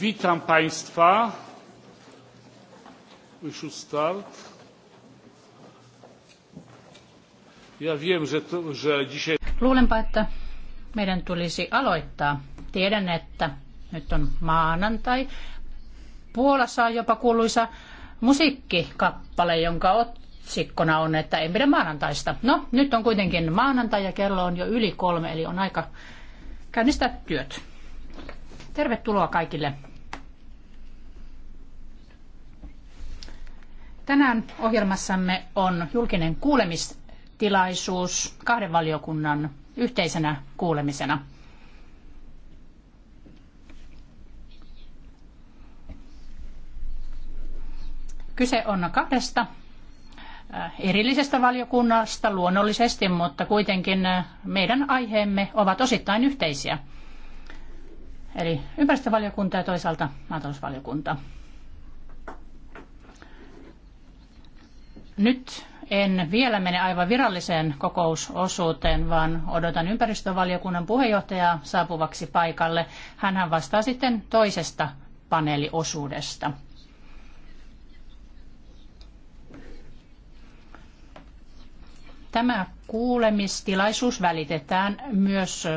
Witam Państwa. We should start. Ja wiem, że, to, że dzisiaj... Luulenpa, että meidän tulisi aloittaa. Tiedän, että nyt on maanantai. Puolassa on jopa kuuluisa musiikkikappale, jonka otsikkona on, että ei pidä maanantaista. No, nyt on kuitenkin maanantai ja kello on jo yli kolme, eli on aika käynnistää työt. Tervetuloa kaikille. Tänään ohjelmassamme on julkinen kuulemistilaisuus kahden valiokunnan yhteisenä kuulemisena. Kyse on kahdesta äh, erillisestä valiokunnasta luonnollisesti, mutta kuitenkin äh, meidän aiheemme ovat osittain yhteisiä eli ympäristövaliokunta ja toisaalta maatalousvaliokunta. Nyt en vielä mene aivan viralliseen kokousosuuteen, vaan odotan ympäristövaliokunnan puheenjohtajaa saapuvaksi paikalle. Hänhän vastaa sitten toisesta paneeliosuudesta. Tämä kuulemistilaisuus välitetään myös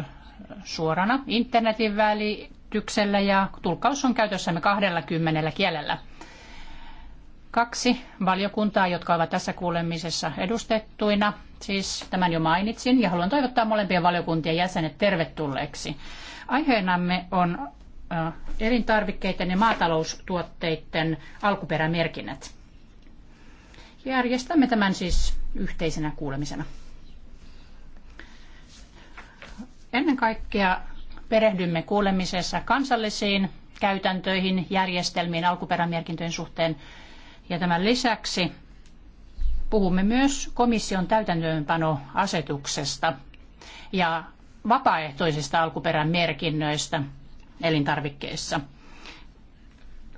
suorana internetin väli, käännytyksellä ja tulkkaus on käytössämme 20 kielellä. Kaksi valiokuntaa, jotka ovat tässä kuulemisessa edustettuina, siis tämän jo mainitsin, ja haluan toivottaa molempien valiokuntien jäsenet tervetulleeksi. Aiheenamme on elintarvikkeiden ja maataloustuotteiden alkuperämerkinnät. Järjestämme tämän siis yhteisenä kuulemisena. Ennen kaikkea perehdymme kuulemisessa kansallisiin käytäntöihin, järjestelmiin, alkuperämerkintöjen suhteen. Ja tämän lisäksi puhumme myös komission täytäntöönpanoasetuksesta ja vapaaehtoisista alkuperämerkinnöistä elintarvikkeissa.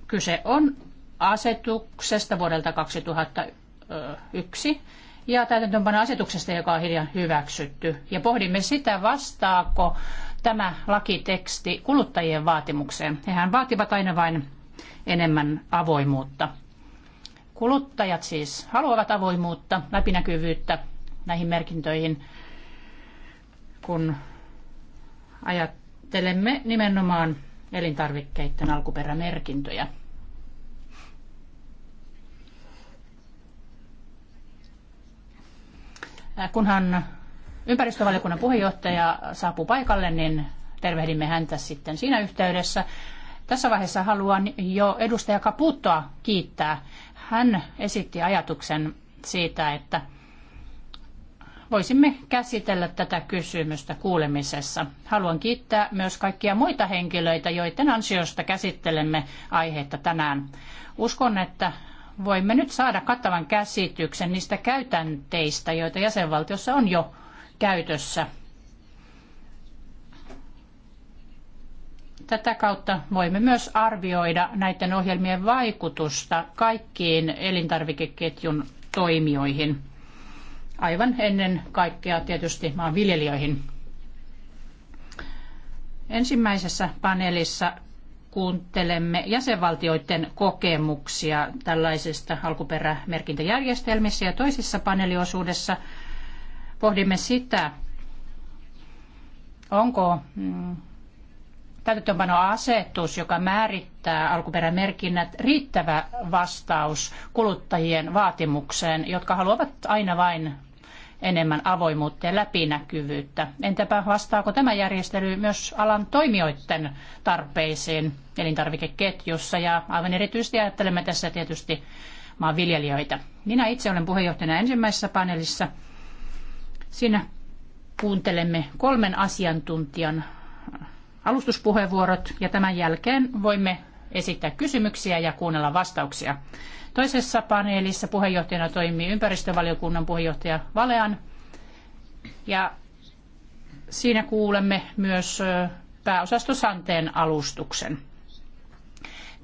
Kyse on asetuksesta vuodelta 2001 ja täytäntöönpanoasetuksesta, joka on hiljan hyväksytty. Ja pohdimme sitä, vastaako tämä lakiteksti kuluttajien vaatimukseen. Hehän vaativat aina vain enemmän avoimuutta. Kuluttajat siis haluavat avoimuutta, läpinäkyvyyttä näihin merkintöihin, kun ajattelemme nimenomaan elintarvikkeiden alkuperämerkintöjä. Kunhan ympäristövaliokunnan puheenjohtaja saapuu paikalle, niin tervehdimme häntä sitten siinä yhteydessä. Tässä vaiheessa haluan jo edustaja Kaputtoa kiittää. Hän esitti ajatuksen siitä, että voisimme käsitellä tätä kysymystä kuulemisessa. Haluan kiittää myös kaikkia muita henkilöitä, joiden ansiosta käsittelemme aihetta tänään. Uskon, että voimme nyt saada kattavan käsityksen niistä käytänteistä, joita jäsenvaltiossa on jo käytössä. Tätä kautta voimme myös arvioida näiden ohjelmien vaikutusta kaikkiin elintarvikeketjun toimijoihin. Aivan ennen kaikkea tietysti maanviljelijöihin. Ensimmäisessä paneelissa kuuntelemme jäsenvaltioiden kokemuksia tällaisista alkuperämerkintäjärjestelmissä ja toisessa paneeliosuudessa – pohdimme sitä, onko mm, täytäntöönpanoasetus, joka määrittää alkuperämerkinnät, riittävä vastaus kuluttajien vaatimukseen, jotka haluavat aina vain enemmän avoimuutta ja läpinäkyvyyttä. Entäpä vastaako tämä järjestely myös alan toimijoiden tarpeisiin elintarvikeketjussa ja aivan erityisesti ajattelemme tässä tietysti maanviljelijöitä. Minä itse olen puheenjohtajana ensimmäisessä paneelissa – Siinä kuuntelemme kolmen asiantuntijan alustuspuheenvuorot ja tämän jälkeen voimme esittää kysymyksiä ja kuunnella vastauksia. Toisessa paneelissa puheenjohtajana toimii ympäristövaliokunnan puheenjohtaja Valean ja siinä kuulemme myös pääosasto Santeen alustuksen.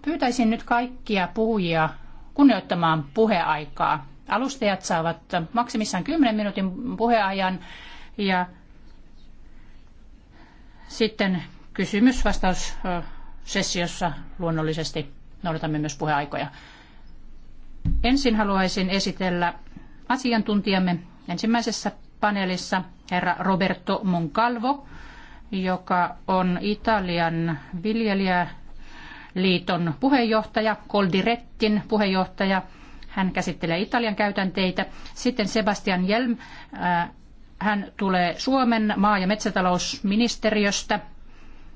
Pyytäisin nyt kaikkia puhujia kunnioittamaan puheaikaa. Alustajat saavat maksimissaan 10 minuutin puheajan ja sitten kysymys-vastaussessiossa luonnollisesti noudatamme myös puheaikoja. Ensin haluaisin esitellä asiantuntijamme ensimmäisessä paneelissa herra Roberto Moncalvo, joka on Italian viljelijäliiton puheenjohtaja, Koldirettin puheenjohtaja – hän käsittelee Italian käytänteitä. Sitten Sebastian Jelm, äh, hän tulee Suomen maa- ja metsätalousministeriöstä.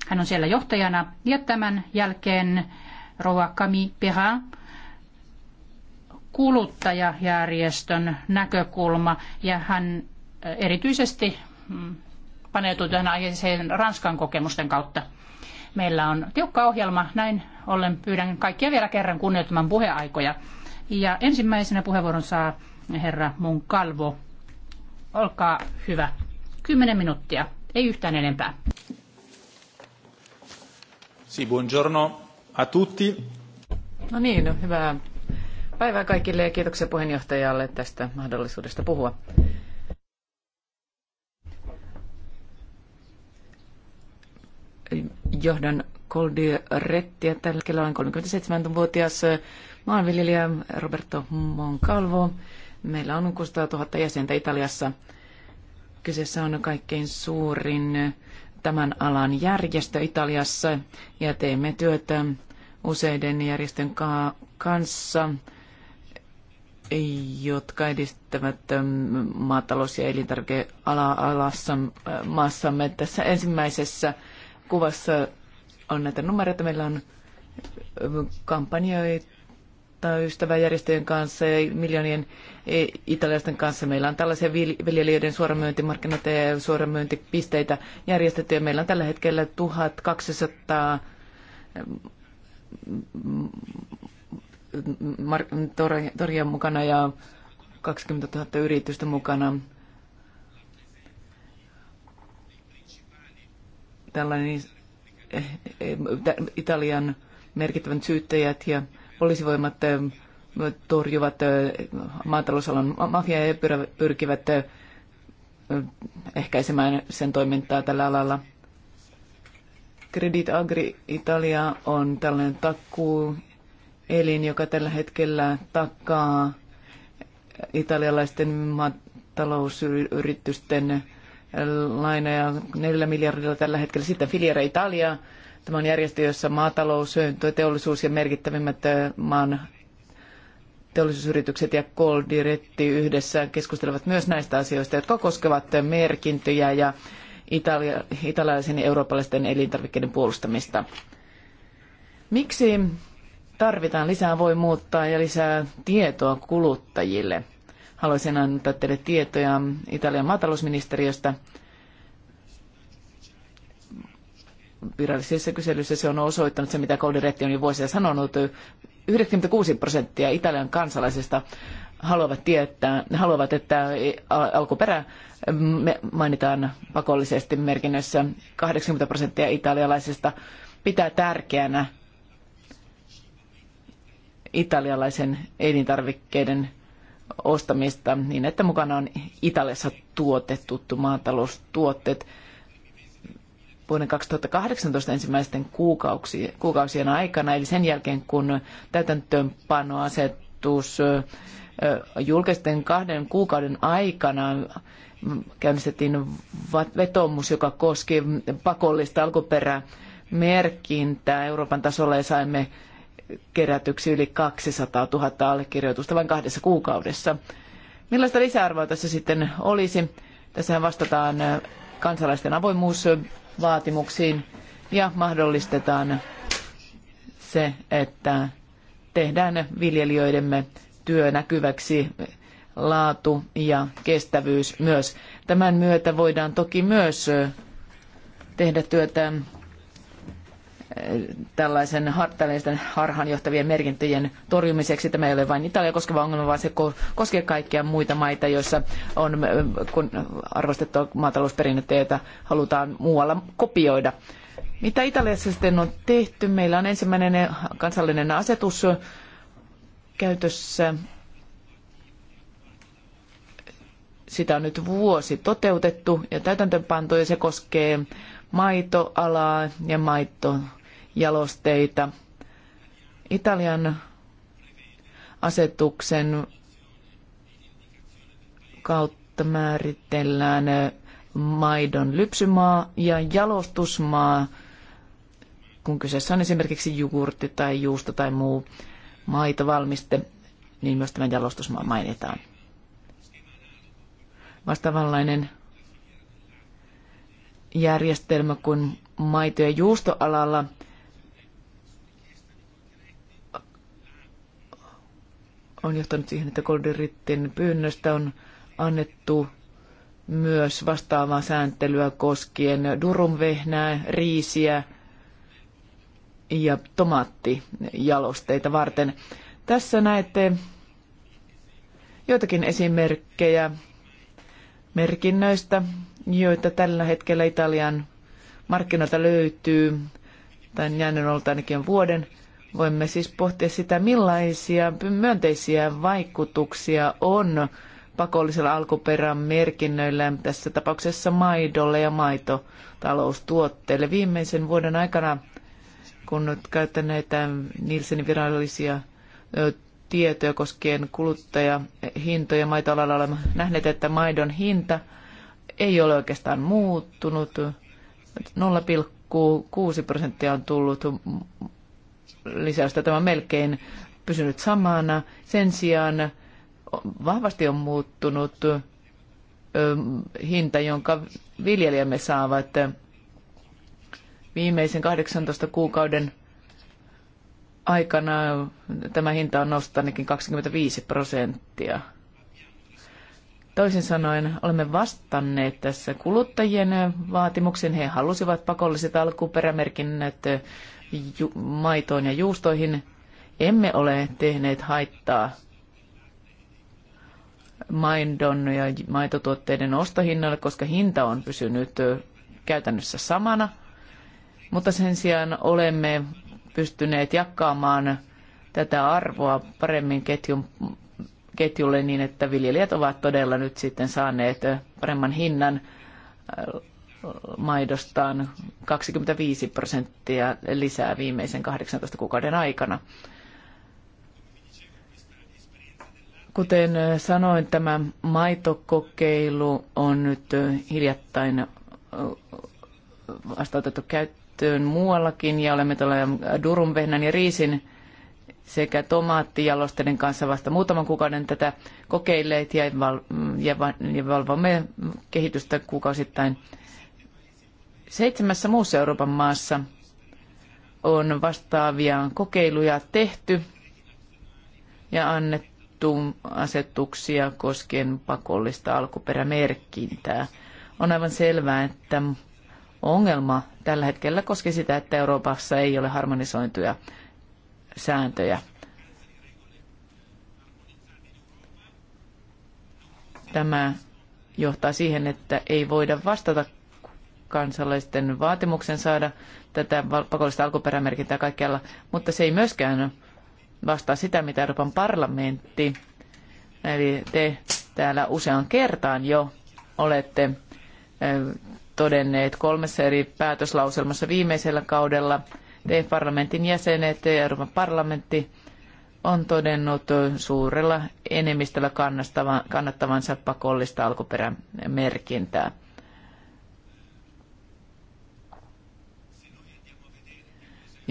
Hän on siellä johtajana. Ja tämän jälkeen Rova Kami Peha, kuluttajajärjestön näkökulma. Ja hän äh, erityisesti mm, paneutuu tähän aiheeseen Ranskan kokemusten kautta. Meillä on tiukka ohjelma, näin ollen pyydän kaikkia vielä kerran kunnioittamaan puheaikoja. Ja ensimmäisenä puheenvuoron saa herra Munkalvo. Olkaa hyvä. Kymmenen minuuttia, ei yhtään enempää. Si, buongiorno a tutti. No niin, hyvää päivää kaikille ja kiitoksia puheenjohtajalle tästä mahdollisuudesta puhua. Johdan Koldi Rettiä. Tällä hetkellä olen 37-vuotias maanviljelijä Roberto Moncalvo. Meillä on 600 000 jäsentä Italiassa. Kyseessä on kaikkein suurin tämän alan järjestö Italiassa ja teemme työtä useiden järjestön kanssa, jotka edistävät ähm, maatalous- ja elintarvikealassa äh, maassamme. Tässä ensimmäisessä kuvassa on näitä numeroita. Meillä on äh, kampanjoita tai ystäväjärjestöjen kanssa ja miljoonien e, italialaisten kanssa. Meillä on tällaisia viljelijöiden suoramyyntimarkkinoita ja suoramyyntipisteitä järjestetty ja meillä on tällä hetkellä 1200 mm, torjan mukana ja 20 000 yritystä mukana. Tällainen eh, eh, Italian merkittävät syyttäjät ja poliisivoimat torjuvat maatalousalan mafiaa ja pyrkivät ehkäisemään sen toimintaa tällä alalla. Credit Agri Italia on tällainen takkuu elin, joka tällä hetkellä takaa italialaisten maatalousyritysten lainoja neljällä miljardilla tällä hetkellä. Sitten Filiere Italia Tämä on järjestö, jossa maatalous, teollisuus ja merkittävimmät maan teollisuusyritykset ja Koldiretti yhdessä keskustelevat myös näistä asioista, jotka koskevat merkintöjä ja italia, italialaisen ja eurooppalaisten elintarvikkeiden puolustamista. Miksi tarvitaan lisää muuttaa ja lisää tietoa kuluttajille? Haluaisin antaa teille tietoja Italian maatalousministeriöstä – virallisissa kyselyissä se on osoittanut se, mitä Koldiretti on jo vuosia sanonut. 96 prosenttia Italian kansalaisista haluavat tietää, haluavat, että alkuperä mm, mainitaan pakollisesti merkinnössä. 80 prosenttia italialaisista pitää tärkeänä italialaisen elintarvikkeiden ostamista niin, että mukana on Italiassa tuotetut maataloustuotteet vuoden 2018 ensimmäisten kuukausien aikana, eli sen jälkeen kun täytäntöönpanoasetus julkisten kahden kuukauden aikana käynnistettiin vetomus, joka koski pakollista alkuperämerkintää Euroopan tasolla ja saimme kerätyksi yli 200 000 allekirjoitusta vain kahdessa kuukaudessa. Millaista lisäarvoa tässä sitten olisi? Tässähän vastataan kansalaisten avoimuus vaatimuksiin ja mahdollistetaan se, että tehdään viljelijöidemme työ näkyväksi laatu ja kestävyys myös. Tämän myötä voidaan toki myös tehdä työtä tällaisen tällaisten harhaanjohtavien merkintöjen torjumiseksi. Tämä ei ole vain Italia koskeva ongelma, vaan se koskee kaikkia muita maita, joissa on kun arvostettua maatalousperinnettä, jota halutaan muualla kopioida. Mitä Italiassa sitten on tehty? Meillä on ensimmäinen kansallinen asetus käytössä. Sitä on nyt vuosi toteutettu ja täytäntöönpantu ja se koskee maitoalaa ja maitotuotteita jalosteita. Italian asetuksen kautta määritellään maidon lypsymaa ja jalostusmaa, kun kyseessä on esimerkiksi jogurtti tai juusto tai muu maitovalmiste, niin myös tämä jalostusmaa mainitaan. Vastaavanlainen järjestelmä kuin maito- ja juustoalalla – on johtanut siihen, että Golderittin pyynnöstä on annettu myös vastaavaa sääntelyä koskien durumvehnää, riisiä ja tomaattijalosteita varten. Tässä näette joitakin esimerkkejä merkinnöistä, joita tällä hetkellä Italian markkinoilta löytyy, tai jäänyt ainakin vuoden Voimme siis pohtia sitä, millaisia myönteisiä vaikutuksia on pakollisilla alkuperän merkinnöillä, tässä tapauksessa maidolle ja maitotaloustuotteille. Viimeisen vuoden aikana, kun nyt käytän näitä Nielsenin virallisia tietoja koskien kuluttajahintoja maitoalalla, olemme nähneet, että maidon hinta ei ole oikeastaan muuttunut. 0,6 prosenttia on tullut lisäystä. Tämä on melkein pysynyt samana. Sen sijaan vahvasti on muuttunut hinta, jonka viljelijämme saavat viimeisen 18 kuukauden aikana tämä hinta on noussut ainakin 25 prosenttia. Toisin sanoen olemme vastanneet tässä kuluttajien vaatimuksen. He halusivat pakolliset alkuperämerkinnät ju- maitoon ja juustoihin. Emme ole tehneet haittaa maidon ja maitotuotteiden ostohinnalle, koska hinta on pysynyt käytännössä samana. Mutta sen sijaan olemme pystyneet jakamaan tätä arvoa paremmin ketjun, ketjulle niin, että viljelijät ovat todella nyt sitten saaneet paremman hinnan maidostaan 25 prosenttia lisää viimeisen 18 kuukauden aikana. Kuten sanoin, tämä maitokokeilu on nyt hiljattain vasta otettu käyttöön muuallakin ja olemme tuolla Durun, vehnän ja riisin sekä tomaattijalosteiden kanssa vasta muutaman kuukauden tätä kokeilleet ja, ja valvomme kehitystä kuukausittain Seitsemässä muussa Euroopan maassa on vastaavia kokeiluja tehty ja annettu asetuksia koskien pakollista alkuperämerkintää. On aivan selvää, että ongelma tällä hetkellä koskee sitä, että Euroopassa ei ole harmonisointuja sääntöjä. Tämä johtaa siihen, että ei voida vastata kansalaisten vaatimuksen saada tätä pakollista alkuperämerkintää kaikkialla, mutta se ei myöskään vastaa sitä, mitä Euroopan parlamentti, eli te täällä usean kertaan jo olette todenneet kolmessa eri päätöslauselmassa viimeisellä kaudella. Te parlamentin jäsenet ja Euroopan parlamentti on todennut suurella enemmistöllä kannattavansa pakollista alkuperämerkintää.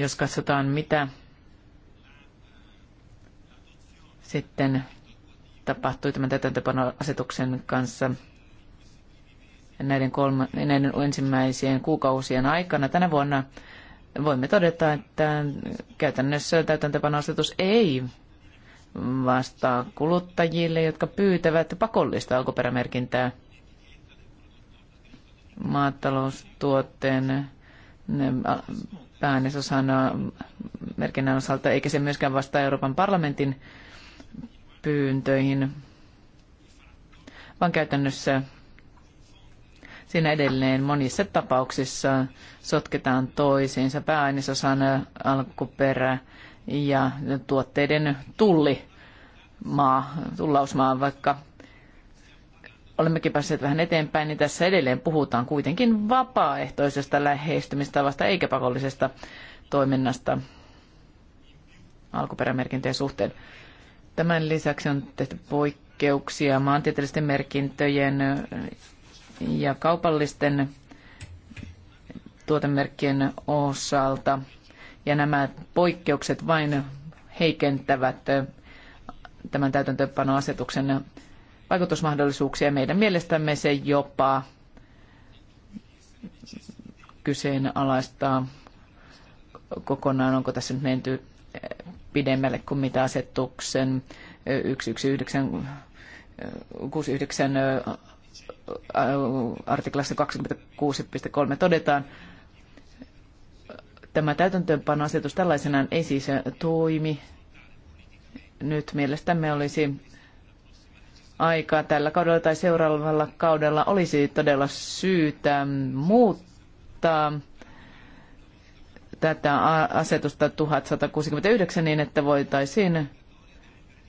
Jos katsotaan, mitä sitten tapahtui tämän täytäntöpanoasetuksen kanssa näiden, kolme, näiden ensimmäisien kuukausien aikana tänä vuonna, voimme todeta, että käytännössä täytäntöpanoasetus ei vastaa kuluttajille, jotka pyytävät pakollista alkuperämerkintää maataloustuotteen pääainesosana merkinnän osalta, eikä se myöskään vastaa Euroopan parlamentin pyyntöihin, vaan käytännössä siinä edelleen monissa tapauksissa sotketaan toisiinsa pääainesosan alkuperä ja tuotteiden tulli maa, tullausmaa, vaikka olemmekin päässeet vähän eteenpäin, niin tässä edelleen puhutaan kuitenkin vapaaehtoisesta lähestymistavasta eikä pakollisesta toiminnasta alkuperämerkintöjen suhteen. Tämän lisäksi on tehty poikkeuksia maantieteellisten merkintöjen ja kaupallisten tuotemerkkien osalta. Ja nämä poikkeukset vain heikentävät tämän täytäntöönpanoasetuksen vaikutusmahdollisuuksia. Meidän mielestämme se jopa kyseenalaistaa kokonaan, onko tässä nyt menty eh, pidemmälle kuin mitä asetuksen 169 eh, eh, artiklassa 26.3 todetaan. Tämä täytäntöönpanoasetus tällaisenaan ei siis toimi. Nyt mielestämme olisi aikaa tällä kaudella tai seuraavalla kaudella olisi todella syytä muuttaa tätä asetusta 1169 niin, että voitaisiin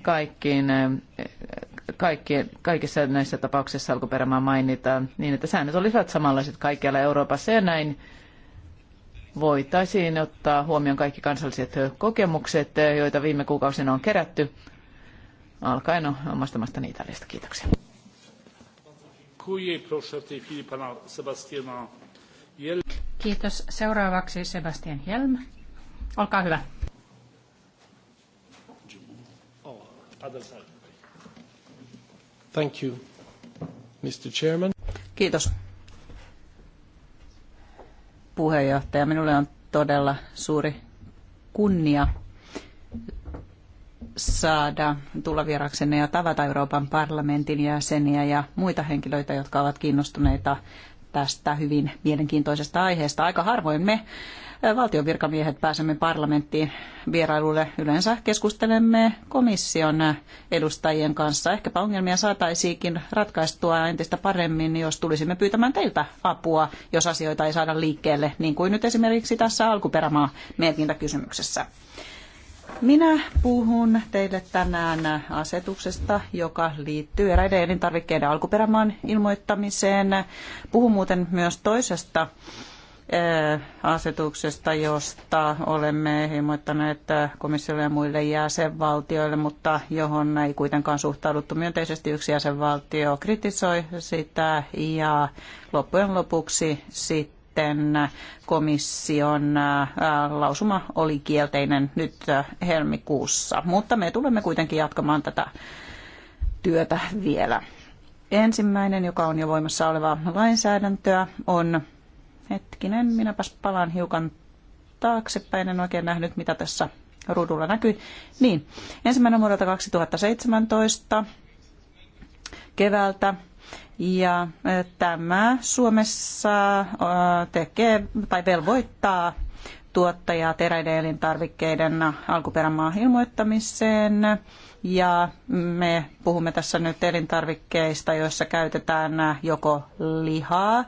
kaikkiin, kaikki, kaikissa näissä tapauksissa alkuperämaa mainita niin, että säännöt olisivat samanlaiset kaikkialla Euroopassa ja näin voitaisiin ottaa huomioon kaikki kansalliset kokemukset, joita viime kuukausina on kerätty alkaen omasta maastani Italiasta. Kiitoksia. Kiitos. Seuraavaksi Sebastian Helm. Olkaa hyvä. Thank you, Mr. Chairman. Kiitos. Puheenjohtaja, minulle on todella suuri kunnia saada tulla vieraksenne ja tavata Euroopan parlamentin jäseniä ja muita henkilöitä, jotka ovat kiinnostuneita tästä hyvin mielenkiintoisesta aiheesta. Aika harvoin me valtion virkamiehet pääsemme parlamenttiin vierailulle. Yleensä keskustelemme komission edustajien kanssa. Ehkäpä ongelmia saataisiinkin ratkaistua entistä paremmin, jos tulisimme pyytämään teiltä apua, jos asioita ei saada liikkeelle, niin kuin nyt esimerkiksi tässä alkuperämaa merkintäkysymyksessä. kysymyksessä. Minä puhun teille tänään asetuksesta, joka liittyy eräiden elintarvikkeiden alkuperämaan ilmoittamiseen. Puhun muuten myös toisesta eh, asetuksesta, josta olemme ilmoittaneet komissiolle ja muille jäsenvaltioille, mutta johon ei kuitenkaan suhtauduttu myönteisesti. Yksi jäsenvaltio kritisoi sitä ja loppujen lopuksi sitten sitten komission lausuma oli kielteinen nyt helmikuussa. Mutta me tulemme kuitenkin jatkamaan tätä työtä vielä. Ensimmäinen, joka on jo voimassa olevaa lainsäädäntöä, on hetkinen, minäpäs palaan hiukan taaksepäin, en oikein nähnyt mitä tässä ruudulla näkyy. Niin, ensimmäinen vuodelta 2017 keväältä ja tämä Suomessa tekee tai velvoittaa tuottajaa teräiden elintarvikkeiden alkuperämaan ilmoittamiseen. Ja me puhumme tässä nyt elintarvikkeista, joissa käytetään joko lihaa,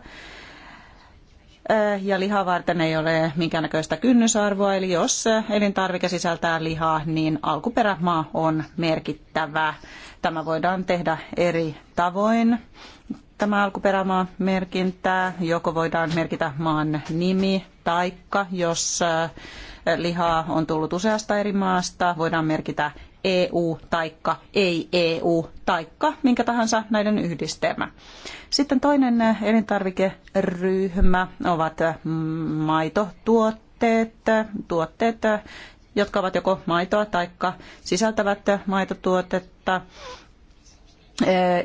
ja lihaa varten ei ole minkäännäköistä kynnysarvoa, eli jos elintarvike sisältää lihaa, niin alkuperämaa on merkittävä. Tämä voidaan tehdä eri tavoin. Tämä alkuperämaa merkintää, joko voidaan merkitä maan nimi, taikka jos äh, lihaa on tullut useasta eri maasta, voidaan merkitä EU taikka ei EU taikka minkä tahansa näiden yhdistelmä. Sitten toinen elintarvikeryhmä ovat maitotuotteet, tuotteet, jotka ovat joko maitoa tai sisältävät maitotuotetta.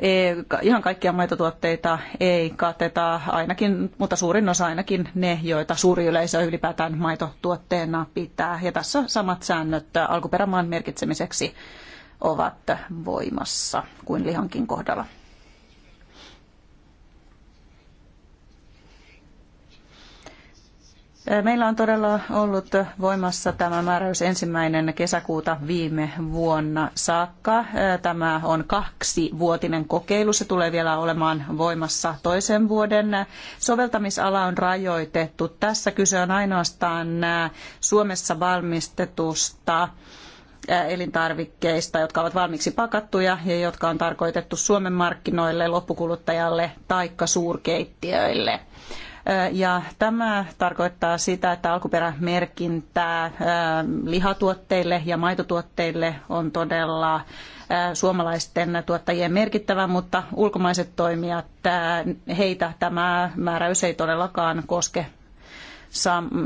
Ei, ihan kaikkia maitotuotteita ei kateta ainakin, mutta suurin osa ainakin ne, joita suuri yleisö ylipäätään maitotuotteena pitää. Ja tässä samat säännöt alkuperämaan merkitsemiseksi ovat voimassa kuin lihankin kohdalla. Meillä on todella ollut voimassa tämä määräys ensimmäinen kesäkuuta viime vuonna saakka. Tämä on kaksivuotinen kokeilu. Se tulee vielä olemaan voimassa toisen vuoden. Soveltamisala on rajoitettu. Tässä kyse on ainoastaan Suomessa valmistetusta elintarvikkeista, jotka ovat valmiiksi pakattuja ja jotka on tarkoitettu Suomen markkinoille, loppukuluttajalle taikka suurkeittiöille. Ja tämä tarkoittaa sitä, että alkuperämerkintää lihatuotteille ja maitotuotteille on todella suomalaisten tuottajien merkittävä, mutta ulkomaiset toimijat, heitä tämä määräys ei todellakaan koske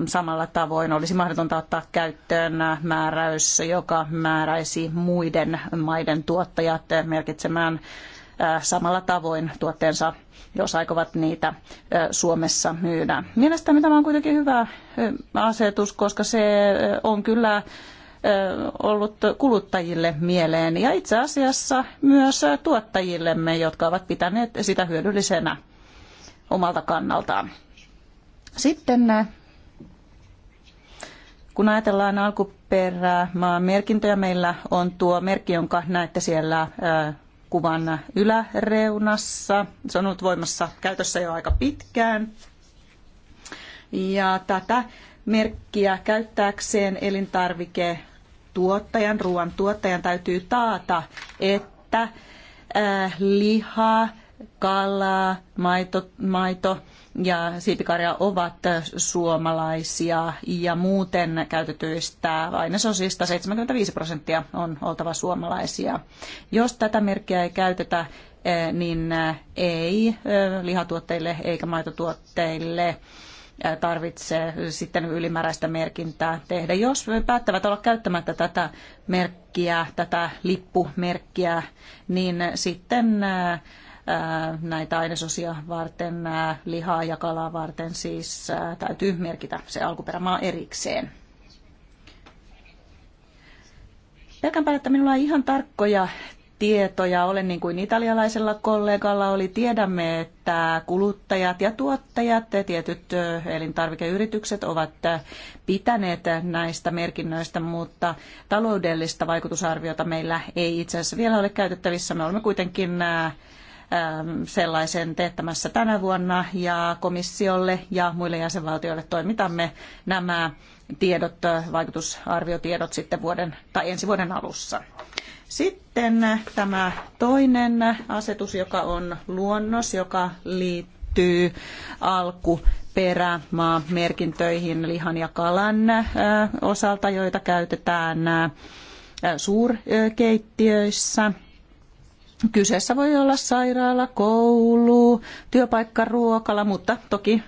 samalla tavoin. Olisi mahdotonta ottaa käyttöön määräys, joka määräisi muiden maiden tuottajat merkitsemään samalla tavoin tuotteensa, jos aikovat niitä Suomessa myydä. Mielestäni tämä on kuitenkin hyvä asetus, koska se on kyllä ollut kuluttajille mieleen ja itse asiassa myös tuottajillemme, jotka ovat pitäneet sitä hyödyllisenä omalta kannaltaan. Sitten kun ajatellaan alkuperää, merkintöjä, meillä on tuo merkki, jonka näette siellä kuvan yläreunassa. Se on ollut voimassa käytössä jo aika pitkään. Ja tätä merkkiä käyttääkseen elintarvike tuottajan, ruoan tuottajan täytyy taata, että liha, kala, maito, maito ja siipikarja ovat suomalaisia ja muuten käytetyistä ainesosista 75 prosenttia on oltava suomalaisia. Jos tätä merkkiä ei käytetä, eh, niin eh, ei eh, lihatuotteille eikä maitotuotteille tarvitse sitten ylimääräistä merkintää tehdä. Jos päättävät olla käyttämättä tätä merkkiä, tätä lippumerkkiä, niin sitten näitä ainesosia varten, lihaa ja kalaa varten siis täytyy merkitä se alkuperämaa erikseen. Pelkänpä, että minulla on ihan tarkkoja tietoja Olen niin kuin italialaisella kollegalla oli. Tiedämme, että kuluttajat ja tuottajat, tietyt elintarvikeyritykset ovat pitäneet näistä merkinnöistä, mutta taloudellista vaikutusarviota meillä ei itse asiassa vielä ole käytettävissä. Me olemme kuitenkin Ähm, sellaisen teettämässä tänä vuonna ja komissiolle ja muille jäsenvaltioille toimitamme nämä tiedot, äh, vaikutusarviotiedot sitten vuoden tai ensi vuoden alussa. Sitten tämä toinen asetus, joka on luonnos, joka liittyy alku perämaa merkintöihin lihan ja kalan äh, osalta, joita käytetään äh, suurkeittiöissä. Kyseessä voi olla sairaala, koulu, työpaikka, ruokala, mutta toki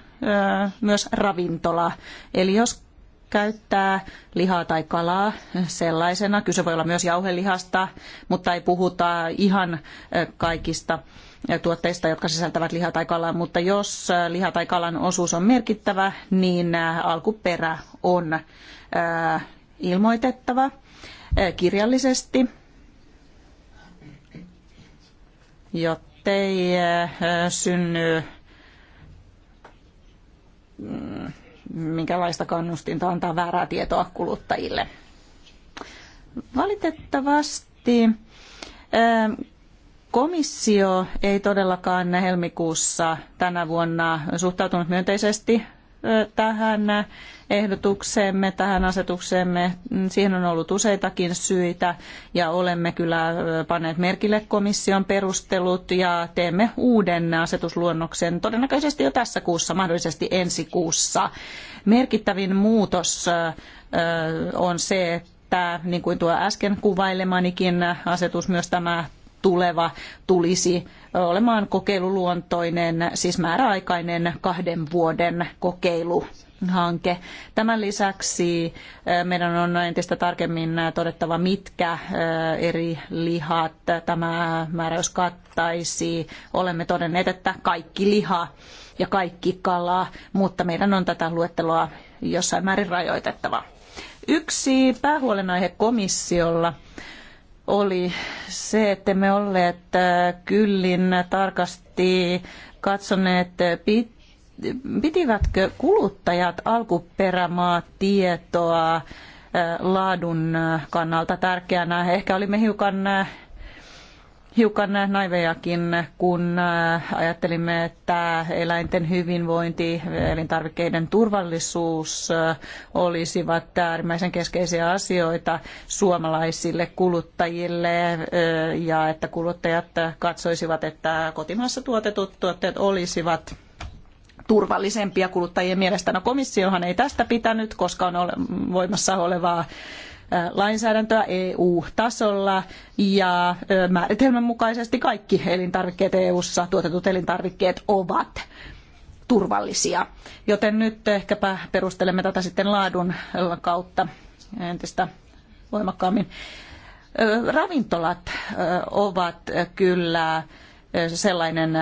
myös ravintola. Eli jos käyttää lihaa tai kalaa sellaisena, kyse voi olla myös jauhelihasta, mutta ei puhuta ihan kaikista tuotteista, jotka sisältävät lihaa tai kalaa, mutta jos liha tai kalan osuus on merkittävä, niin alkuperä on ilmoitettava kirjallisesti jottei eh, synny mm, minkälaista kannustinta antaa väärää tietoa kuluttajille. Valitettavasti eh, komissio ei todellakaan helmikuussa tänä vuonna suhtautunut myönteisesti tähän ehdotukseemme, tähän asetukseemme. Siihen on ollut useitakin syitä ja olemme kyllä panneet merkille komission perustelut ja teemme uuden asetusluonnoksen todennäköisesti jo tässä kuussa, mahdollisesti ensi kuussa. Merkittävin muutos on se, että niin kuin tuo äsken kuvailemanikin asetus, myös tämä tuleva tulisi olemaan kokeiluluontoinen, siis määräaikainen kahden vuoden kokeilu hanke. Tämän lisäksi eh, meidän on entistä tarkemmin todettava, mitkä eh, eri lihat tämä määräys kattaisi. Olemme todenneet, että kaikki liha ja kaikki kala, mutta meidän on tätä luetteloa jossain määrin rajoitettava. Yksi päähuolenaihe komissiolla – oli se, että me olleet äh, kyllin tarkasti katsoneet, pitivätkö kuluttajat alkuperämaa tietoa äh, laadun äh, kannalta tärkeänä. Ehkä olimme hiukan hiukan naivejakin, kun äh, ajattelimme, että eläinten hyvinvointi, elintarvikkeiden turvallisuus äh, olisivat äärimmäisen keskeisiä asioita suomalaisille kuluttajille äh, ja että kuluttajat katsoisivat, että kotimaassa tuotetut tuotteet olisivat turvallisempia kuluttajien mielestä. No komissiohan ei tästä pitänyt, koska on voimassa olevaa lainsäädäntöä EU-tasolla ja määritelmän mukaisesti kaikki elintarvikkeet EU-ssa tuotetut elintarvikkeet ovat turvallisia. Joten nyt ehkäpä perustelemme tätä sitten laadun kautta entistä voimakkaammin. Ravintolat ovat kyllä sellainen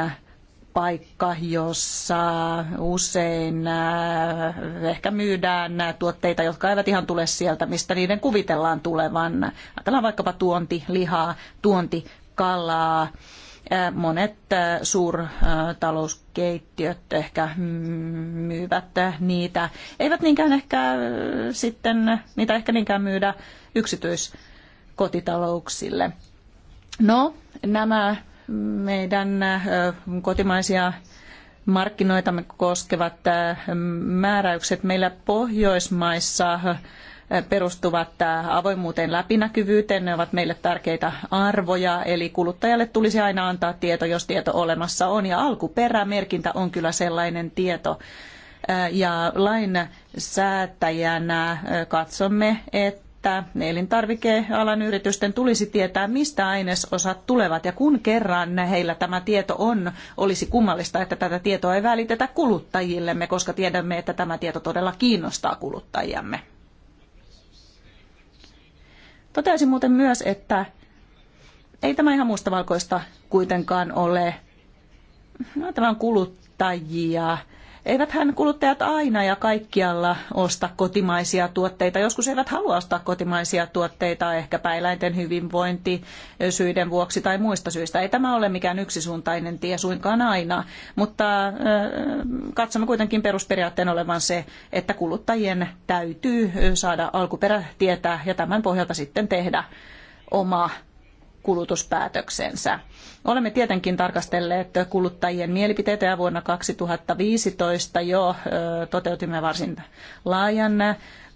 paikka, jossa usein äh, ehkä myydään tuotteita, jotka eivät ihan tule sieltä, mistä niiden kuvitellaan tulevan. Ajatellaan vaikkapa tuontilihaa, tuontikalaa. Äh, monet äh, suurtalouskeittiöt ehkä myyvät niitä. Eivät niinkään ehkä sitten, niitä ehkä niinkään myydä yksityiskotitalouksille. No, nämä meidän kotimaisia markkinoitamme koskevat määräykset meillä Pohjoismaissa perustuvat avoimuuteen läpinäkyvyyteen. Ne ovat meille tärkeitä arvoja, eli kuluttajalle tulisi aina antaa tieto, jos tieto olemassa on. Ja alkuperämerkintä on kyllä sellainen tieto. Ja lainsäätäjänä katsomme, että että elintarvikealan yritysten tulisi tietää, mistä ainesosat tulevat. Ja kun kerran heillä tämä tieto on, olisi kummallista, että tätä tietoa ei välitetä kuluttajillemme, koska tiedämme, että tämä tieto todella kiinnostaa kuluttajiamme. Toteaisin muuten myös, että ei tämä ihan mustavalkoista kuitenkaan ole. No, tämä on kuluttajia Eiväthän kuluttajat aina ja kaikkialla osta kotimaisia tuotteita. Joskus eivät halua ostaa kotimaisia tuotteita ehkäpä eläinten hyvinvointi syiden vuoksi tai muista syistä. Ei tämä ole mikään yksisuuntainen tie suinkaan aina, mutta katsomme kuitenkin perusperiaatteen olevan se, että kuluttajien täytyy saada alkuperä tietää ja tämän pohjalta sitten tehdä oma kulutuspäätöksensä. Olemme tietenkin tarkastelleet kuluttajien mielipiteitä ja vuonna 2015 jo toteutimme varsin laajan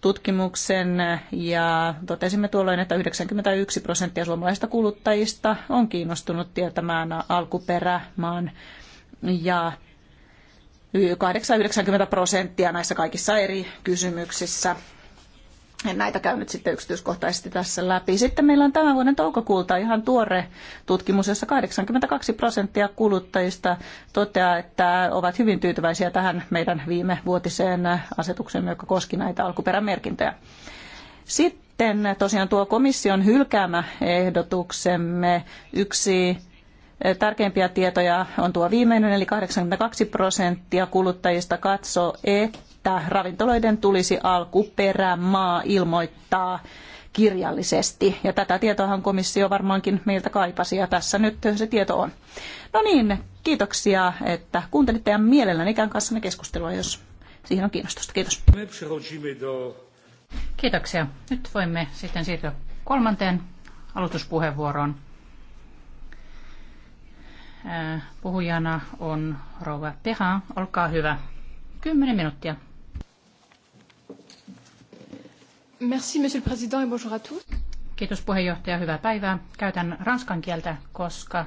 tutkimuksen ja totesimme tuolloin, että 91 prosenttia suomalaisista kuluttajista on kiinnostunut tietämään alkuperämaan ja 80 prosenttia näissä kaikissa eri kysymyksissä en näitä käy nyt sitten yksityiskohtaisesti tässä läpi. Sitten meillä on tämän vuoden toukokuulta ihan tuore tutkimus, jossa 82 prosenttia kuluttajista toteaa, että ovat hyvin tyytyväisiä tähän meidän viime vuotiseen asetukseen, joka koski näitä alkuperämerkintöjä. Sitten tosiaan tuo komission hylkäämä ehdotuksemme yksi tärkeimpiä tietoja on tuo viimeinen, eli 82 prosenttia kuluttajista katsoo, että että ravintoloiden tulisi alkuperämaa ilmoittaa kirjallisesti. Ja tätä tietoahan komissio varmaankin meiltä kaipasi ja tässä nyt se tieto on. No niin, kiitoksia, että kuuntelitte ja mielelläni ikään ne keskustelua, jos siihen on kiinnostusta. Kiitos. Kiitoksia. Nyt voimme sitten siirtyä kolmanteen aloituspuheenvuoroon. Puhujana on rouva Peha. Olkaa hyvä. Kymmenen minuuttia. Merci, monsieur le président, et bonjour à tous. Kiitos puheenjohtaja, hyvää päivää. Käytän ranskan kieltä, koska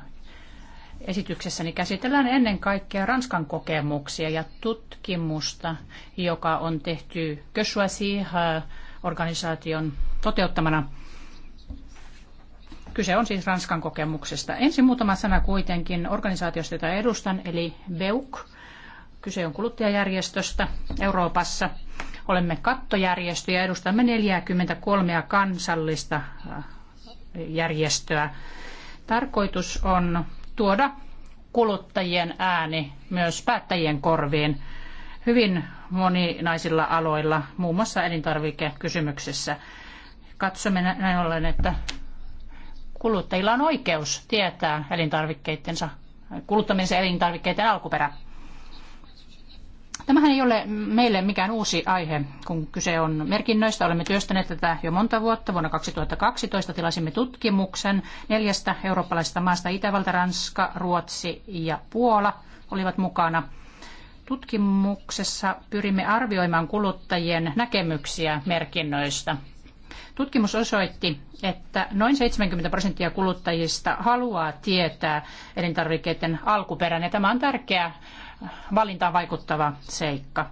esityksessäni käsitellään ennen kaikkea Ranskan kokemuksia ja tutkimusta, joka on tehty Kösuasi-organisaation äh, toteuttamana. Kyse on siis Ranskan kokemuksesta. Ensin muutama sana kuitenkin organisaatiosta, jota edustan, eli BEUC. Kyse on kuluttajajärjestöstä Euroopassa. Olemme kattojärjestö ja edustamme 43 kansallista äh, järjestöä. Tarkoitus on tuoda kuluttajien ääni myös päättäjien korviin hyvin moninaisilla aloilla, muun muassa elintarvikekysymyksissä. Katsomme näin ollen, että kuluttajilla on oikeus tietää elintarvikkeidensa, kuluttamiensa elintarvikkeiden alkuperä. Tämähän ei ole meille mikään uusi aihe, kun kyse on merkinnöistä. Olemme työstäneet tätä jo monta vuotta. Vuonna 2012 tilasimme tutkimuksen neljästä eurooppalaisesta maasta. Itävalta, Ranska, Ruotsi ja Puola olivat mukana. Tutkimuksessa pyrimme arvioimaan kuluttajien näkemyksiä merkinnöistä. Tutkimus osoitti, että noin 70 prosenttia kuluttajista haluaa tietää elintarvikkeiden alkuperän, ja tämä on tärkeä valintaan vaikuttava seikka.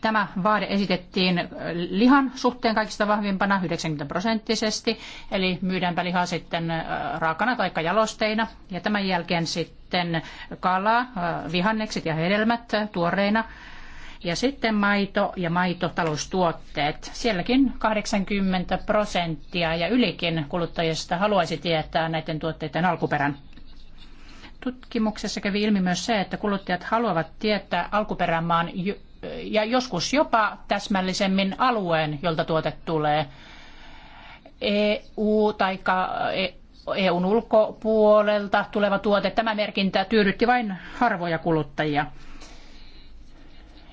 Tämä vaade esitettiin lihan suhteen kaikista vahvimpana 90 prosenttisesti, eli myydäänpä lihaa sitten äh, raakana tai jalosteina. Ja tämän jälkeen sitten kala, äh, vihannekset ja hedelmät äh, tuoreina. Ja sitten maito ja maitotaloustuotteet. Sielläkin 80 prosenttia ja ylikin kuluttajista haluaisi tietää näiden tuotteiden alkuperän. Tutkimuksessa kävi ilmi myös se, että kuluttajat haluavat tietää alkuperämaan ja joskus jopa täsmällisemmin alueen, jolta tuote tulee. EU tai EUn e ulkopuolelta tuleva tuote, tämä merkintä tyydytti vain harvoja kuluttajia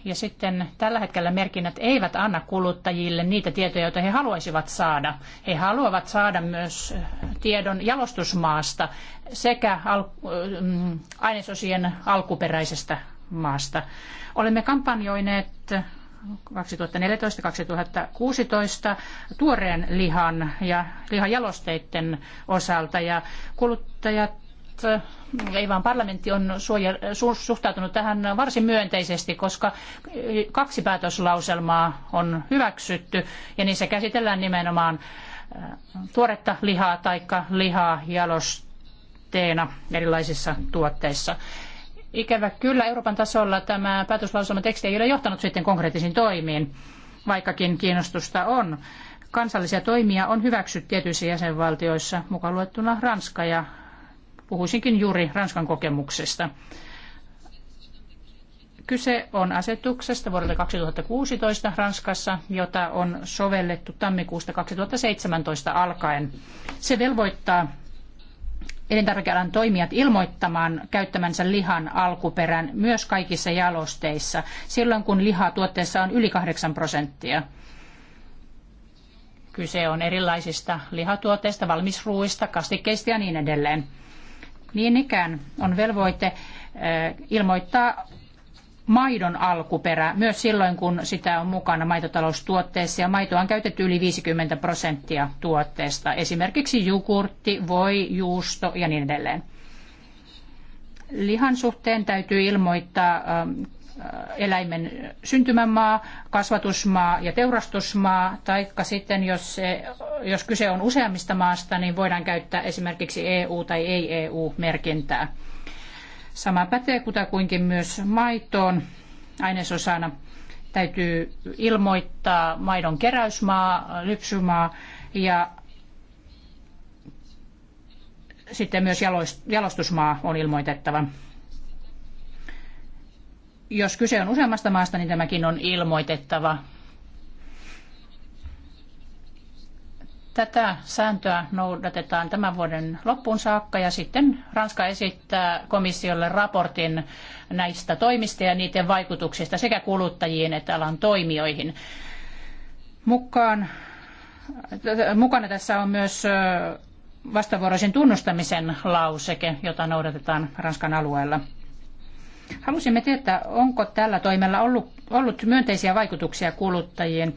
ja sitten tällä hetkellä merkinnät eivät anna kuluttajille niitä tietoja, joita he haluaisivat saada. He haluavat saada myös tiedon jalostusmaasta sekä al- mm, ainesosien alkuperäisestä maasta. Olemme kampanjoineet 2014-2016 tuoreen lihan ja lihajalosteiden osalta ja kuluttajat ei parlamentti on suoja, su, suhtautunut tähän varsin myönteisesti, koska kaksi päätöslauselmaa on hyväksytty ja niissä käsitellään nimenomaan äh, tuoretta lihaa tai lihaa jalosteena erilaisissa tuotteissa. Ikävä kyllä Euroopan tasolla tämä päätöslauselmateksti ei ole johtanut sitten konkreettisiin toimiin, vaikkakin kiinnostusta on. Kansallisia toimia on hyväksytty tietyissä jäsenvaltioissa, mukaan luettuna Ranska ja Puhuisinkin juuri Ranskan kokemuksesta. Kyse on asetuksesta vuodelta 2016 Ranskassa, jota on sovellettu tammikuusta 2017 alkaen. Se velvoittaa elintarvikealan toimijat ilmoittamaan käyttämänsä lihan alkuperän myös kaikissa jalosteissa, silloin kun lihaa tuotteessa on yli 8 prosenttia. Kyse on erilaisista lihatuotteista, valmisruuista, kastikkeista ja niin edelleen. Niin ikään on velvoite ilmoittaa maidon alkuperä myös silloin, kun sitä on mukana maitotaloustuotteessa ja maitoa on käytetty yli 50 prosenttia tuotteesta. Esimerkiksi jogurtti, voi, juusto ja niin edelleen. Lihan suhteen täytyy ilmoittaa eläimen syntymämaa, kasvatusmaa ja teurastusmaa, taikka sitten jos, jos kyse on useammista maasta, niin voidaan käyttää esimerkiksi EU- tai ei-EU-merkintää. Sama pätee kutakuinkin myös maitoon ainesosana. Täytyy ilmoittaa maidon keräysmaa, lypsymaa ja sitten myös jalostusmaa on ilmoitettava jos kyse on useammasta maasta, niin tämäkin on ilmoitettava. Tätä sääntöä noudatetaan tämän vuoden loppuun saakka ja sitten Ranska esittää komissiolle raportin näistä toimista ja niiden vaikutuksista sekä kuluttajiin että alan toimijoihin. Mukaan, mukana tässä on myös vastavuoroisen tunnustamisen lauseke, jota noudatetaan Ranskan alueella. Halusimme tietää, onko tällä toimella ollut, ollut myönteisiä vaikutuksia kuluttajien.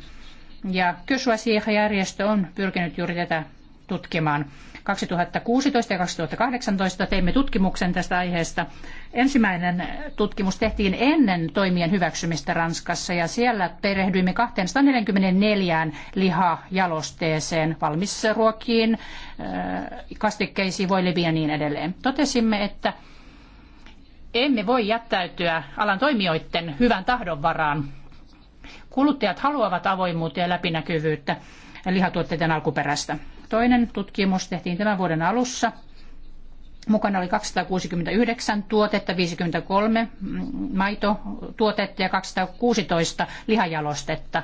Ja Kysuasiir-järjestö on pyrkinyt juuri tätä tutkimaan. 2016 ja 2018 teimme tutkimuksen tästä aiheesta. Ensimmäinen tutkimus tehtiin ennen toimien hyväksymistä Ranskassa ja siellä perehdyimme 244 lihajalosteeseen, valmisruokiin, äh, kastikkeisiin, voileviin ja niin edelleen. Totesimme, että emme voi jättäytyä alan toimijoiden hyvän tahdon varaan. Kuluttajat haluavat avoimuutta ja läpinäkyvyyttä lihatuotteiden alkuperästä. Toinen tutkimus tehtiin tämän vuoden alussa. Mukana oli 269 tuotetta, 53 maitotuotetta ja 216 lihajalostetta.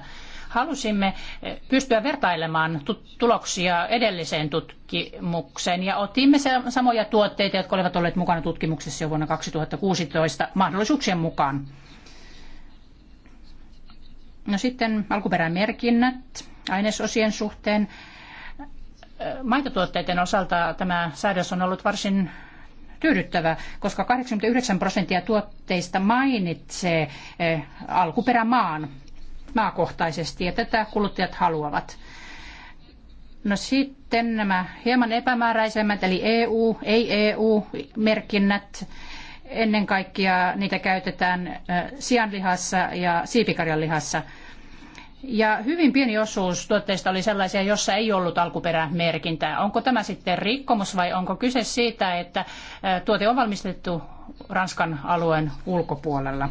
Halusimme eh, pystyä vertailemaan tuloksia edelliseen tutkimukseen ja otimme samoja tuotteita, jotka olivat olleet mukana tutkimuksessa jo vuonna 2016 mahdollisuuksien mukaan. No sitten alkuperämerkinnät ainesosien suhteen. Eh, maitotuotteiden osalta tämä säädös on ollut varsin tyydyttävä, koska 89 prosenttia tuotteista mainitsee eh, alkuperämaan maakohtaisesti ja tätä kuluttajat haluavat. No sitten nämä hieman epämääräisemmät, eli EU, ei EU-merkinnät. Ennen kaikkea niitä käytetään sianlihassa ja siipikarjanlihassa. Ja hyvin pieni osuus tuotteista oli sellaisia, jossa ei ollut alkuperämerkintää. Onko tämä sitten rikkomus vai onko kyse siitä, että tuote on valmistettu Ranskan alueen ulkopuolella?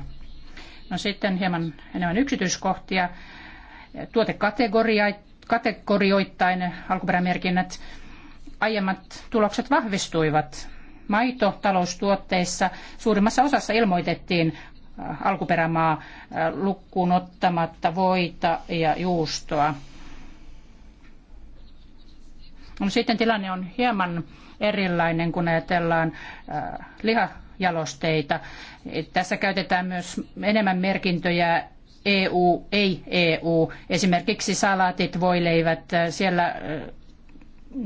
No sitten hieman enemmän yksityiskohtia. Tuotekategorioittain alkuperämerkinnät. Aiemmat tulokset vahvistuivat. Maito taloustuotteissa suurimmassa osassa ilmoitettiin äh, alkuperämaa äh, lukkuun ottamatta voita ja juustoa. No, sitten tilanne on hieman erilainen, kun ajatellaan äh, liha jalosteita. Tässä käytetään myös enemmän merkintöjä EU, ei EU. Esimerkiksi salaatit, voileivät, äh, siellä äh,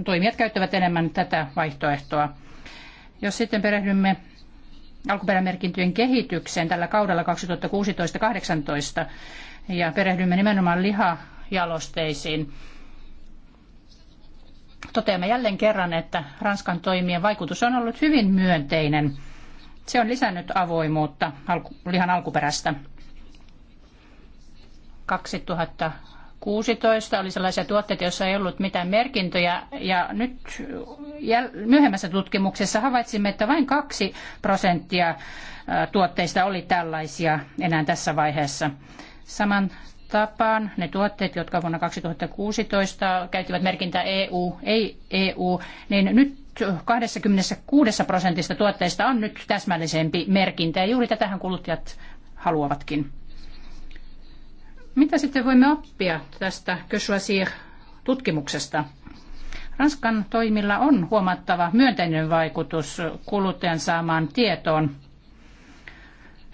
toimijat käyttävät enemmän tätä vaihtoehtoa. Jos sitten perehdymme alkuperämerkintöjen kehitykseen tällä kaudella 2016-2018 ja perehdymme nimenomaan lihajalosteisiin, toteamme jälleen kerran, että Ranskan toimien vaikutus on ollut hyvin myönteinen. Se on lisännyt avoimuutta lihan alkuperästä. 2016 oli sellaisia tuotteita, joissa ei ollut mitään merkintöjä. Ja nyt myöhemmässä tutkimuksessa havaitsimme, että vain 2 prosenttia tuotteista oli tällaisia enää tässä vaiheessa. Saman tapaan ne tuotteet, jotka vuonna 2016 käyttivät merkintää EU, ei EU, niin nyt 26 prosentista tuotteista on nyt täsmällisempi merkintä ja juuri tätähän kuluttajat haluavatkin. Mitä sitten voimme oppia tästä Kösuasir-tutkimuksesta? Ranskan toimilla on huomattava myönteinen vaikutus kuluttajan saamaan tietoon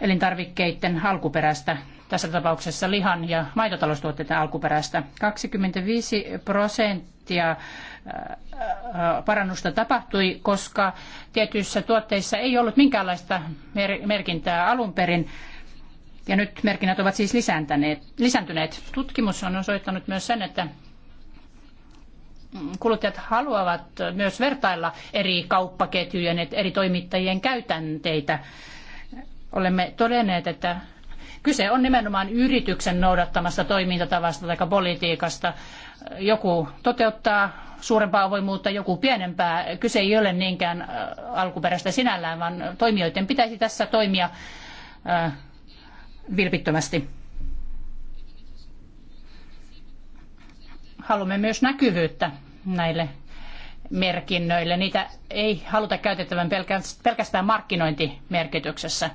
elintarvikkeiden alkuperästä, tässä tapauksessa lihan ja maitotaloustuotteiden alkuperästä. 25 prosenttia parannusta tapahtui, koska tietyissä tuotteissa ei ollut minkäänlaista merkintää alun perin. Ja nyt merkinnät ovat siis lisääntyneet. Tutkimus on osoittanut myös sen, että kuluttajat haluavat myös vertailla eri kauppaketjujen, eri toimittajien käytänteitä. Olemme todenneet, että kyse on nimenomaan yrityksen noudattamasta toimintatavasta tai politiikasta joku toteuttaa suurempaa avoimuutta, joku pienempää. Kyse ei ole niinkään äh, alkuperäistä sinällään, vaan toimijoiden pitäisi tässä toimia äh, vilpittömästi. Haluamme myös näkyvyyttä näille merkinnöille. Niitä ei haluta käytettävän pelkästään markkinointimerkityksessä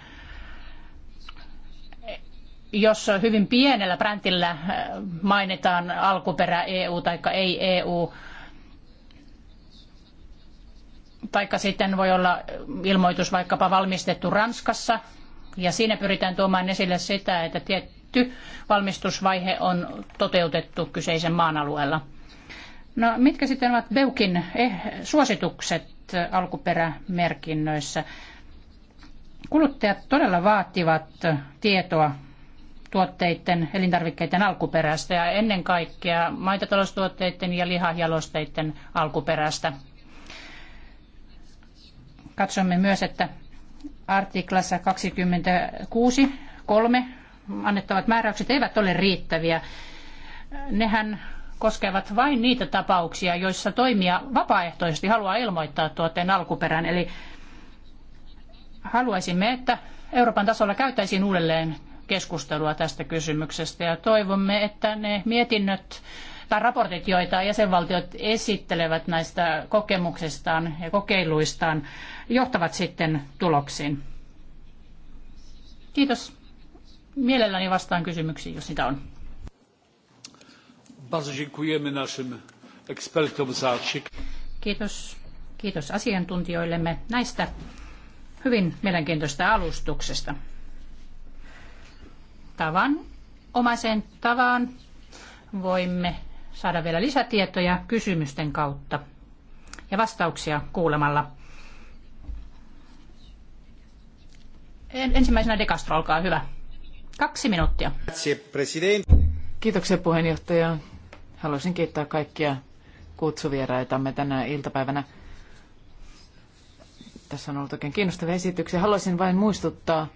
jos hyvin pienellä brändillä äh, mainitaan alkuperä EU tai ei EU, taikka sitten voi olla ilmoitus vaikkapa valmistettu Ranskassa, ja siinä pyritään tuomaan esille sitä, että tietty valmistusvaihe on toteutettu kyseisen maan alueella. No, mitkä sitten ovat Beukin eh, suositukset alkuperämerkinnöissä? Kuluttajat todella vaativat tietoa tuotteiden, elintarvikkeiden alkuperästä ja ennen kaikkea maitotaloustuotteiden ja lihajalosteiden alkuperästä. Katsomme myös, että artiklassa 26 kolme annettavat määräykset eivät ole riittäviä. Nehän koskevat vain niitä tapauksia, joissa toimija vapaaehtoisesti haluaa ilmoittaa tuotteen alkuperän. Eli haluaisimme, että Euroopan tasolla käytäisiin uudelleen keskustelua tästä kysymyksestä ja toivomme, että ne mietinnöt tai raportit, joita jäsenvaltiot esittelevät näistä kokemuksistaan ja kokeiluistaan, johtavat sitten tuloksiin. Kiitos. Mielelläni vastaan kysymyksiin, jos niitä on. Kiitos. Kiitos asiantuntijoillemme näistä hyvin mielenkiintoista alustuksesta tavan omaisen tavaan voimme saada vielä lisätietoja kysymysten kautta ja vastauksia kuulemalla. Ensimmäisenä De Castro, olkaa hyvä. Kaksi minuuttia. Kiitoksia puheenjohtaja. Haluaisin kiittää kaikkia kutsuvieraitamme tänä iltapäivänä. Tässä on ollut oikein kiinnostavia esityksiä. Haluaisin vain muistuttaa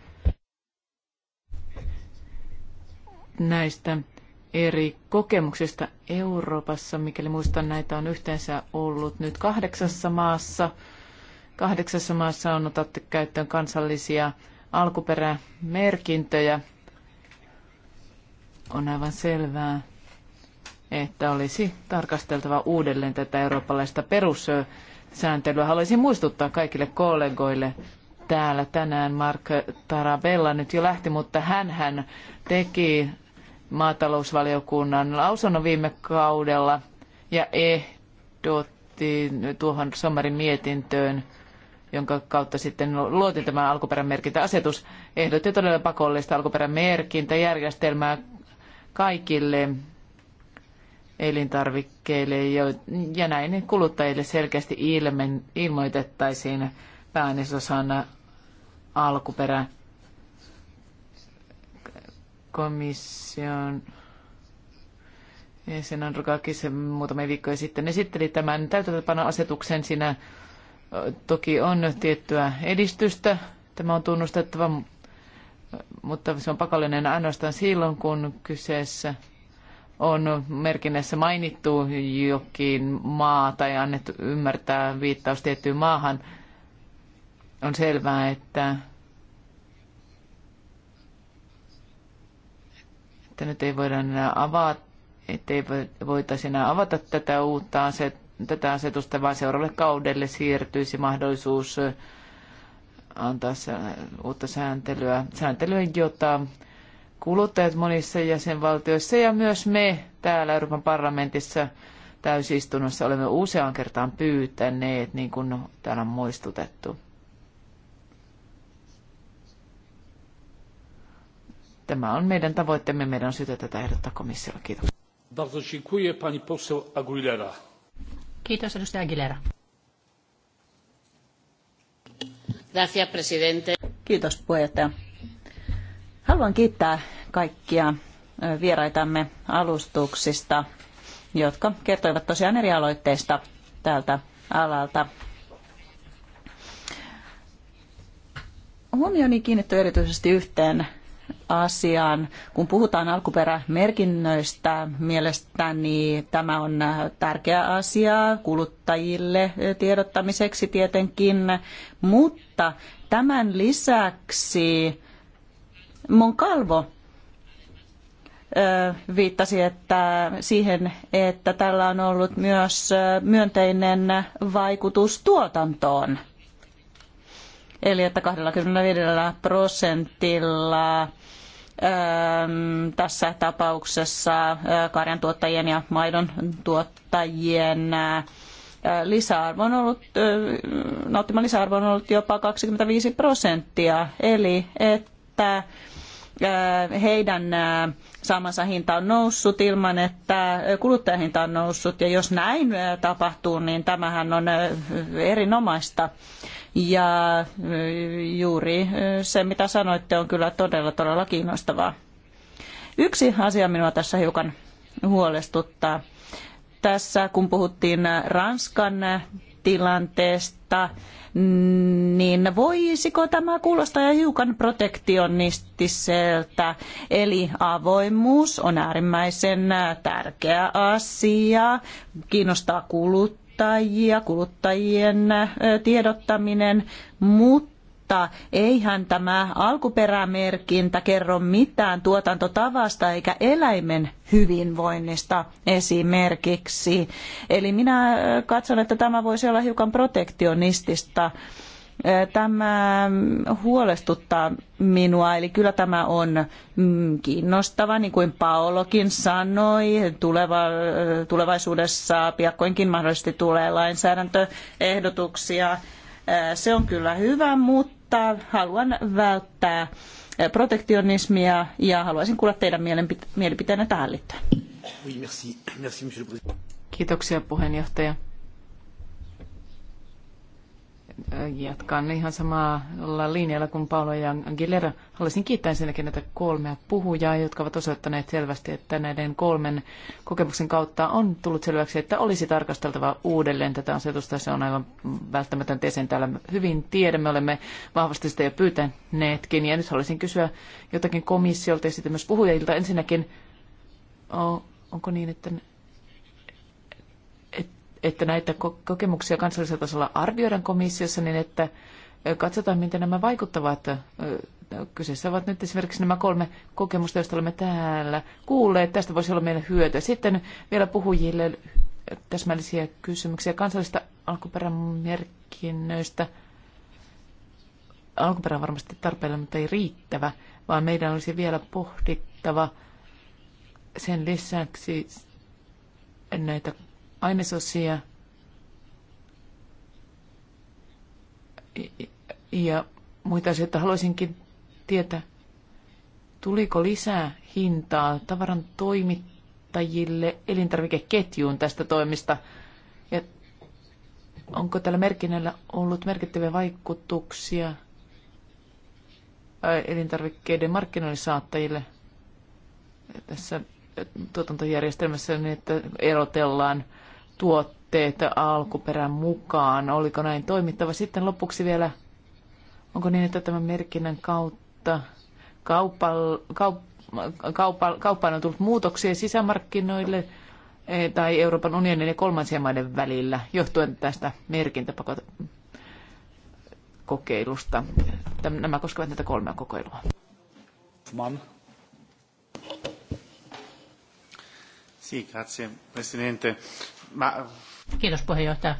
näistä eri kokemuksista Euroopassa. Mikäli muistan, näitä on yhteensä ollut nyt kahdeksassa maassa. Kahdeksassa maassa on otettu käyttöön kansallisia alkuperämerkintöjä. On aivan selvää, että olisi tarkasteltava uudelleen tätä eurooppalaista perussääntelyä. Haluaisin muistuttaa kaikille kollegoille täällä tänään. Mark Tarabella nyt jo lähti, mutta hän, hän teki maatalousvaliokunnan lausunnon viime kaudella ja ehdotti tuohon Sommarin mietintöön, jonka kautta sitten luotiin tämä alkuperämerkintäasetus, ehdotti todella pakollista alkuperämerkintäjärjestelmää kaikille elintarvikkeille ja näin kuluttajille selkeästi ilmoitettaisiin pääainesosana alkuperä komission jäsen Andrukakis muutamia viikkoja sitten esitteli tämän täytäntöpanoasetuksen. Siinä toki on tiettyä edistystä, tämä on tunnustettava, mutta se on pakollinen ainoastaan silloin, kun kyseessä on merkinnässä mainittu jokin maa tai annettu ymmärtää viittaus tiettyyn maahan. On selvää, että että nyt ei voida enää avata, ettei voitaisiin enää avata tätä uutta aset, tätä asetusta, vaan seuraavalle kaudelle siirtyisi mahdollisuus antaa uutta sääntelyä, sääntelyä, jota kuluttajat monissa jäsenvaltioissa ja myös me täällä Euroopan parlamentissa täysistunnossa olemme useaan kertaan pyytäneet, niin kuin täällä on muistutettu. Tämä on meidän tavoitteemme. Meidän on syytä tätä ehdottaa komissiolle. Kiitos. Bardzo dziękuję, pani poseł Aguilera. Kiitos, edustaja Aguilera. Gracias, presidente. Kiitos, puheenjohtaja. Haluan kiittää kaikkia vieraitamme alustuksista, jotka kertoivat tosiaan eri aloitteista tältä alalta. Huomioni kiinnittyy erityisesti yhteen asiaan. Kun puhutaan alkuperämerkinnöistä, mielestäni tämä on tärkeä asia kuluttajille tiedottamiseksi tietenkin, mutta tämän lisäksi mun kalvo viittasi että siihen, että tällä on ollut myös myönteinen vaikutus tuotantoon – eli että 25 prosentilla ähm, tässä tapauksessa äh, karjan tuottajien ja maidon tuottajien äh, lisäarvo on ollut, äh, nauttima lisäarvo on ollut jopa 25 prosenttia, eli että Äh, heidän äh, saamansa hinta on noussut ilman, että kuluttajahinta on noussut. Ja jos näin äh, tapahtuu, niin tämähän on erinomaista. Ja juuri se, mitä sanoitte, on kyllä todella, todella kiinnostavaa. Yksi asia minua tässä hiukan huolestuttaa. Tässä kun puhuttiin Ranskan tilanteesta, niin voisiko tämä kuulostaa hiukan protektionistiselta? Eli avoimuus on äärimmäisen tärkeä asia, kiinnostaa kuluttajia, kuluttajien tiedottaminen, mutta mutta eihän tämä alkuperämerkintä kerro mitään tuotantotavasta eikä eläimen hyvinvoinnista esimerkiksi. Eli minä katson, että tämä voisi olla hiukan protektionistista. Tämä huolestuttaa minua, eli kyllä tämä on mm, kiinnostava, niin kuin Paolokin sanoi, tuleva, tulevaisuudessa piakkoinkin mahdollisesti tulee lainsäädäntöehdotuksia se on kyllä hyvä, mutta haluan välttää protektionismia ja haluaisin kuulla teidän mielipiteenne tähän liittyen. Kiitoksia puheenjohtaja jatkan ihan samalla linjalla kuin Paolo ja Aguilera. Haluaisin kiittää ensinnäkin näitä kolmea puhujaa, jotka ovat osoittaneet selvästi, että näiden kolmen kokemuksen kautta on tullut selväksi, että olisi tarkasteltava uudelleen tätä asetusta. Se on aivan välttämätöntä sen täällä hyvin tiedämme. Olemme vahvasti sitä jo pyytäneetkin. Ja nyt haluaisin kysyä jotakin komissiolta ja sitten myös puhujilta. Ensinnäkin, onko niin, että että näitä kokemuksia kansallisella tasolla arvioidaan komissiossa niin, että katsotaan, miten nämä vaikuttavat. No, kyseessä ovat nyt esimerkiksi nämä kolme kokemusta, joista olemme täällä kuulleet. Tästä voisi olla meille hyötyä. Sitten vielä puhujille täsmällisiä kysymyksiä kansallista alkuperämerkinnöistä. Alkuperä on varmasti tarpeella, mutta ei riittävä, vaan meidän olisi vielä pohdittava sen lisäksi näitä ainesosia ja muita asioita. Haluaisinkin tietää, tuliko lisää hintaa tavaran toimittajille elintarvikeketjuun tästä toimista? Ja onko tällä merkinnällä ollut merkittäviä vaikutuksia elintarvikkeiden markkinoille saattajille tässä tuotantojärjestelmässä niin, että erotellaan – tuotteet alkuperän mukaan. Oliko näin toimittava? Sitten lopuksi vielä, onko niin, että tämän merkinnän kautta kaupal, kaup, kaupal, kauppaan on tullut muutoksia sisämarkkinoille eh, tai Euroopan unionin ja kolmansien maiden välillä johtuen tästä merkintäpakokokeilusta. Nämä koskevat näitä kolmea kokeilua. Man. Sì, grazie Presidente. Mä... Kiitos puheenjohtaja.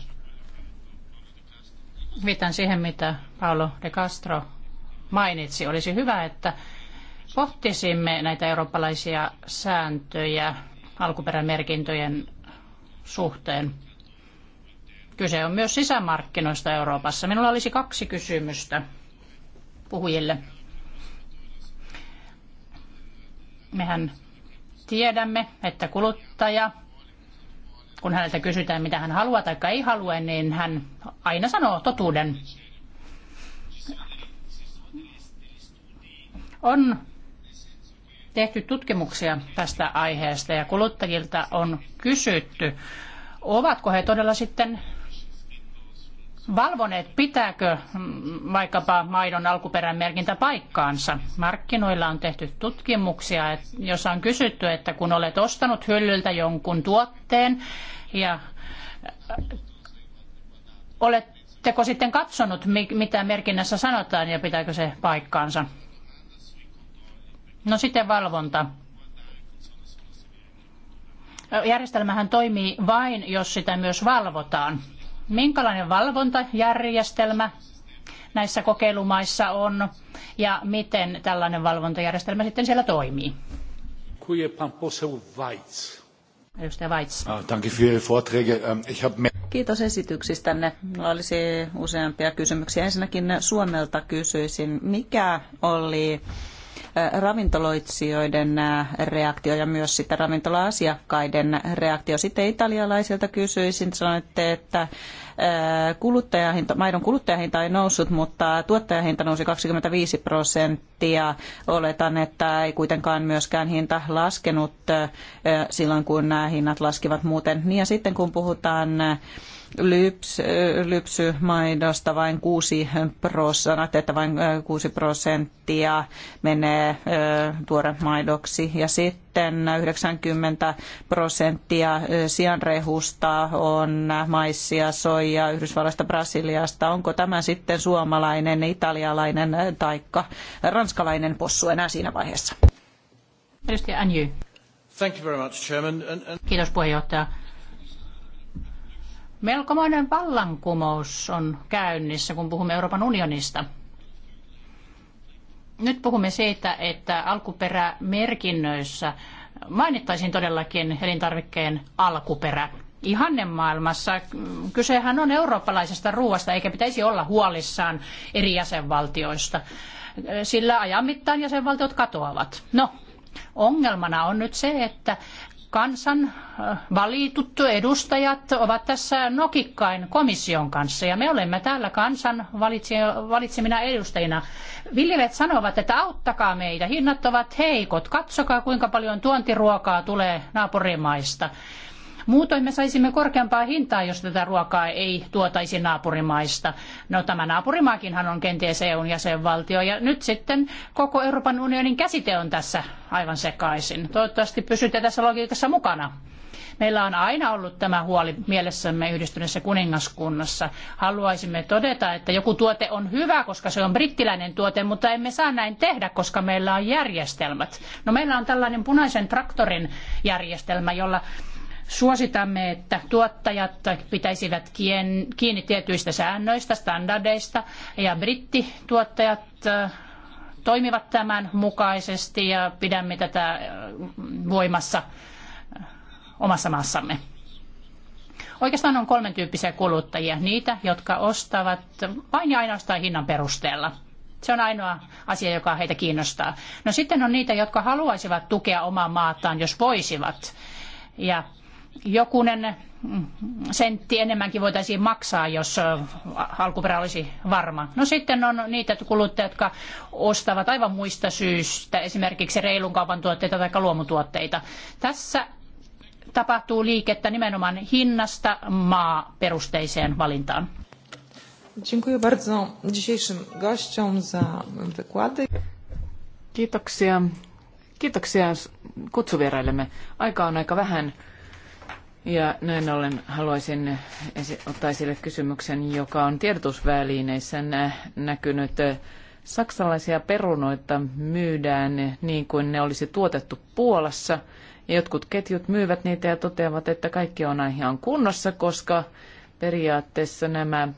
Viitan siihen, mitä Paolo de Castro mainitsi. Olisi hyvä, että pohtisimme näitä eurooppalaisia sääntöjä alkuperämerkintöjen suhteen. Kyse on myös sisämarkkinoista Euroopassa. Minulla olisi kaksi kysymystä puhujille. Mehän tiedämme, että kuluttaja kun häneltä kysytään, mitä hän haluaa tai ei halua, niin hän aina sanoo totuuden. On tehty tutkimuksia tästä aiheesta ja kuluttajilta on kysytty, ovatko he todella sitten valvoneet, pitääkö mm, vaikkapa maidon alkuperän merkintä paikkaansa. Markkinoilla on tehty tutkimuksia, jossa on kysytty, että kun olet ostanut hyllyltä jonkun tuotteen ja äh, oletteko sitten katsonut, mitä merkinnässä sanotaan ja pitääkö se paikkaansa. No sitten valvonta. Järjestelmähän toimii vain, jos sitä myös valvotaan minkälainen valvontajärjestelmä näissä kokeilumaissa on ja miten tällainen valvontajärjestelmä sitten siellä toimii. Weitz. Ah, ähm, Kiitos esityksistänne. Minulla olisi useampia kysymyksiä. Ensinnäkin Suomelta kysyisin, mikä oli ravintoloitsijoiden äh, reaktio ja myös sitä ravintola-asiakkaiden reaktio. Sitten italialaisilta kysyisin, sanoitte, että äh, kuluttajahinta, maidon kuluttajahinta ei noussut, mutta tuottajahinta nousi 25 prosenttia. Oletan, että ei kuitenkaan myöskään hinta laskenut äh, silloin, kun nämä hinnat laskivat muuten. Niin ja sitten kun puhutaan lyps, äh, lypsymaidosta vain 6 prosenttia, että vain 6 äh, prosenttia menee äh, tuoremaidoksi ja sitten 90 prosenttia sianrehusta on maissia, soijaa Yhdysvalloista, Brasiliasta. Onko tämä sitten suomalainen, italialainen tai ranskalainen possu enää siinä vaiheessa? Thank you very much, Chairman. Kiitos puheenjohtaja Melkomoinen vallankumous on käynnissä, kun puhumme Euroopan unionista. Nyt puhumme siitä, että alkuperämerkinnöissä mainittaisiin todellakin elintarvikkeen alkuperä. Ihanne maailmassa kysehän on eurooppalaisesta ruoasta, eikä pitäisi olla huolissaan eri jäsenvaltioista, sillä ajan mittaan jäsenvaltiot katoavat. No, ongelmana on nyt se, että kansan äh, valitut edustajat ovat tässä nokikkain komission kanssa ja me olemme täällä kansan valitsemina edustajina. Viljelijät sanovat, että auttakaa meitä, hinnat ovat heikot, katsokaa kuinka paljon tuontiruokaa tulee naapurimaista. Muutoin me saisimme korkeampaa hintaa, jos tätä ruokaa ei tuotaisi naapurimaista. No tämä naapurimaakinhan on kenties EUn jäsenvaltio ja nyt sitten koko Euroopan unionin käsite on tässä aivan sekaisin. Toivottavasti pysytte tässä logiikassa mukana. Meillä on aina ollut tämä huoli mielessämme yhdistyneessä kuningaskunnassa. Haluaisimme todeta, että joku tuote on hyvä, koska se on brittiläinen tuote, mutta emme saa näin tehdä, koska meillä on järjestelmät. No meillä on tällainen punaisen traktorin järjestelmä, jolla suositamme, että tuottajat pitäisivät kiinni tietyistä säännöistä, standardeista ja brittituottajat äh, toimivat tämän mukaisesti ja pidämme tätä äh, voimassa äh, omassa maassamme. Oikeastaan on kolmen tyyppisiä kuluttajia. Niitä, jotka ostavat vain ja ainoastaan hinnan perusteella. Se on ainoa asia, joka heitä kiinnostaa. No sitten on niitä, jotka haluaisivat tukea omaa maataan, jos voisivat. Ja jokunen sentti enemmänkin voitaisiin maksaa, jos alkuperä olisi varma. No sitten on niitä kuluttajia, jotka ostavat aivan muista syistä, esimerkiksi reilun kaupan tuotteita tai luomutuotteita. Tässä tapahtuu liikettä nimenomaan hinnasta maaperusteiseen valintaan. Dziękuję bardzo gościom za wykłady. Kiitoksia. Kiitoksia kutsuvieraillemme. Aika on aika vähän. Ja näin ollen haluaisin ottaa esille kysymyksen, joka on tiedotusvälineissä näkynyt. Saksalaisia perunoita myydään niin kuin ne olisi tuotettu Puolassa. Ja jotkut ketjut myyvät niitä ja toteavat, että kaikki on ihan kunnossa, koska periaatteessa nämä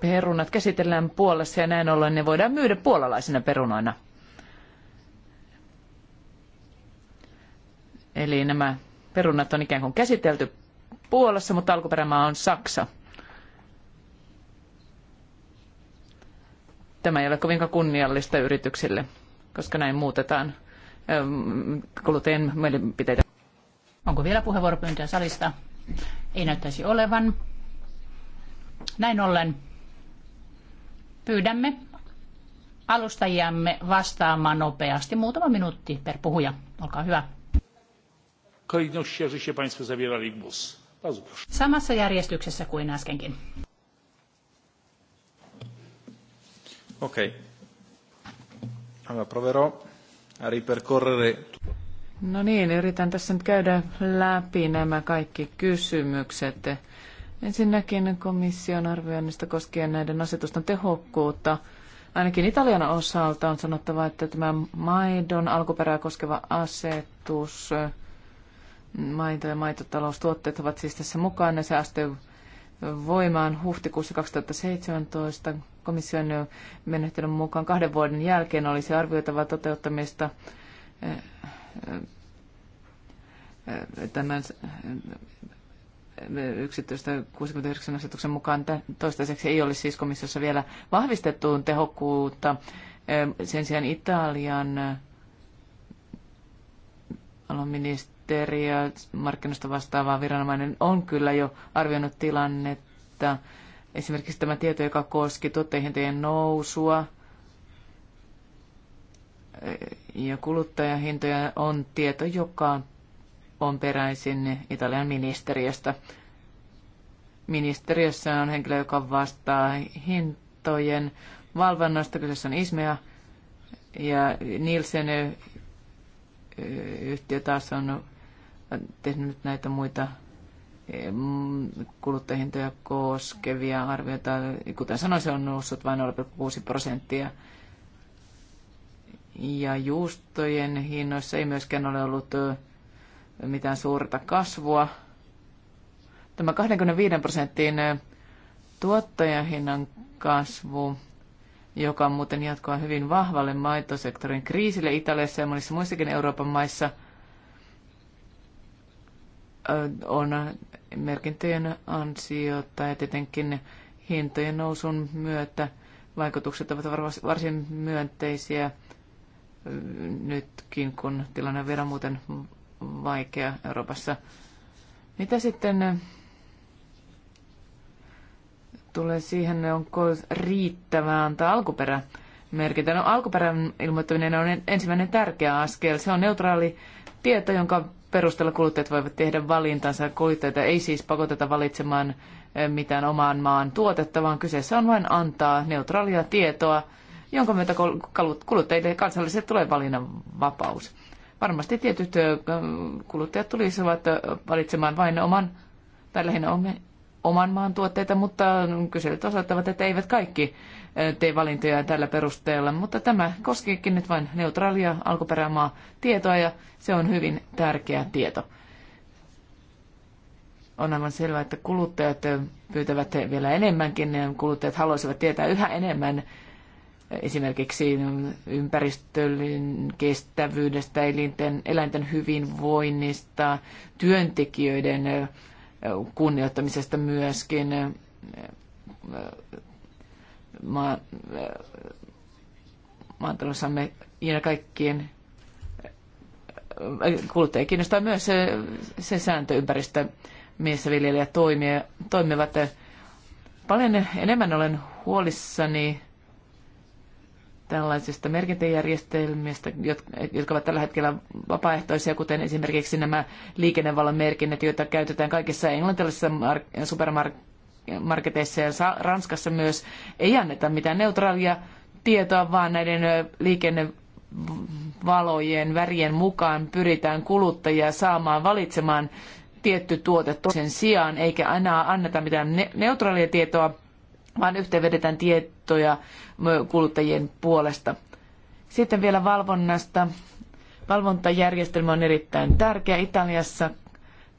perunat käsitellään Puolassa ja näin ollen ne voidaan myydä puolalaisina perunoina. Eli nämä Perunat on ikään kuin käsitelty Puolassa, mutta alkuperämaa on Saksa. Tämä ei ole kovinkaan kunniallista yrityksille, koska näin muutetaan ähm, kuluttajien mielipiteitä. Onko vielä puheenvuoropyyntöjä salista? Ei näyttäisi olevan. Näin ollen pyydämme alustajiamme vastaamaan nopeasti. Muutama minuutti per puhuja. Olkaa hyvä kolejności, jakże się Państwo zabierali głos. Bardzo proszę. Samassa järjestyksessä kuin äskenkin. Okei. Okay. Allora proverò a ripercorrere... No niin, yritän tässä nyt käydä läpi nämä kaikki kysymykset. Ensinnäkin komission arvioinnista koskien näiden asetusten tehokkuutta. Ainakin Italian osalta on sanottava, että tämä maidon alkuperää koskeva asetus Maito- ja maitotaloustuotteet ovat siis tässä mukana. Se astuu voimaan huhtikuussa 2017. Komission menettelyn mukaan kahden vuoden jälkeen olisi arvioitava toteuttamista eh, eh, tämän 69 eh, asetuksen mukaan toistaiseksi ei olisi siis komissiossa vielä vahvistettuun tehokkuutta. Sen sijaan Italian ministeriö, markkinoista vastaava viranomainen on kyllä jo arvioinut tilannetta. Esimerkiksi tämä tieto, joka koski tuotteihintojen nousua eh, ja kuluttajahintoja, on tieto, joka on peräisin Italian ministeriöstä. Ministeriössä on henkilö, joka vastaa hintojen valvonnasta. Kyseessä on Ismea ja Nielsen eh, yhtiö taas on tehnyt näitä muita kuluttajahintoja koskevia arvioita. Kuten sanoin, se on noussut vain 0,6 prosenttia. Ja juustojen hinnoissa ei myöskään ole ollut mitään suurta kasvua. Tämä 25 prosentin tuottajahinnan kasvu, joka on muuten jatkoa hyvin vahvalle maitosektorin kriisille Italiassa ja monissa muissakin Euroopan maissa – on merkintöjen ansiota ja tietenkin hintojen nousun myötä vaikutukset ovat varsin myönteisiä nytkin, kun tilanne on vielä muuten vaikea Euroopassa. Mitä sitten tulee siihen, onko riittävää antaa alkuperä merkintä? No alkuperän ilmoittaminen on ensimmäinen tärkeä askel. Se on neutraali tieto, jonka perusteella kuluttajat voivat tehdä valintansa. Kuluttajita ei siis pakoteta valitsemaan eh, mitään omaan maan tuotetta, vaan kyseessä on vain antaa neutraalia tietoa, jonka myötä kuluttajille kansallisille tulee valinnan vapaus. Varmasti tietyt eh, kuluttajat tulisivat eh, valitsemaan vain oman, tai lähinnä oman maan tuotteita, mutta kyselyt osoittavat, että eivät kaikki tee valintoja tällä perusteella, mutta tämä koskeekin nyt vain neutraalia alkuperämaa tietoa ja se on hyvin tärkeä tieto. On aivan selvää, että kuluttajat pyytävät vielä enemmänkin, kuluttajat haluaisivat tietää yhä enemmän esimerkiksi ympäristön kestävyydestä, elinten, eläinten hyvinvoinnista, työntekijöiden kunnioittamisesta myöskin maa, ja kaikkien äh, kuluttajia kiinnostaa myös se, äh, se sääntöympäristö, missä viljelijät toimii, toimivat. Paljon enemmän olen huolissani tällaisista merkintäjärjestelmistä, jotka ovat tällä hetkellä vapaaehtoisia, kuten esimerkiksi nämä liikennevalon merkinnät, joita käytetään kaikissa englantilaisissa supermarkkinoissa marketeissa ja Ranskassa myös ei anneta mitään neutraalia tietoa, vaan näiden liikennevalojen värien mukaan pyritään kuluttajia saamaan valitsemaan tietty tuote toisen sijaan, eikä aina anneta mitään ne- neutraalia tietoa, vaan yhteenvedetään tietoja kuluttajien puolesta. Sitten vielä valvonnasta. Valvontajärjestelmä on erittäin tärkeä Italiassa.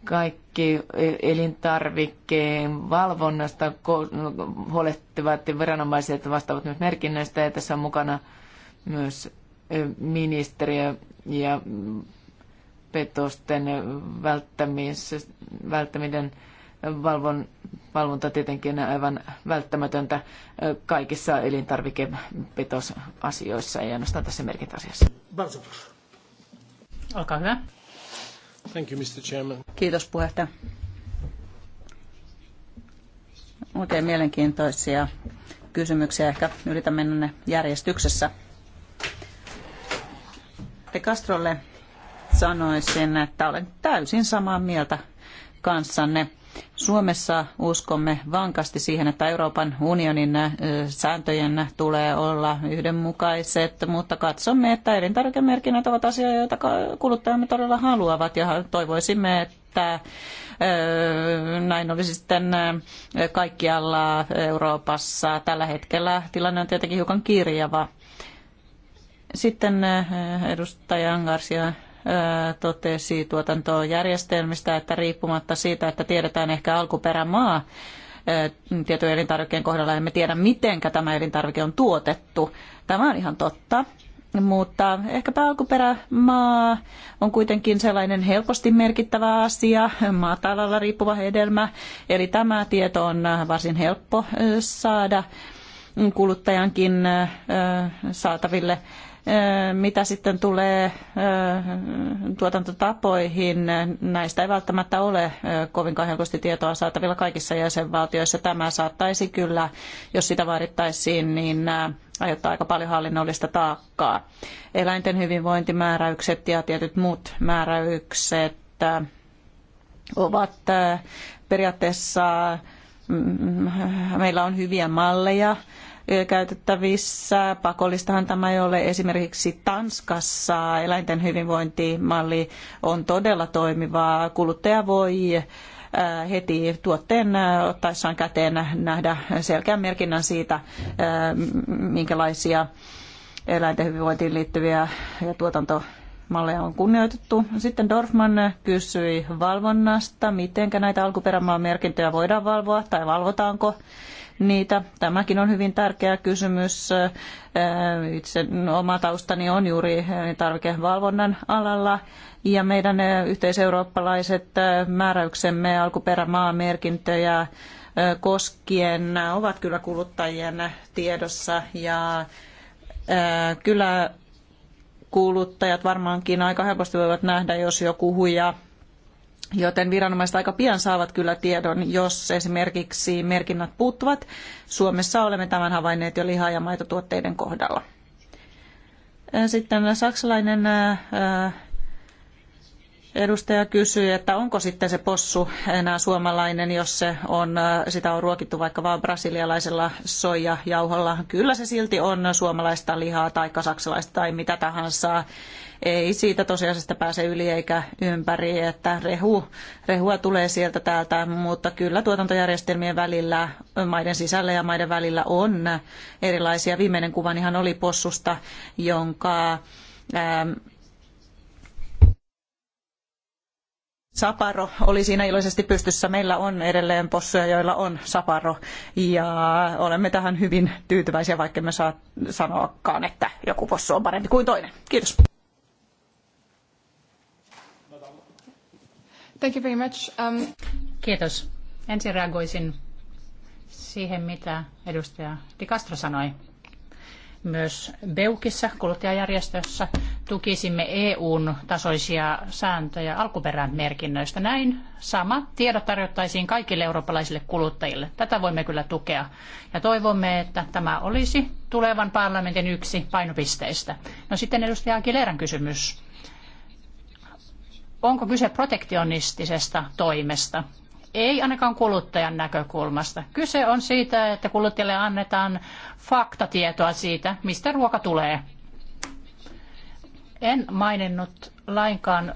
Kaikki kaikki elintarvikkeen valvonnasta huolehtivat viranomaiset vastaavat myös merkinnöistä ja tässä on mukana myös ministeriö ja petosten välttäminen valvon, valvonta tietenkin aivan välttämätöntä kaikissa elintarvikepetosasioissa, ja ainoastaan tässä merkintäasiassa. Olkaa hyvä. Thank you, Mr. Chairman. Kiitos puheenjohtaja. Oikein mielenkiintoisia kysymyksiä. Ehkä yritän mennä ne järjestyksessä. De Castrolle sanoisin, että olen täysin samaa mieltä kanssanne Suomessa uskomme vankasti siihen, että Euroopan unionin sääntöjen tulee olla yhdenmukaiset, mutta katsomme, että elintarvikemerkinnät ovat asioita, joita kuluttajamme todella haluavat ja toivoisimme, että näin olisi sitten kaikkialla Euroopassa. Tällä hetkellä tilanne on tietenkin hiukan kirjava. Sitten edustaja Garcia totesi tuotantojärjestelmistä, että riippumatta siitä, että tiedetään ehkä alkuperämaa, tietyn elintarvikkeen kohdalla emme tiedä, miten tämä elintarvike on tuotettu. Tämä on ihan totta. Mutta ehkäpä alkuperämaa on kuitenkin sellainen helposti merkittävä asia, maatalalla riippuva hedelmä. Eli tämä tieto on varsin helppo saada kuluttajankin saataville. Mitä sitten tulee tuotantotapoihin, näistä ei välttämättä ole kovinkaan helposti tietoa saatavilla kaikissa jäsenvaltioissa. Tämä saattaisi kyllä, jos sitä vaadittaisiin, niin aiheuttaa aika paljon hallinnollista taakkaa. Eläinten hyvinvointimääräykset ja tietyt muut määräykset ovat periaatteessa, mm, mm, meillä on hyviä malleja käytettävissä. Pakollistahan tämä ei ole. Esimerkiksi Tanskassa eläinten hyvinvointimalli on todella toimiva. Kuluttaja voi äh, heti tuotteen äh, ottaessaan käteen nähdä selkeän merkinnän siitä, äh, minkälaisia eläinten hyvinvointiin liittyviä ja tuotanto malleja on kunnioitettu. Sitten Dorfman kysyi valvonnasta, miten näitä alkuperämaan merkintöjä voidaan valvoa tai valvotaanko niitä. Tämäkin on hyvin tärkeä kysymys. Itse oma taustani on juuri tarvikevalvonnan alalla ja meidän yhteiseurooppalaiset määräyksemme alkuperämaamerkintöjä koskien ovat kyllä kuluttajien tiedossa ja kyllä kuluttajat varmaankin aika helposti voivat nähdä, jos joku huijaa Joten viranomaiset aika pian saavat kyllä tiedon, jos esimerkiksi merkinnät puuttuvat. Suomessa olemme tämän havainneet jo liha- ja maitotuotteiden kohdalla. Sitten saksalainen äh, Edustaja kysyi, että onko sitten se possu enää suomalainen, jos se on, äh, sitä on ruokittu vaikka vain brasilialaisella soijajauholla. Kyllä se silti on suomalaista lihaa tai kasaksalaista tai mitä tahansa. Ei siitä tosiasiasta pääse yli eikä ympäri, että rehu, rehua tulee sieltä täältä, mutta kyllä tuotantojärjestelmien välillä, maiden sisällä ja maiden välillä on erilaisia. Viimeinen kuvan ihan oli possusta, jonka ähm, Saparo oli siinä iloisesti pystyssä. Meillä on edelleen possuja, joilla on saparo ja olemme tähän hyvin tyytyväisiä, vaikka me saa sanoakaan, että joku possu on parempi kuin toinen. Kiitos. Thank you very much. Um... Kiitos. Ensin reagoisin siihen, mitä edustaja Di Castro sanoi myös Beukissa kuluttajajärjestössä tukisimme EUn tasoisia sääntöjä alkuperämerkinnöistä. merkinnöistä. Näin samat tiedot tarjottaisiin kaikille eurooppalaisille kuluttajille. Tätä voimme kyllä tukea ja toivomme, että tämä olisi tulevan parlamentin yksi painopisteistä. No sitten edustaja Kilerän kysymys. Onko kyse protektionistisesta toimesta? Ei ainakaan kuluttajan näkökulmasta. Kyse on siitä, että kuluttajalle annetaan faktatietoa siitä, mistä ruoka tulee. En maininnut lainkaan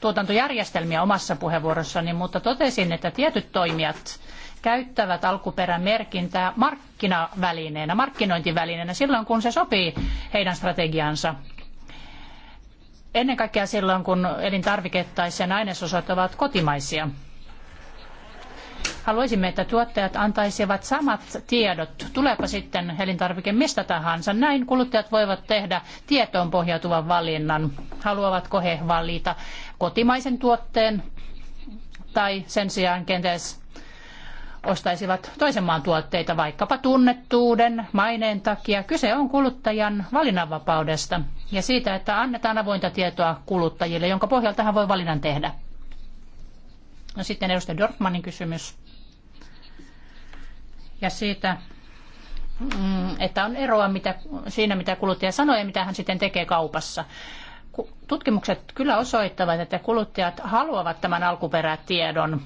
tuotantojärjestelmiä omassa puheenvuorossani, mutta totesin, että tietyt toimijat käyttävät alkuperämerkintää markkinavälineenä, markkinointivälineenä silloin, kun se sopii heidän strategiansa. Ennen kaikkea silloin, kun elintarvike tai sen ainesosat ovat kotimaisia. Haluaisimme, että tuottajat antaisivat samat tiedot, tuleepa sitten elintarvike mistä tahansa. Näin kuluttajat voivat tehdä tietoon pohjautuvan valinnan. Haluavatko he valita kotimaisen tuotteen tai sen sijaan kenties ostaisivat toisen maan tuotteita vaikkapa tunnettuuden, maineen takia. Kyse on kuluttajan valinnanvapaudesta ja siitä, että annetaan avointa tietoa kuluttajille, jonka pohjalta hän voi valinnan tehdä. No sitten edustaja Dortmanin kysymys ja siitä, mm, että on eroa mitä, siinä, mitä kuluttaja sanoo ja mitä hän sitten tekee kaupassa. Tutkimukset kyllä osoittavat, että kuluttajat haluavat tämän alkuperätiedon.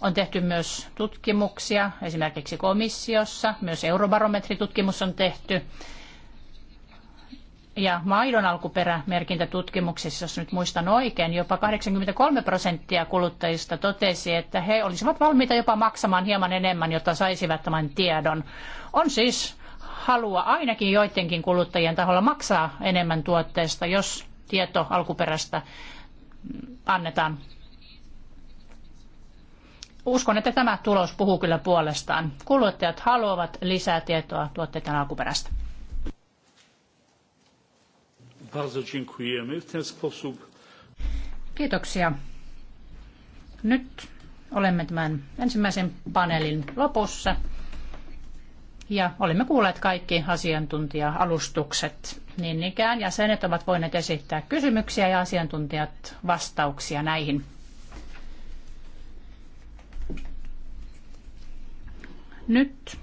On tehty myös tutkimuksia, esimerkiksi komissiossa, myös eurobarometritutkimus on tehty ja maidon alkuperämerkintätutkimuksissa, jos nyt muistan oikein, jopa 83 prosenttia kuluttajista totesi, että he olisivat valmiita jopa maksamaan hieman enemmän, jotta saisivat tämän tiedon. On siis halua ainakin joidenkin kuluttajien taholla maksaa enemmän tuotteesta, jos tieto alkuperästä annetaan. Uskon, että tämä tulos puhuu kyllä puolestaan. Kuluttajat haluavat lisää tietoa tuotteiden alkuperästä. Bardzo dziękujemy. W ten sposób... Kiitoksia. Nyt olemme tämän ensimmäisen paneelin lopussa. Ja olemme kuulleet kaikki asiantuntija-alustukset. Niin ikään jäsenet ovat voineet esittää kysymyksiä ja asiantuntijat vastauksia näihin. Nyt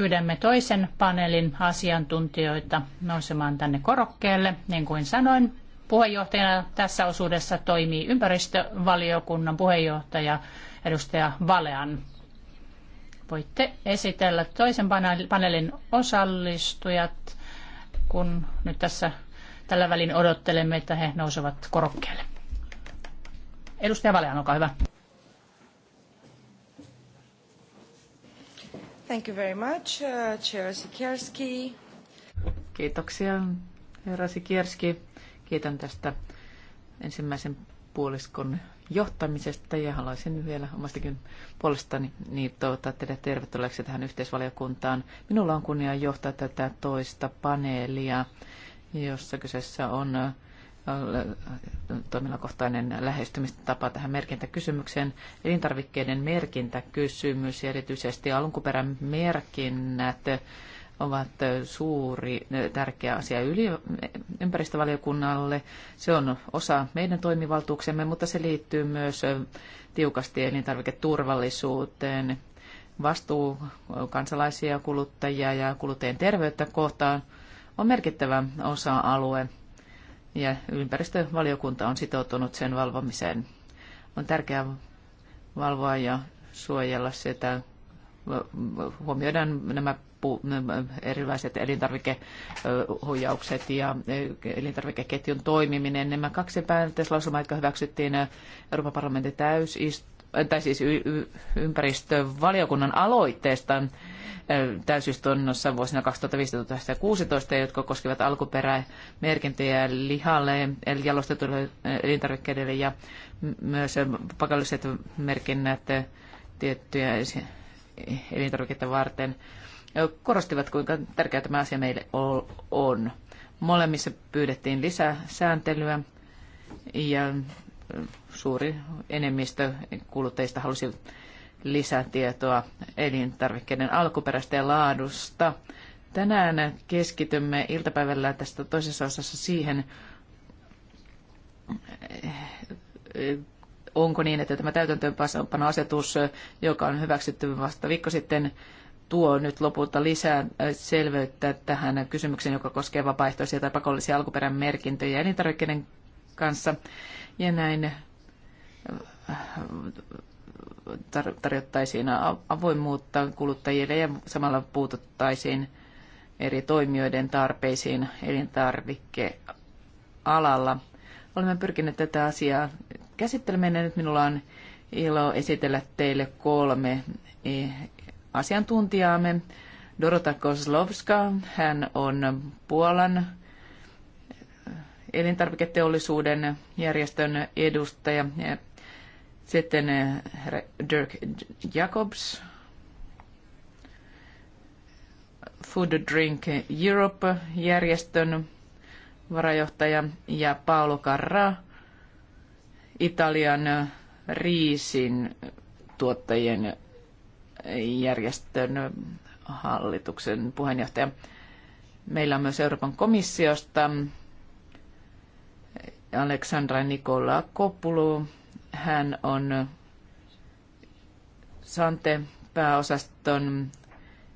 Pyydämme toisen paneelin asiantuntijoita nousemaan tänne korokkeelle. Niin kuin sanoin, puheenjohtajana tässä osuudessa toimii ympäristövaliokunnan puheenjohtaja edustaja Valean. Voitte esitellä toisen paneelin osallistujat, kun nyt tässä tällä välin odottelemme, että he nousevat korokkeelle. Edustaja Valean, olkaa hyvä. Thank you very much, uh, Chair Sikierski. Kiitoksia, herra Sikierski. Kiitän tästä ensimmäisen puoliskon johtamisesta ja haluaisin vielä omastakin puolestani niin toivottaa teidät tervetulleeksi tähän yhteisvaliokuntaan. Minulla on kunnia johtaa tätä toista paneelia, jossa kyseessä on toimilakohtainen lähestymistapa tähän merkintäkysymykseen. Elintarvikkeiden merkintäkysymys ja erityisesti alkuperän merkinnät ovat suuri tärkeä asia yli, ympäristövaliokunnalle. Se on osa meidän toimivaltuuksemme, mutta se liittyy myös tiukasti elintarviketurvallisuuteen. Vastuu kansalaisia, kuluttajia ja kuluttajien terveyttä kohtaan on merkittävä osa-alue ja ympäristövaliokunta on sitoutunut sen valvomiseen. On tärkeää valvoa ja suojella sitä. Huomioidaan nämä erilaiset elintarvikehuijaukset ja elintarvikeketjun toimiminen. Nämä kaksi päätöslausumaa, jotka hyväksyttiin Euroopan parlamentin täysistunnossa, tai siis y- ympäristövaliokunnan aloitteesta täysistunnossa vuosina 2015-2016, jotka koskivat alkuperämerkintöjä lihalle, jalostetuille elintarvikkeille ja myös pakolliset merkinnät tiettyjä elintarvikkeita varten korostivat, kuinka tärkeä tämä asia meille on. Molemmissa pyydettiin lisää sääntelyä ja suuri enemmistö kuluttajista halusi lisätietoa elintarvikkeiden alkuperästä ja laadusta. Tänään keskitymme iltapäivällä tästä toisessa osassa siihen, onko niin, että tämä täytäntöönpanoasetus, joka on hyväksytty vasta viikko sitten, tuo nyt lopulta lisää selveyttä tähän kysymykseen, joka koskee vapaaehtoisia tai pakollisia alkuperämerkintöjä elintarvikkeiden kanssa ja näin äh, tarjottaisiin avoimuutta kuluttajille ja samalla puututtaisiin eri toimijoiden tarpeisiin elintarvikealalla. Olemme pyrkineet tätä asiaa käsittelemään ja nyt minulla on ilo esitellä teille kolme e, asiantuntijaamme. Dorota Kozlovska, hän on Puolan elintarviketeollisuuden järjestön edustaja. Sitten eh, Dirk Jacobs, Food Drink Europe-järjestön varajohtaja ja Paolo Carra, Italian riisin tuottajien järjestön hallituksen puheenjohtaja. Meillä on myös Euroopan komissiosta Aleksandra Nikola Kopulu. Hän on Sante-pääosaston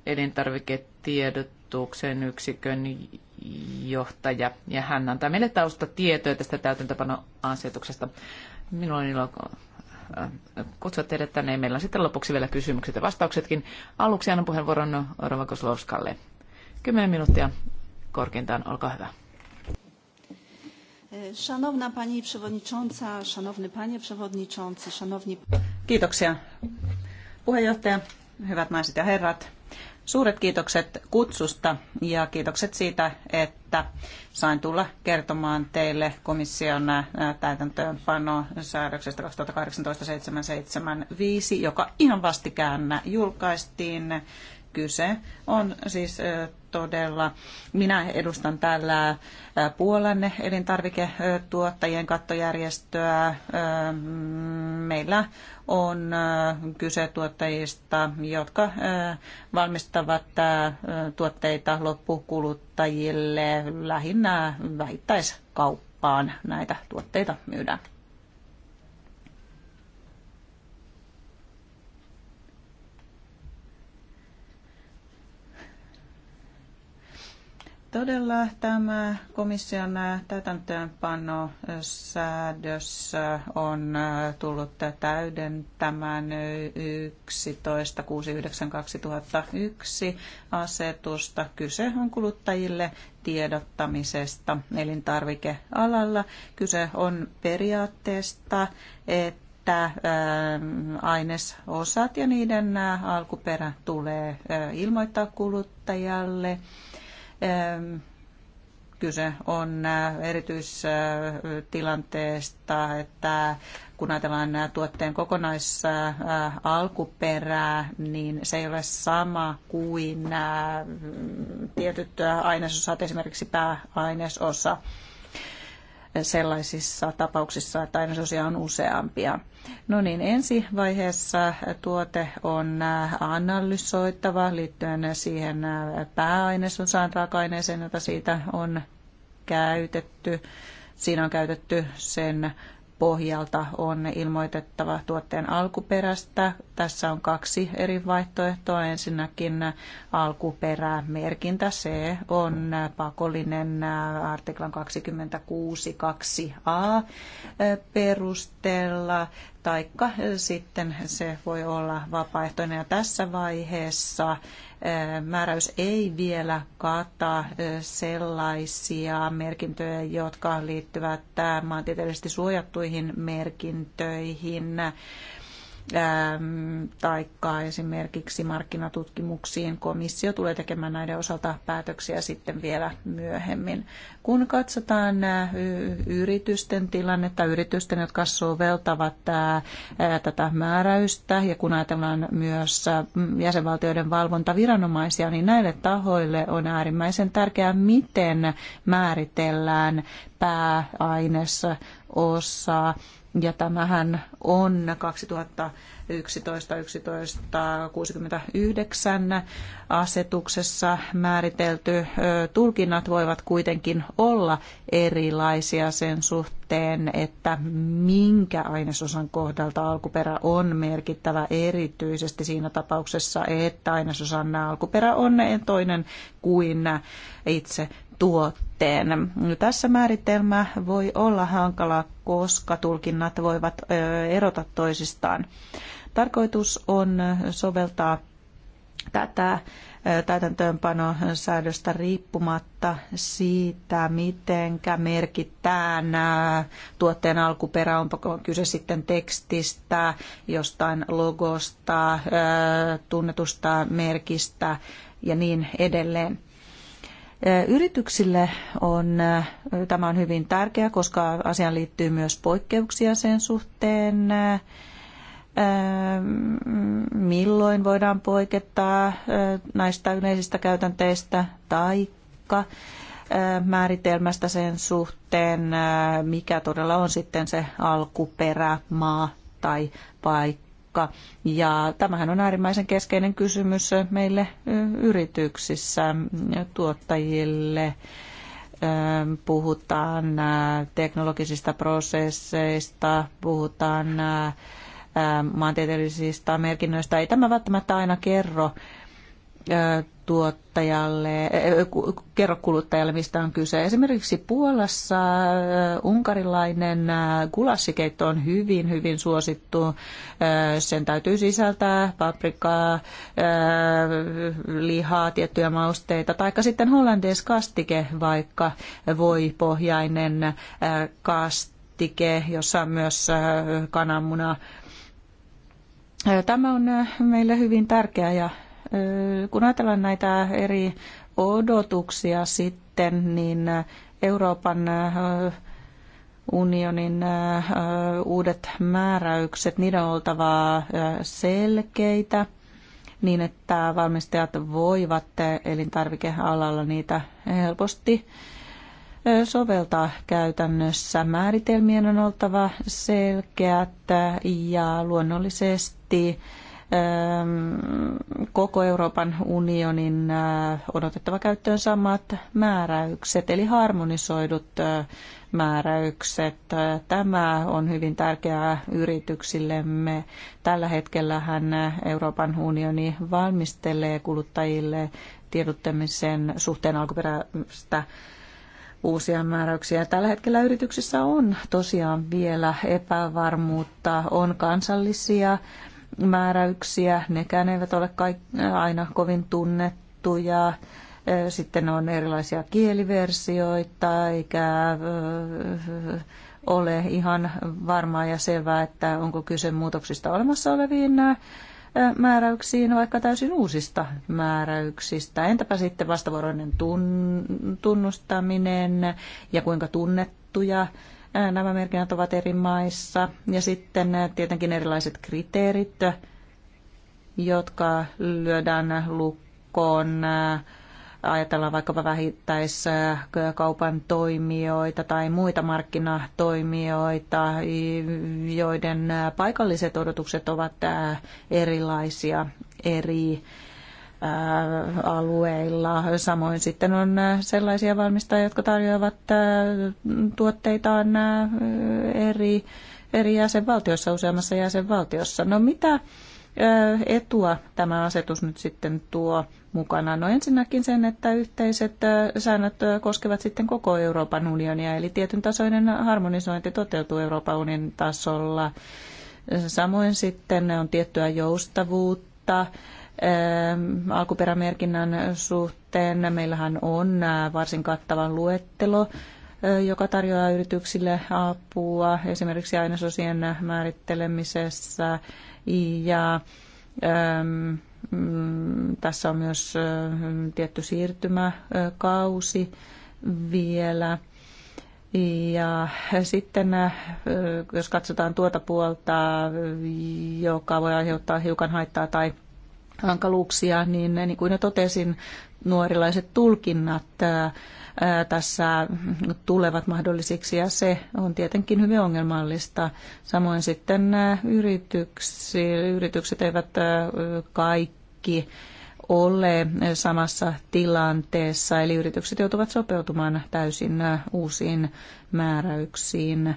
elintarviketiedotuksen yksikön johtaja ja hän antaa meille taustatietoja tästä täytäntöpanoasetuksesta. Minulla on ilo äh, kutsua teidät tänne. Meillä on sitten lopuksi vielä kysymykset ja vastauksetkin. Aluksi annan puheenvuoron Rova Kymmenen minuuttia korkeintaan, olkaa hyvä. E, szanowna Pani Przewodnicząca, Szanowny Panie Przewodniczący, Szanowni... Kiitoksia puheenjohtaja, hyvät naiset ja herrat. Suuret kiitokset kutsusta ja kiitokset siitä, että sain tulla kertomaan teille komission täytäntöönpanosäädöksestä 2018-775, joka ihan vastikään julkaistiin kyse on siis todella. Minä edustan täällä Puolan elintarviketuottajien kattojärjestöä. Meillä on kyse tuottajista, jotka valmistavat tuotteita loppukuluttajille lähinnä vähittäiskauppaan näitä tuotteita myydään. Todella tämä komission säädös on äh, tullut täydentämään 11.69.2001 asetusta. Kyse on kuluttajille tiedottamisesta elintarvikealalla. Kyse on periaatteesta, että että äh, ainesosat ja niiden äh, alkuperä tulee ilmoittaa kuluttajalle kyse on äh, erityistilanteesta, että kun ajatellaan äh, tuotteen kokonaisalkuperää, niin se ei ole sama kuin äh, tietyt ainesosat, esimerkiksi pääainesosa sellaisissa tapauksissa, että aina sosia on useampia. No niin, ensi vaiheessa tuote on äh, analysoitava liittyen siihen äh, pääainesosaan raaka-aineeseen, jota siitä on käytetty. Siinä on käytetty sen pohjalta on ilmoitettava tuotteen alkuperästä. Tässä on kaksi eri vaihtoehtoa. Ensinnäkin alkuperämerkintä, se on pakollinen artiklan 26.2a perusteella, taikka sitten se voi olla vapaaehtoinen. Ja tässä vaiheessa määräys ei vielä kata sellaisia merkintöjä, jotka liittyvät maantieteellisesti suojattuihin merkintöihin Ähm, taikka esimerkiksi markkinatutkimuksiin. Komissio tulee tekemään näiden osalta päätöksiä sitten vielä myöhemmin. Kun katsotaan äh, yritysten tilannetta, yritysten, jotka soveltavat äh, äh, tätä määräystä, ja kun ajatellaan myös jäsenvaltioiden valvontaviranomaisia, niin näille tahoille on äärimmäisen tärkeää, miten määritellään pääaines osa ja tämähän on 2011 1169 asetuksessa määritelty. Tulkinnat voivat kuitenkin olla erilaisia sen suhteen, että minkä ainesosan kohdalta alkuperä on merkittävä erityisesti siinä tapauksessa, että ainesosan alkuperä on toinen kuin itse tuotteen. No, tässä määritelmä voi olla hankala, koska tulkinnat voivat erota toisistaan. Tarkoitus on soveltaa tätä täytäntöönpanosäädöstä riippumatta siitä, miten merkitään tuotteen alkuperä, onko kyse sitten tekstistä, jostain logosta, tunnetusta merkistä ja niin edelleen. Yrityksille on, tämä on hyvin tärkeää, koska asiaan liittyy myös poikkeuksia sen suhteen, milloin voidaan poiketa näistä yleisistä käytänteistä taikka määritelmästä sen suhteen, mikä todella on sitten se alkuperämaa tai paikka uhka. Ja tämähän on äärimmäisen keskeinen kysymys meille yrityksissä, tuottajille. Puhutaan teknologisista prosesseista, puhutaan maantieteellisistä merkinnöistä. Ei tämä välttämättä aina kerro tuottajalle, eh, eh, kerro kuluttajalle, mistä on kyse. Esimerkiksi Puolassa eh, unkarilainen kulassikeitto on hyvin, hyvin suosittu. Sen täytyy sisältää paprikaa, lihaa, tiettyjä mausteita, tai sitten kastike, vaikka voi pohjainen kastike, jossa on myös kananmuna Tämä on meille hyvin tärkeä ja kun ajatellaan näitä eri odotuksia sitten, niin Euroopan unionin uudet määräykset, niiden on oltava selkeitä niin, että valmistajat voivat elintarvikealalla niitä helposti soveltaa käytännössä. Määritelmien on oltava selkeät ja luonnollisesti Ähm, koko Euroopan unionin äh, odotettava käyttöön samat määräykset, eli harmonisoidut äh, määräykset. Tämä on hyvin tärkeää yrityksillemme. Tällä hetkellähän Euroopan unioni valmistelee kuluttajille tiedottamisen suhteen alkuperäistä uusia määräyksiä. Tällä hetkellä yrityksissä on tosiaan vielä epävarmuutta, on kansallisia määräyksiä. Nekään eivät ole aina kovin tunnettuja. Sitten on erilaisia kieliversioita, eikä ole ihan varmaa ja selvää, että onko kyse muutoksista olemassa oleviin määräyksiin, vaikka täysin uusista määräyksistä. Entäpä sitten vastavuoroinen tunnustaminen ja kuinka tunnettuja nämä merkinnät ovat eri maissa. Ja sitten eh, tietenkin erilaiset kriteerit, eh, jotka lyödään lukkoon. Eh, ajatellaan vaikkapa vähittäiskaupan toimijoita tai muita markkinatoimijoita, joiden paikalliset odotukset ovat erilaisia eri alueilla. Samoin sitten on sellaisia valmistajia, jotka tarjoavat tuotteitaan eri, eri jäsenvaltiossa, useammassa jäsenvaltiossa. No mitä etua tämä asetus nyt sitten tuo mukana? No ensinnäkin sen, että yhteiset säännöt koskevat sitten koko Euroopan unionia, eli tietyn tasoinen harmonisointi toteutuu Euroopan unionin tasolla. Samoin sitten on tiettyä joustavuutta, Ehm, alkuperämerkinnän suhteen. Meillähän on äh, varsin kattava luettelo äh, joka tarjoaa yrityksille apua esimerkiksi ainesosien määrittelemisessä ja ehm, mm, tässä on myös äh, tietty siirtymäkausi vielä. Ja sitten jos katsotaan tuota puolta, joka voi aiheuttaa hiukan haittaa tai hankaluuksia, niin niin kuin jo totesin, nuorilaiset tulkinnat tässä tulevat mahdollisiksi ja se on tietenkin hyvin ongelmallista. Samoin sitten yritykset eivät kaikki ole samassa tilanteessa, eli yritykset joutuvat sopeutumaan täysin uusiin määräyksiin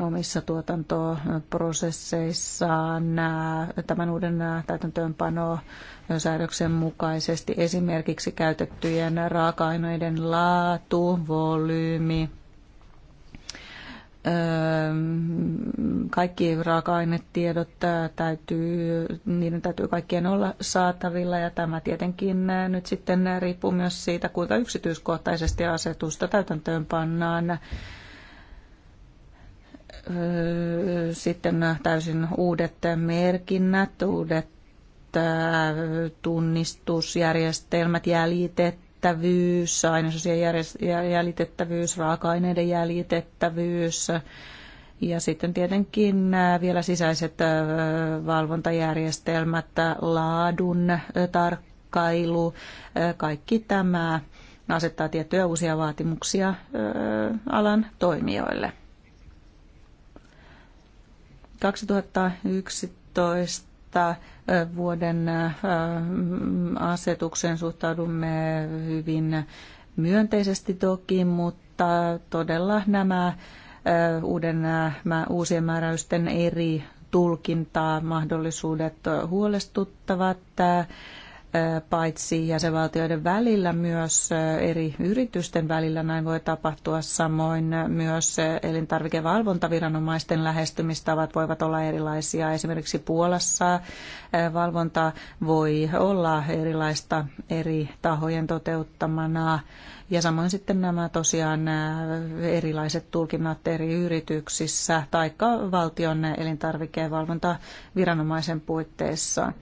omissa tuotantoprosesseissaan tämän uuden täytäntöönpano säädöksen mukaisesti esimerkiksi käytettyjen raaka-aineiden laatu, volyymi, öö, kaikki raaka-ainetiedot täytyy, niiden täytyy kaikkien olla saatavilla ja tämä tietenkin nyt sitten riippuu myös siitä, kuinka yksityiskohtaisesti asetusta täytäntöön pannaan sitten täysin uudet merkinnät, uudet tunnistusjärjestelmät, jäljitettävyys, ainesosien jäljitettävyys, raaka-aineiden jäljitettävyys ja sitten tietenkin vielä sisäiset valvontajärjestelmät, laadun tarkkailu, kaikki tämä asettaa tiettyjä uusia vaatimuksia alan toimijoille. 2011 vuoden asetuksen suhtaudumme hyvin myönteisesti toki, mutta todella nämä uuden, uusien määräysten eri tulkintaa mahdollisuudet huolestuttavat paitsi jäsenvaltioiden välillä myös eri yritysten välillä. Näin voi tapahtua samoin myös elintarvikevalvontaviranomaisten lähestymistavat voivat olla erilaisia. Esimerkiksi Puolassa valvonta voi olla erilaista eri tahojen toteuttamana. Ja samoin sitten nämä tosiaan erilaiset tulkinnat eri yrityksissä tai valtion elintarvikevalvontaviranomaisen puitteissa.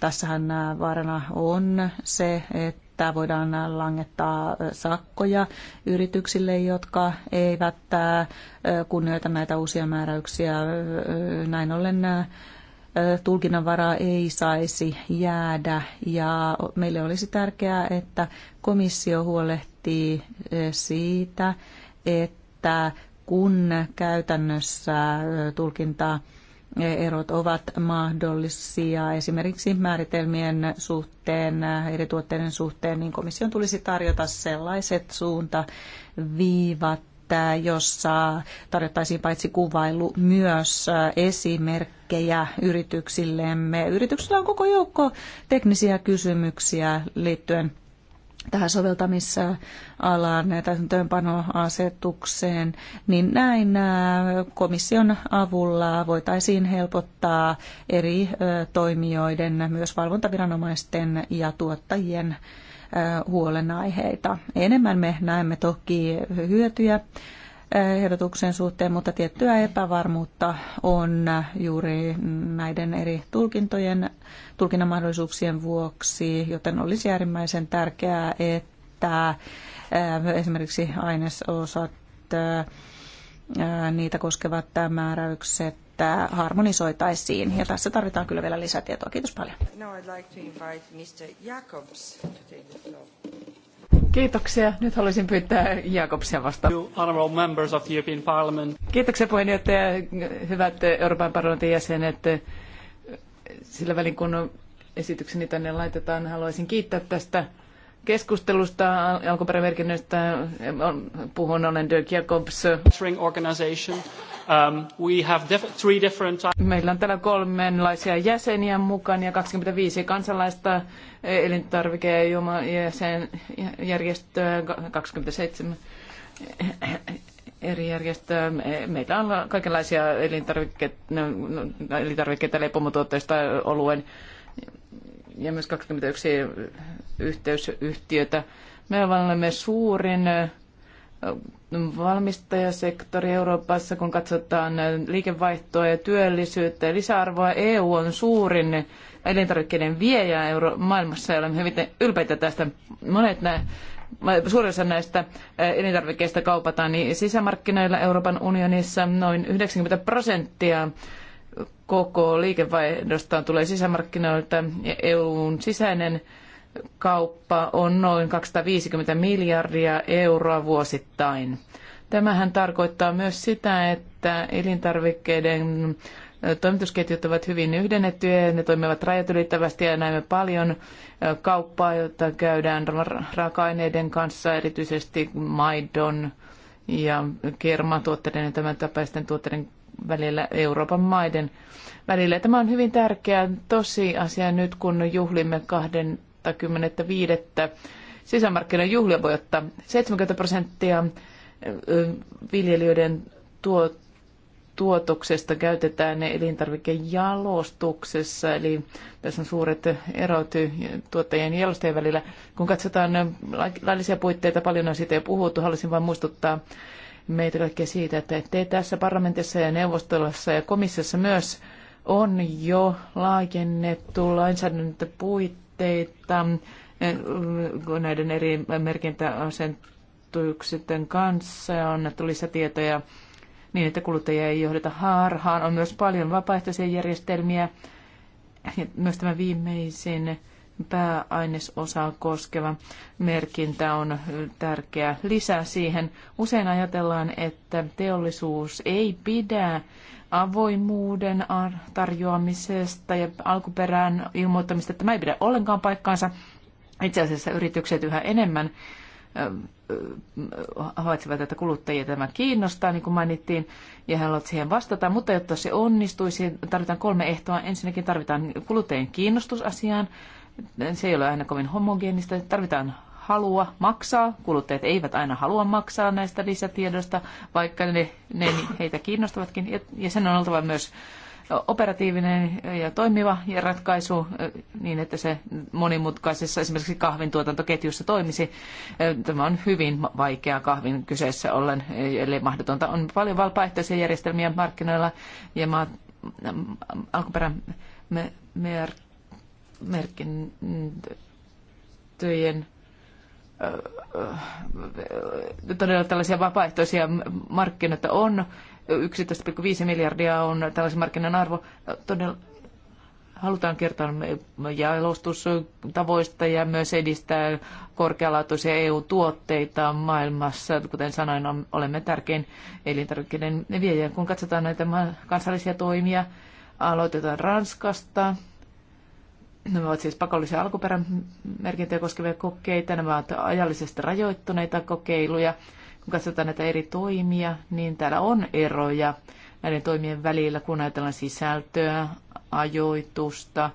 Tässähän vaarana on se, että voidaan langettaa sakkoja yrityksille, jotka eivät kunnioita näitä uusia määräyksiä. Näin ollen tulkinnanvaraa ei saisi jäädä ja meille olisi tärkeää, että komissio huolehtii siitä, että kun käytännössä tulkintaa erot ovat mahdollisia esimerkiksi määritelmien suhteen, eri tuotteiden suhteen, niin komission tulisi tarjota sellaiset suuntaviivat, jossa tarjottaisiin paitsi kuvailu myös esimerkkejä yrityksillemme. Yrityksillä on koko joukko teknisiä kysymyksiä liittyen tähän soveltamisalaan, täytäntöönpanoasetukseen, niin näin komission avulla voitaisiin helpottaa eri toimijoiden, myös valvontaviranomaisten ja tuottajien huolenaiheita. Enemmän me näemme toki hyötyjä ehdotuksen suhteen, mutta tiettyä epävarmuutta on juuri näiden eri tulkintojen, tulkinnan vuoksi, joten olisi äärimmäisen tärkeää, että esimerkiksi ainesosat, niitä koskevat määräykset harmonisoitaisiin. Ja tässä tarvitaan kyllä vielä lisätietoa. Kiitos paljon. Kiitoksia. Nyt haluaisin pyytää Jakobsia vastaan. Kiitoksia puheenjohtaja. Hyvät Euroopan parlamentin jäsenet. Sillä välin kun esitykseni tänne laitetaan, haluaisin kiittää tästä keskustelusta alkuperämerkinnöistä. Puhun, olen Dirk Jacobs. Um, meillä on täällä kolmenlaisia jäseniä mukana ja 25 kansalaista elintarvike- ja juomajärjestöä, 27 eri järjestöä. Meillä on kaikenlaisia elintarvikkeita, no, no, elintarvikkeita leipomotuotteista oluen ja myös 21 yhteysyhtiötä. Me olemme suurin valmistajasektori Euroopassa, kun katsotaan liikevaihtoa ja työllisyyttä ja lisäarvoa. EU on suurin elintarvikkeiden viejä Euro- maailmassa ja olemme hyvin ylpeitä tästä. Monet nä- Suurissa näistä elintarvikkeista kaupataan niin sisämarkkinoilla Euroopan unionissa noin 90 prosenttia koko liikevaihdosta tulee sisämarkkinoilta ja EUn sisäinen kauppa on noin 250 miljardia euroa vuosittain. Tämähän tarkoittaa myös sitä, että elintarvikkeiden toimitusketjut ovat hyvin yhdennettyjä ja ne toimivat rajat ylittävästi ja näemme paljon kauppaa, jota käydään raaka-aineiden kanssa, erityisesti maidon ja kermatuotteiden ja tämän tapaisten tuotteiden välillä Euroopan maiden välillä. Tämä on hyvin tärkeä tosiasia nyt, kun juhlimme kahden 25. sisämarkkinan juhlia voi ottaa 70 prosenttia viljelijöiden tuo, tuotoksesta käytetään ne elintarvikejalostuksessa, eli tässä on suuret erot tuottajien ja jalostajien välillä. Kun katsotaan laillisia puitteita, paljon on siitä jo puhuttu, haluaisin vain muistuttaa meitä kaikkia siitä, että te tässä parlamentissa ja neuvostolassa ja komissiossa myös on jo laajennettu lainsäädäntöpuitteita tuotteita eh, näiden eri merkintäasentuksien kanssa ja on annettu lisätietoja niin, että kuluttajia ei johdeta harhaan. On myös paljon vapaaehtoisia järjestelmiä. Ja myös tämä viimeisin pääainesosaa koskeva merkintä on tärkeä lisä siihen. Usein ajatellaan, että teollisuus ei pidä avoimuuden tarjoamisesta ja alkuperään ilmoittamista. Tämä ei pidä ollenkaan paikkaansa. Itse asiassa yritykset yhä enemmän havaitsevat, että kuluttajia tämä kiinnostaa, niin kuin mainittiin, ja he haluavat siihen vastata. Mutta jotta se onnistuisi, tarvitaan kolme ehtoa. Ensinnäkin tarvitaan kuluttajien kiinnostus asiaan. Se ei ole aina kovin homogeenista. Tarvitaan halua maksaa. Kuluttajat eivät aina halua maksaa näistä lisätiedoista, vaikka ne, ne heitä kiinnostavatkin. Ja sen on oltava myös operatiivinen ja toimiva ja ratkaisu niin, että se monimutkaisessa esimerkiksi kahvin tuotantoketjussa toimisi. Tämä on hyvin vaikeaa kahvin kyseessä ollen, eli mahdotonta. On paljon valpaaehtoisia järjestelmiä markkinoilla ja maa, alkuperän me, me, merkintöjen todella tällaisia vapaaehtoisia markkinoita on. 11,5 miljardia on tällaisen markkinan arvo. Todella halutaan kertoa jalostustavoista ja myös edistää korkealaatuisia EU-tuotteita maailmassa. Kuten sanoin, olemme tärkein elintarvikkeiden viejä. Kun katsotaan näitä kansallisia toimia, aloitetaan Ranskasta. Nämä ovat siis pakollisia alkuperämerkintöjä koskevia kokeita. Nämä ovat ajallisesti rajoittuneita kokeiluja. Kun katsotaan näitä eri toimia, niin täällä on eroja näiden toimien välillä, kun ajatellaan sisältöä, ajoitusta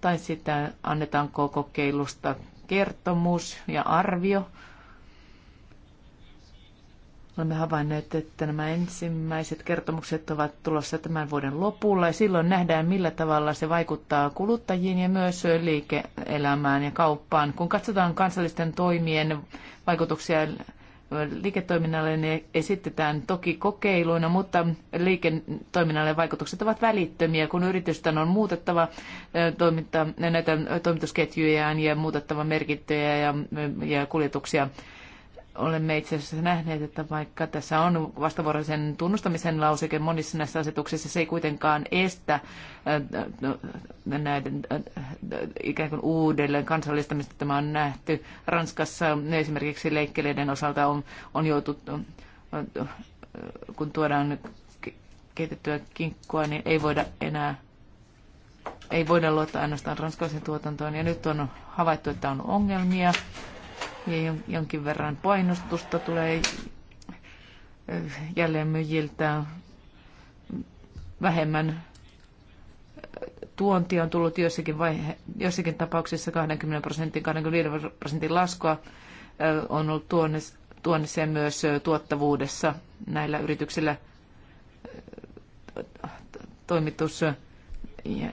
tai sitä annetaanko kokeilusta kertomus ja arvio Olemme havainneet, että nämä ensimmäiset kertomukset ovat tulossa tämän vuoden lopulla ja silloin nähdään, millä tavalla se vaikuttaa kuluttajiin ja myös liike-elämään ja kauppaan. Kun katsotaan kansallisten toimien vaikutuksia liiketoiminnalle, ne esitetään toki kokeiluina, mutta liiketoiminnalle vaikutukset ovat välittömiä, kun yritysten on muutettava toiminta, näitä toimitusketjujaan ja muutettava merkintöjä ja, ja kuljetuksia olemme itse asiassa nähneet, että vaikka tässä on vastavuoroisen tunnustamisen lauseke monissa näissä asetuksissa, se ei kuitenkaan estä äh, äh, näiden äh, ikään kuin uudelleen kansallistamista. Tämä on nähty Ranskassa esimerkiksi leikkeleiden osalta on, on joutunut, kun tuodaan keitettyä kinkkua, niin ei voida enää ei voida luottaa ainoastaan ranskalaisen tuotantoon. Ja nyt on havaittu, että on ongelmia ja jonkin verran painostusta tulee jälleenmyyjiltä. Vähemmän äh, tuontia on tullut jossakin, vaihe, jossakin tapauksissa 20 prosentin, 25 prosentin laskua äh, on ollut tuonnissa ja myös äh, tuottavuudessa näillä yrityksillä toimitus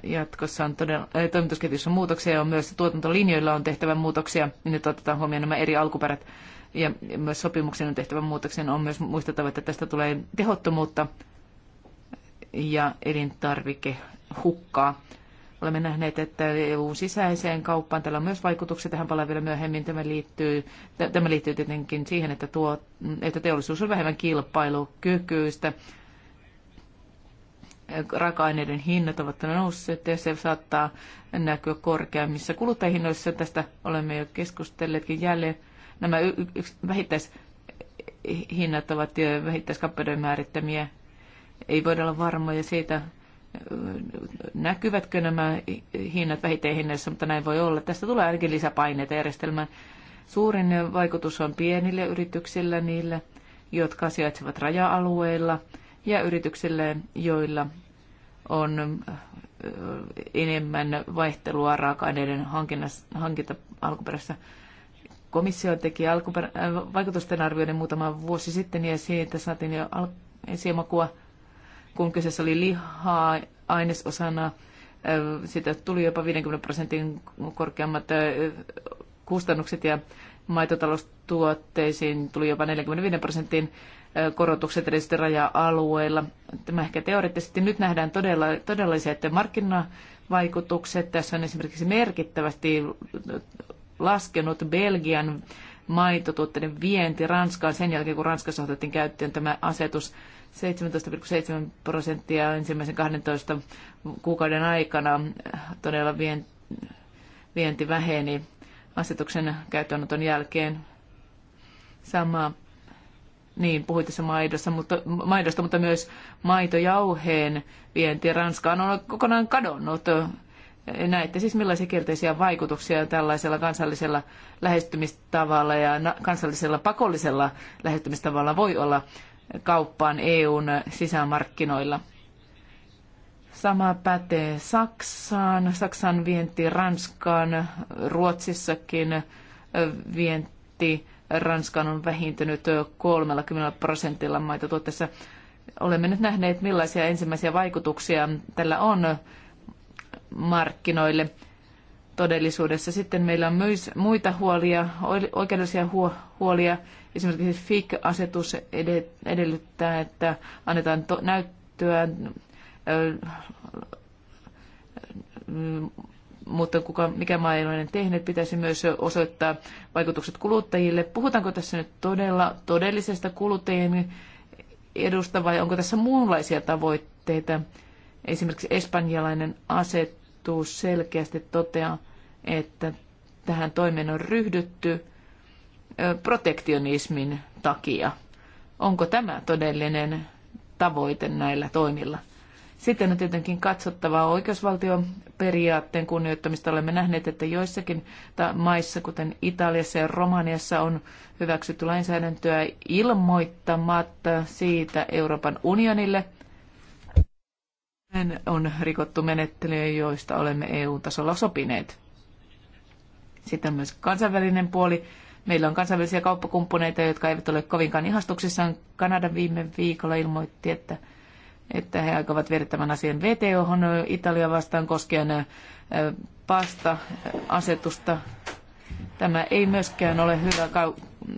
jatkossa on todella, toimitusketjussa muutoksia ja on myös tuotantolinjoilla on tehtävä muutoksia, niin nyt otetaan huomioon nämä eri alkuperät ja myös sopimuksen on tehtävä muutoksen. On myös muistettava, että tästä tulee tehottomuutta ja elintarvikehukkaa. Olemme nähneet, että EUn sisäiseen kauppaan tällä on myös vaikutuksia. Tähän palaan vielä myöhemmin. Tämä liittyy, tämä liittyy tietenkin siihen, että, tuo, että teollisuus on vähemmän kilpailukykyistä raaka-aineiden hinnat ovat nousseet ja se saattaa näkyä korkeammissa kuluttajahinnoissa. Tästä olemme jo keskustelleetkin jälleen. Nämä y- y- vähittäishinnat ovat vähittäiskappaleiden määrittämiä. Ei voida olla varmoja siitä, näkyvätkö nämä hinnat vähittäishinnoissa, mutta näin voi olla. Tästä tulee ainakin lisäpaineita järjestelmään. Suurin vaikutus on pienille yrityksille niille, jotka sijaitsevat raja-alueilla – ja yrityksille, joilla on äh, enemmän vaihtelua raaka-aineiden hankinta alkuperässä. Komissio teki alkuperä, äh, vaikutusten arvioiden muutama vuosi sitten ja siitä saatiin jo al- esimakua, kun kyseessä oli lihaa ainesosana. Äh, sitä tuli jopa 50 prosentin korkeammat kustannukset ja maitotaloustuotteisiin tuli jopa 45 prosentin korotukset erityisesti raja-alueilla. Tämä ehkä teoreettisesti nyt nähdään todella, todelliset markkinavaikutukset. Tässä on esimerkiksi merkittävästi laskenut Belgian maitotuotteiden vienti Ranskaan sen jälkeen, kun Ranskassa otettiin käyttöön tämä asetus 17,7 prosenttia ensimmäisen 12 kuukauden aikana todella vienti väheni asetuksen käyttöönoton jälkeen. Sama niin puhuit tässä maidossa, mutta, maidosta, mutta myös maitojauheen vienti Ranskaan on kokonaan kadonnut. Näette siis millaisia kielteisiä vaikutuksia tällaisella kansallisella lähestymistavalla ja kansallisella pakollisella lähestymistavalla voi olla kauppaan EUn sisämarkkinoilla. Sama pätee Saksaan, Saksan vienti Ranskaan, Ruotsissakin vienti Ranskaan on vähintynyt 30 prosentilla maitotuotteessa. Olemme nyt nähneet, millaisia ensimmäisiä vaikutuksia tällä on markkinoille todellisuudessa. Sitten meillä on myös muita huolia, oikeudellisia huolia. Esimerkiksi FIC-asetus edellyttää, että annetaan näyttöä mutta kuka, mikä maa ei ole tehnyt, pitäisi myös osoittaa vaikutukset kuluttajille. Puhutaanko tässä nyt todella todellisesta kuluttajien edusta vai onko tässä muunlaisia tavoitteita? Esimerkiksi espanjalainen asetus selkeästi toteaa, että tähän toimeen on ryhdytty protektionismin takia. Onko tämä todellinen tavoite näillä toimilla? Sitten on tietenkin katsottava periaatteen kunnioittamista. Olemme nähneet, että joissakin maissa, kuten Italiassa ja Romaniassa, on hyväksytty lainsäädäntöä ilmoittamatta siitä Euroopan unionille. Näin on rikottu menettelyjä, joista olemme EU-tasolla sopineet. Sitten on myös kansainvälinen puoli. Meillä on kansainvälisiä kauppakumppaneita, jotka eivät ole kovinkaan ihastuksissaan. Kanada viime viikolla ilmoitti, että että he aikovat viedä tämän asian VTOhon Italia vastaan koskien pasta-asetusta. Tämä ei myöskään ole hyvä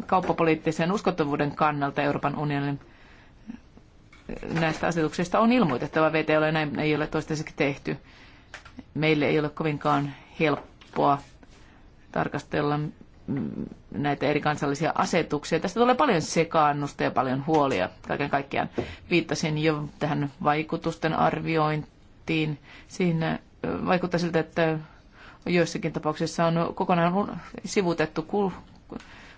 kauppapoliittisen uskottavuuden kannalta Euroopan unionin näistä asetuksista on ilmoitettava VTOlle, näin ei ole toistaiseksi tehty. Meille ei ole kovinkaan helppoa tarkastella näitä eri kansallisia asetuksia. Tästä tulee paljon sekaannusta ja paljon huolia kaiken kaikkiaan. Viittasin jo tähän vaikutusten arviointiin. Siinä vaikuttaa siltä, että joissakin tapauksissa on kokonaan sivutettu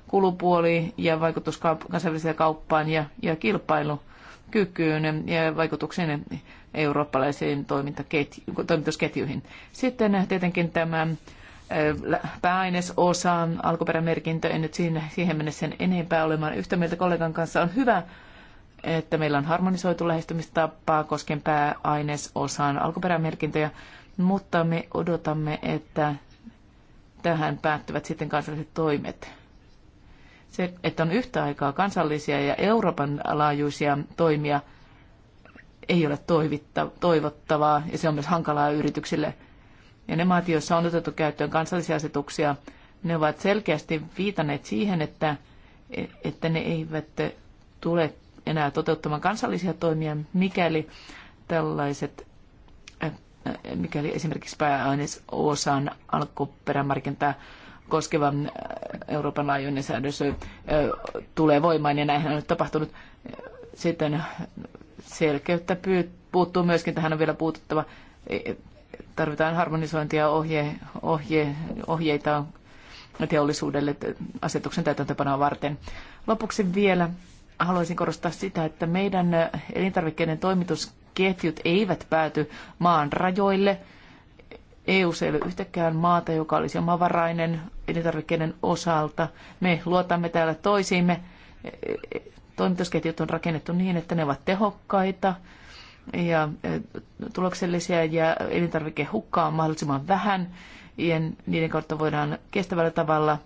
kulupuoli ja vaikutus kansainväliseen kauppaan ja, ja kilpailukykyyn ja vaikutuksiin eurooppalaisiin toimitusketjuihin. Sitten tietenkin tämä pääainesosaan, alkuperämerkintö, en nyt siinä, siihen mene sen enempää olemaan yhtä mieltä kollegan kanssa. On hyvä, että meillä on harmonisoitu lähestymistapaa koskien pääainesosaan alkuperämerkintöjä, mutta me odotamme, että tähän päättyvät sitten kansalliset toimet. Se, että on yhtä aikaa kansallisia ja Euroopan laajuisia toimia, ei ole toivottavaa ja se on myös hankalaa yrityksille – ja ne maat, joissa on otettu käyttöön kansallisia asetuksia, ne ovat selkeästi viitaneet siihen, että, että ne eivät tule enää toteuttamaan kansallisia toimia, mikäli tällaiset mikäli esimerkiksi pääainesosan alkuperämarkintaa koskeva Euroopan laajuinen säädös tulee voimaan, ja näinhän on nyt tapahtunut. Sitten selkeyttä puuttuu myöskin, tähän on vielä puututtava tarvitaan harmonisointia ohje, ohje, ohjeita teollisuudelle asetuksen täytäntöpanoa varten. Lopuksi vielä haluaisin korostaa sitä, että meidän elintarvikkeiden toimitusketjut eivät pääty maan rajoille. EU ei ole yhtäkään maata, joka olisi omavarainen elintarvikkeiden osalta. Me luotamme täällä toisiimme. E, e, toimitusketjut on rakennettu niin, että ne ovat tehokkaita, ja tuloksellisia ja elintarvikehukkaa on mahdollisimman vähän. Ja niiden kautta voidaan kestävällä tavalla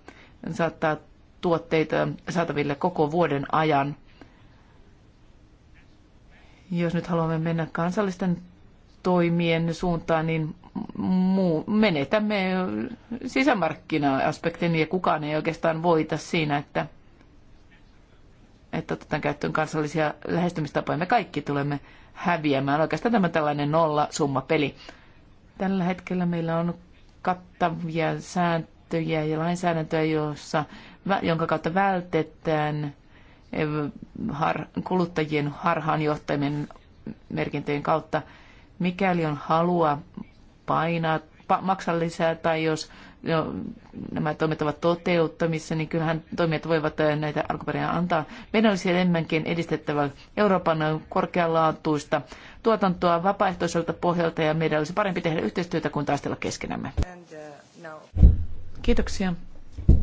saattaa tuotteita saataville koko vuoden ajan. Jos nyt haluamme mennä kansallisten toimien suuntaan, niin muu, menetämme sisämarkkina-aspektin ja kukaan ei oikeastaan voita siinä, että että otetaan käyttöön kansallisia lähestymistapoja. Me kaikki tulemme häviämään. Oikeastaan tämä tällainen nolla summa peli. Tällä hetkellä meillä on kattavia sääntöjä ja lainsäädäntöä, jossa, jonka kautta vältetään eh, har, kuluttajien harhaanjohtajien merkintöjen kautta, mikäli on halua painaa, pa, maksaa lisää tai jos jo nämä toimet ovat toteuttamissa, niin kyllähän toimijat voivat eh, näitä alkuperäjä antaa. Meidän olisi enemmänkin edistettävä Euroopan korkealaatuista tuotantoa vapaaehtoiselta pohjalta ja meidän olisi parempi tehdä yhteistyötä kuin taistella keskenämme. Eh, Kiitoksia.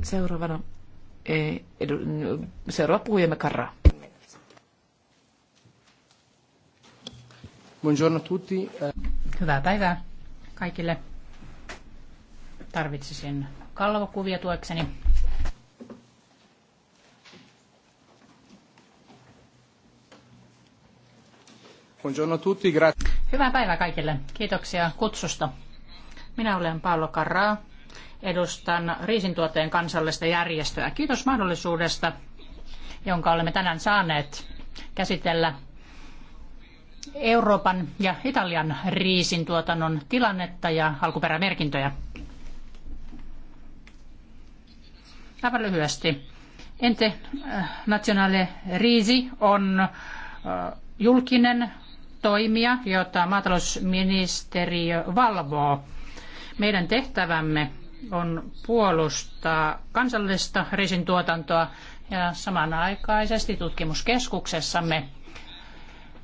Seuraavana eh, edu, seuraava puhujamme Karra. Buongiorno tutti. Hyvää päivää kaikille. Tarvitsisin kalvokuvia tuekseni. Buongiorno tutti, grazie. Hyvää päivää kaikille. Kiitoksia kutsusta. Minä olen Paolo Carraa. Edustan riisintuotteen kansallista järjestöä. Kiitos mahdollisuudesta, jonka olemme tänään saaneet käsitellä Euroopan ja Italian riisintuotannon tilannetta ja alkuperämerkintöjä. Aivan lyhyesti. Ente äh, Nationale Riisi on äh, julkinen toimija, jota maatalousministeriö valvoo. Meidän tehtävämme on puolustaa kansallista riisintuotantoa ja samanaikaisesti tutkimuskeskuksessamme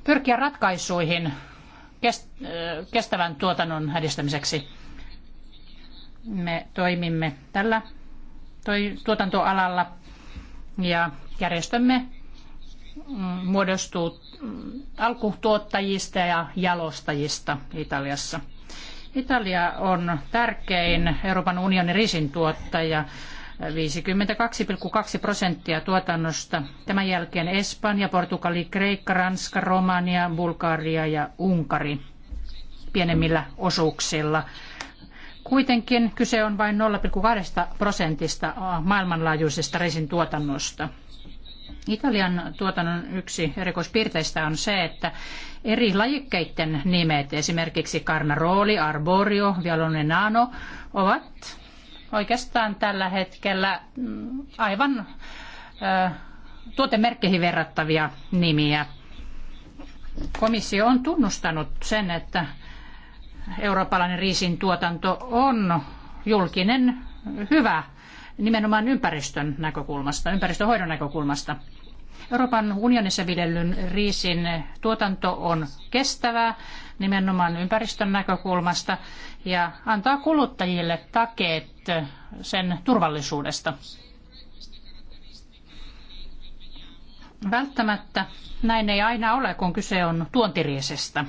pyrkiä ratkaisuihin äh, kestävän tuotannon edistämiseksi. Me toimimme tällä toi, tuotantoalalla ja järjestömme mm, muodostuu mm, alkutuottajista ja jalostajista Italiassa. Italia on tärkein Euroopan unionin riisintuottaja, 52,2 prosenttia tuotannosta. Tämän jälkeen Espanja, Portugali, Kreikka, Ranska, Romania, Bulgaria ja Unkari pienemmillä osuuksilla. Kuitenkin kyse on vain 0,2 prosentista maailmanlaajuisesta resin tuotannosta. Italian tuotannon yksi erikoispiirteistä on se, että eri lajikkeiden nimet, esimerkiksi Carnaroli, Arborio, Nano, ovat oikeastaan tällä hetkellä mm, aivan ö, tuotemerkkeihin verrattavia nimiä. Komissio on tunnustanut sen, että eurooppalainen riisin tuotanto on julkinen hyvä nimenomaan ympäristön näkökulmasta, ympäristöhoidon näkökulmasta. Euroopan unionissa viljellyn riisin tuotanto on kestävää nimenomaan ympäristön näkökulmasta ja antaa kuluttajille takeet sen turvallisuudesta. Välttämättä näin ei aina ole, kun kyse on tuontiriisestä.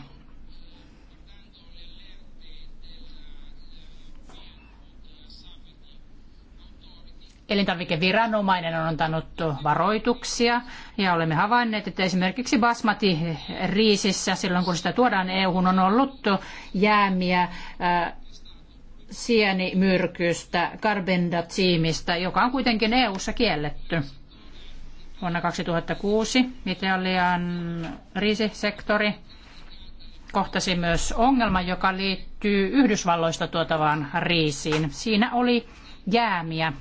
Elintarvikeviranomainen on antanut varoituksia ja olemme havainneet, että esimerkiksi basmati-riisissä silloin kun sitä tuodaan EU-hun on ollut jäämiä äh, sienimyrkystä, karbendatiimista, joka on kuitenkin EU-ssa kielletty. Vuonna 2006 Italian riisisektori kohtasi myös ongelman, joka liittyy Yhdysvalloista tuotavaan riisiin. Siinä oli jäämiä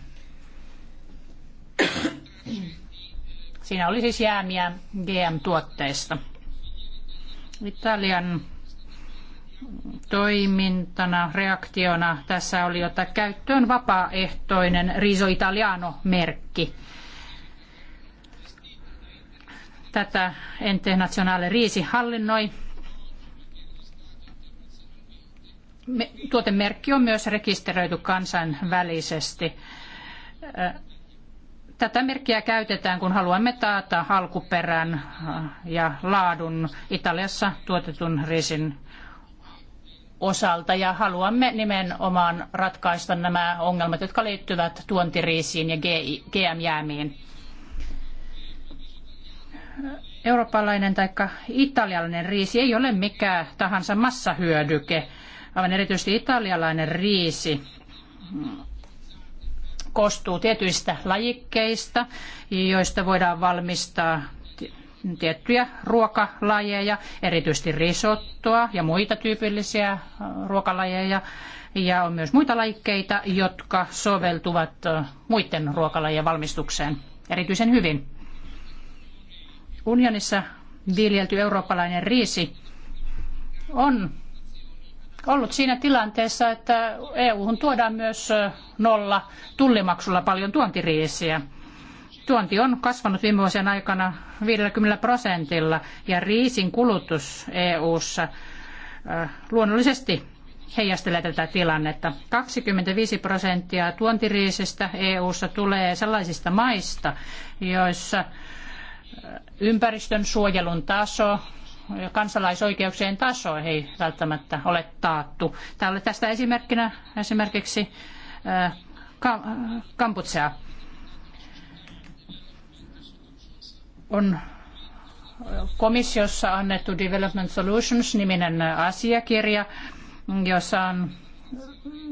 Siinä oli siis jäämiä GM-tuotteista. Italian toimintana, reaktiona tässä oli että käyttöön vapaaehtoinen Riso Italiano-merkki. Tätä Ente Nazionale Riisi hallinnoi. Tuotemerkki on myös rekisteröity kansainvälisesti. Tätä merkkiä käytetään, kun haluamme taata alkuperän äh, ja laadun Italiassa tuotetun riisin osalta ja haluamme nimenomaan ratkaista nämä ongelmat, jotka liittyvät tuontiriisiin ja GM-jäämiin. Eurooppalainen tai italialainen riisi ei ole mikään tahansa massahyödyke, vaan erityisesti italialainen riisi koostuu tietyistä lajikkeista, joista voidaan valmistaa tiettyjä ruokalajeja, erityisesti risottoa ja muita tyypillisiä äh, ruokalajeja. Ja on myös muita lajikkeita, jotka soveltuvat äh, muiden ruokalajien valmistukseen erityisen hyvin. Unionissa viljelty eurooppalainen riisi on ollut siinä tilanteessa, että EU-hun tuodaan myös nolla tullimaksulla paljon tuontiriisiä. Tuonti on kasvanut viime vuosien aikana 50 prosentilla ja riisin kulutus EU-ssa luonnollisesti heijastelee tätä tilannetta. 25 prosenttia tuontiriisistä EU-ssa tulee sellaisista maista, joissa ympäristön suojelun taso, kansalaisoikeuksien taso ei välttämättä ole taattu. Täällä tästä esimerkkinä esimerkiksi äh, Kamputsea on komissiossa annettu Development Solutions-niminen asiakirja, jossa on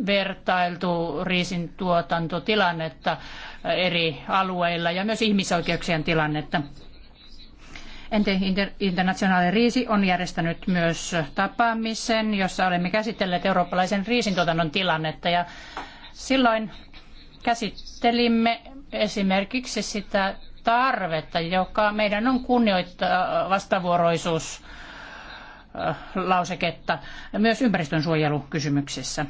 vertailtu riisin tuotantotilannetta eri alueilla ja myös ihmisoikeuksien tilannetta. Ente Internationale Riisi on järjestänyt myös tapaamisen, jossa olemme käsitelleet eurooppalaisen riisintuotannon tilannetta. Ja silloin käsittelimme esimerkiksi sitä tarvetta, joka meidän on kunnioittaa vastavuoroisuus äh, lauseketta myös ympäristönsuojelukysymyksissä.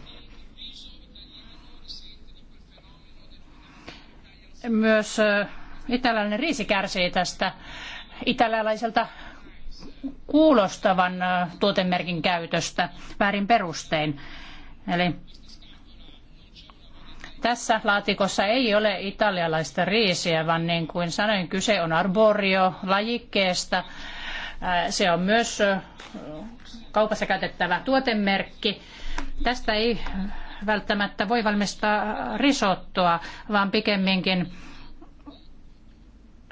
Myös äh, italialainen riisi kärsii tästä italialaiselta kuulostavan tuotemerkin käytöstä väärin perustein. Eli tässä laatikossa ei ole italialaista riisiä, vaan niin kuin sanoin, kyse on arborio lajikkeesta. Se on myös kaupassa käytettävä tuotemerkki. Tästä ei välttämättä voi valmistaa risottoa, vaan pikemminkin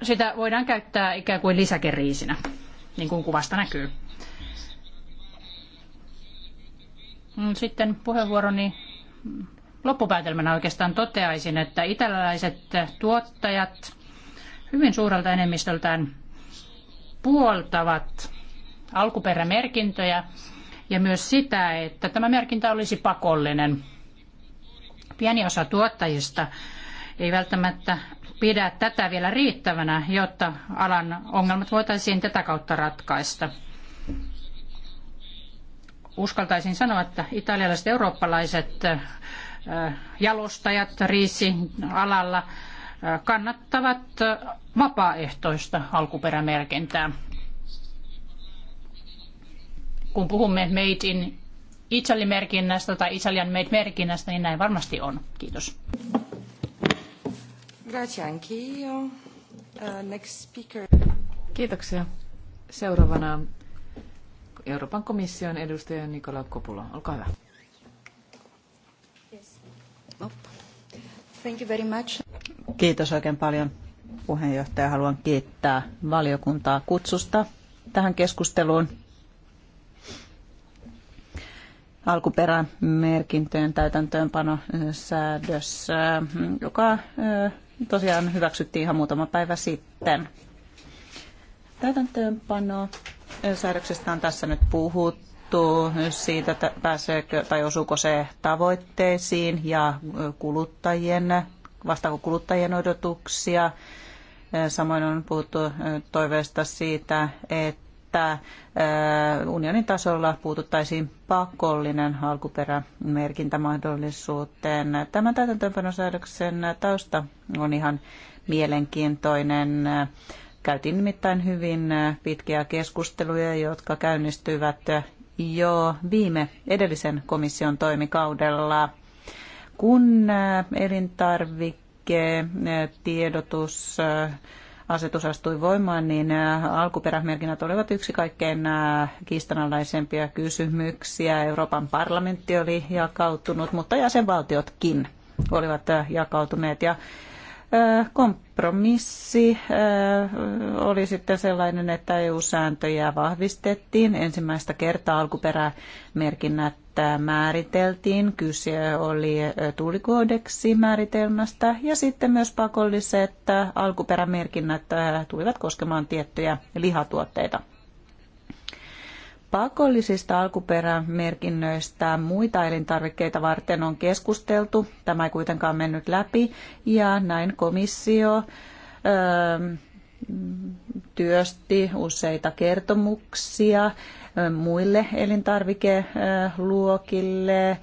sitä voidaan käyttää ikään kuin lisäkeriisinä, niin kuin kuvasta näkyy. Mm, sitten puheenvuoroni loppupäätelmänä oikeastaan toteaisin, että italialaiset tuottajat hyvin suurelta enemmistöltään puoltavat alkuperämerkintöjä ja myös sitä, että tämä merkintä olisi pakollinen. Pieni osa tuottajista ei välttämättä pidä tätä vielä riittävänä, jotta alan ongelmat voitaisiin tätä kautta ratkaista. Uskaltaisin sanoa, että italialaiset eurooppalaiset jalostajat riisialalla kannattavat vapaaehtoista alkuperämerkintää. Kun puhumme Made in Italy-merkinnästä tai Italian Made-merkinnästä, niin näin varmasti on. Kiitos. Grazie uh, next speaker. Kiitoksia. Seuraavana Euroopan komission edustaja Nikola Kopula. Olkaa hyvä. Oh. Thank you very much. Kiitos oikein paljon puheenjohtaja. Haluan kiittää valiokuntaa kutsusta tähän keskusteluun. Alkuperämerkintöjen täytäntöönpanosäädös, äh, joka äh, tosiaan hyväksyttiin ihan muutama päivä sitten. Täytäntöönpano eh, säädöksestä on tässä nyt puhuttu siitä, että pääseekö tai osuuko se tavoitteisiin ja eh, kuluttajien, vastaako kuluttajien odotuksia. Eh, samoin on puhuttu toiveesta siitä, että että unionin tasolla puututtaisiin pakollinen alkuperämerkintämahdollisuuteen. Tämän täytäntöönpanosäädöksen tausta on ihan mielenkiintoinen. Käytiin nimittäin hyvin pitkiä keskusteluja, jotka käynnistyivät jo viime edellisen komission toimikaudella, kun elintarvike tiedotus asetus astui voimaan, niin äh, alkuperämerkinnät olivat yksi kaikkein äh, kiistanalaisempia kysymyksiä. Euroopan parlamentti oli jakautunut, mutta jäsenvaltiotkin olivat äh, jakautuneet. Ja kompromissi oli sitten sellainen, että EU-sääntöjä vahvistettiin. Ensimmäistä kertaa alkuperämerkinnät määriteltiin. Kyse oli tuulikoodeksi määritelmästä ja sitten myös pakolliset alkuperämerkinnät tulivat koskemaan tiettyjä lihatuotteita. Pakollisista alkuperämerkinnöistä muita elintarvikkeita varten on keskusteltu. Tämä ei kuitenkaan mennyt läpi ja näin komissio ähm, työsti useita kertomuksia ähm, muille elintarvikeluokille, äh,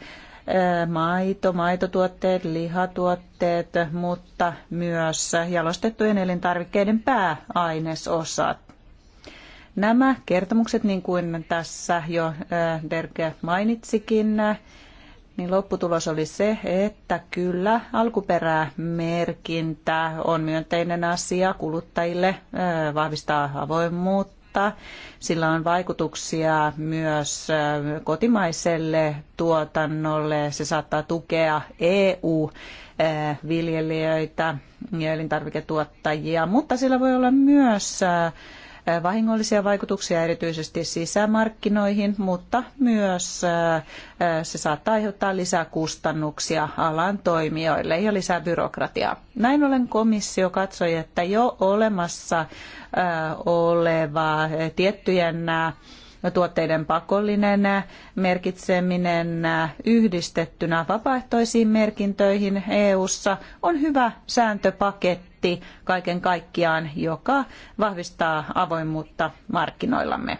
maito, maitotuotteet, lihatuotteet, mutta myös jalostettujen elintarvikkeiden pääainesosat. Nämä kertomukset, niin kuin tässä jo äh, Derke mainitsikin, niin lopputulos oli se, että kyllä alkuperämerkintä on myönteinen asia kuluttajille, äh, vahvistaa avoimuutta. Sillä on vaikutuksia myös äh, kotimaiselle tuotannolle. Se saattaa tukea EU-viljelijöitä ja elintarviketuottajia, mutta sillä voi olla myös vahingollisia vaikutuksia erityisesti sisämarkkinoihin, mutta myös se saattaa aiheuttaa lisää kustannuksia alan toimijoille ja lisää byrokratiaa. Näin ollen komissio katsoi, että jo olemassa oleva tiettyjen tuotteiden pakollinen merkitseminen yhdistettynä vapaaehtoisiin merkintöihin EU:ssa on hyvä sääntöpaketti kaiken kaikkiaan, joka vahvistaa avoimuutta markkinoillamme.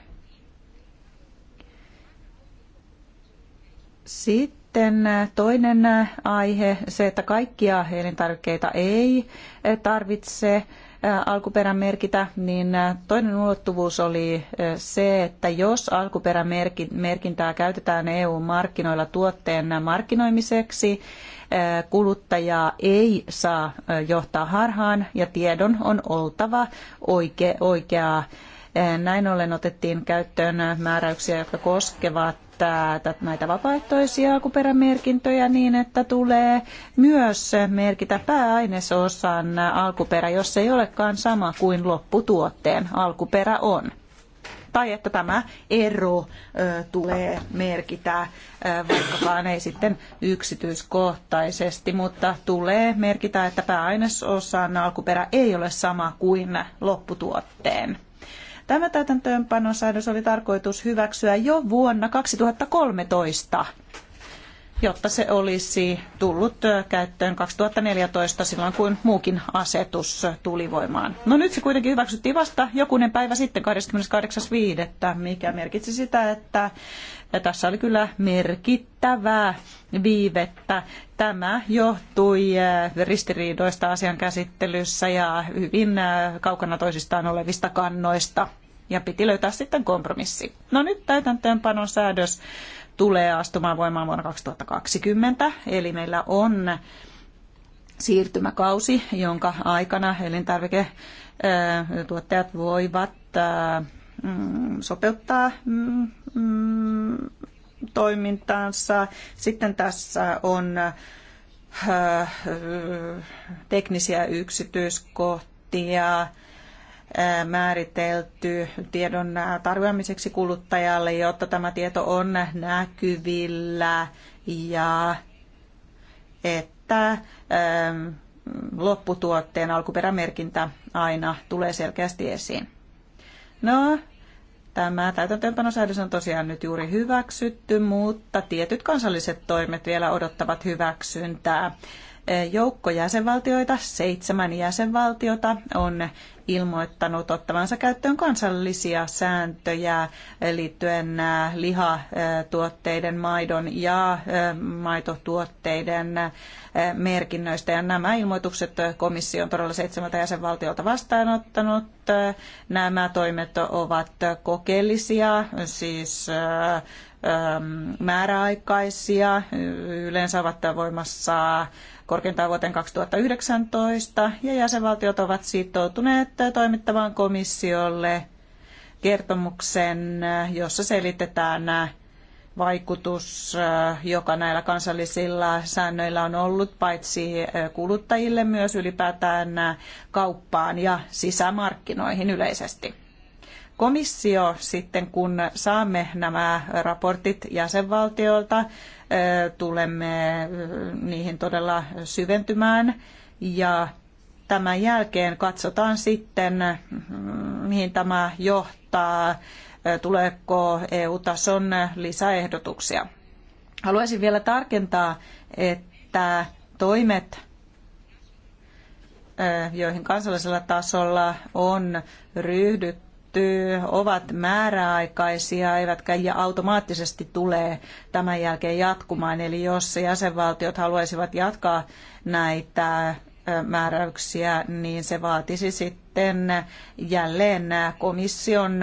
Sitten toinen aihe, se, että kaikkia elintarvikkeita ei tarvitse Alkuperämerkintä. niin toinen ulottuvuus oli se, että jos alkuperämerkintää käytetään EU-markkinoilla tuotteen markkinoimiseksi, kuluttajaa ei saa johtaa harhaan ja tiedon on oltava oikea, oikeaa. Näin ollen otettiin käyttöön määräyksiä, jotka koskevat käyttää näitä vapaaehtoisia alkuperämerkintöjä niin, että tulee myös merkitä pääainesosan alkuperä, jos se ei olekaan sama kuin lopputuotteen alkuperä on. Tai että tämä ero ö, tulee merkitä, ö, vaikkakaan ei sitten yksityiskohtaisesti, mutta tulee merkitä, että pääainesosan alkuperä ei ole sama kuin lopputuotteen Tämä täytäntöönpanosäädös oli tarkoitus hyväksyä jo vuonna 2013 jotta se olisi tullut käyttöön 2014 silloin, kun muukin asetus tuli voimaan. No nyt se kuitenkin hyväksyttiin vasta jokunen päivä sitten 28.5., mikä merkitsi sitä, että ja tässä oli kyllä merkittävää viivettä. Tämä johtui äh, ristiriidoista asian käsittelyssä ja hyvin äh, kaukana toisistaan olevista kannoista. Ja piti löytää sitten kompromissi. No nyt täytäntöönpanon säädös tulee astumaan voimaan vuonna 2020, eli meillä on siirtymäkausi, jonka aikana elintarviketuottajat äh, voivat Mm, sopeuttaa mm, mm, toimintaansa. Sitten tässä on äh, teknisiä yksityiskohtia äh, määritelty tiedon tarjoamiseksi kuluttajalle, jotta tämä tieto on näkyvillä ja että ähm, lopputuotteen alkuperämerkintä aina tulee selkeästi esiin. No, Tämä täytäntöönpanosäädös on tosiaan nyt juuri hyväksytty, mutta tietyt kansalliset toimet vielä odottavat hyväksyntää. Joukko jäsenvaltioita, seitsemän jäsenvaltiota, on ilmoittanut ottavansa käyttöön kansallisia sääntöjä liittyen lihatuotteiden, maidon ja maitotuotteiden merkinnöistä. Ja nämä ilmoitukset komissio on todella seitsemältä jäsenvaltiolta vastaanottanut. Nämä toimet ovat kokeellisia, siis määräaikaisia, yleensä ovat voimassa korkeintaan vuoteen 2019, ja jäsenvaltiot ovat sitoutuneet toimittamaan komissiolle kertomuksen, jossa selitetään vaikutus, joka näillä kansallisilla säännöillä on ollut paitsi kuluttajille myös ylipäätään kauppaan ja sisämarkkinoihin yleisesti. Komissio sitten, kun saamme nämä raportit jäsenvaltioilta, tulemme niihin todella syventymään ja tämän jälkeen katsotaan sitten, mihin tämä johtaa, tuleeko EU-tason lisäehdotuksia. Haluaisin vielä tarkentaa, että toimet, joihin kansallisella tasolla on ryhdytty, päättyy, ovat määräaikaisia, eivätkä automaattisesti tule tämän jälkeen jatkumaan. Eli jos jäsenvaltiot haluaisivat jatkaa näitä määräyksiä, niin se vaatisi sitten jälleen komission,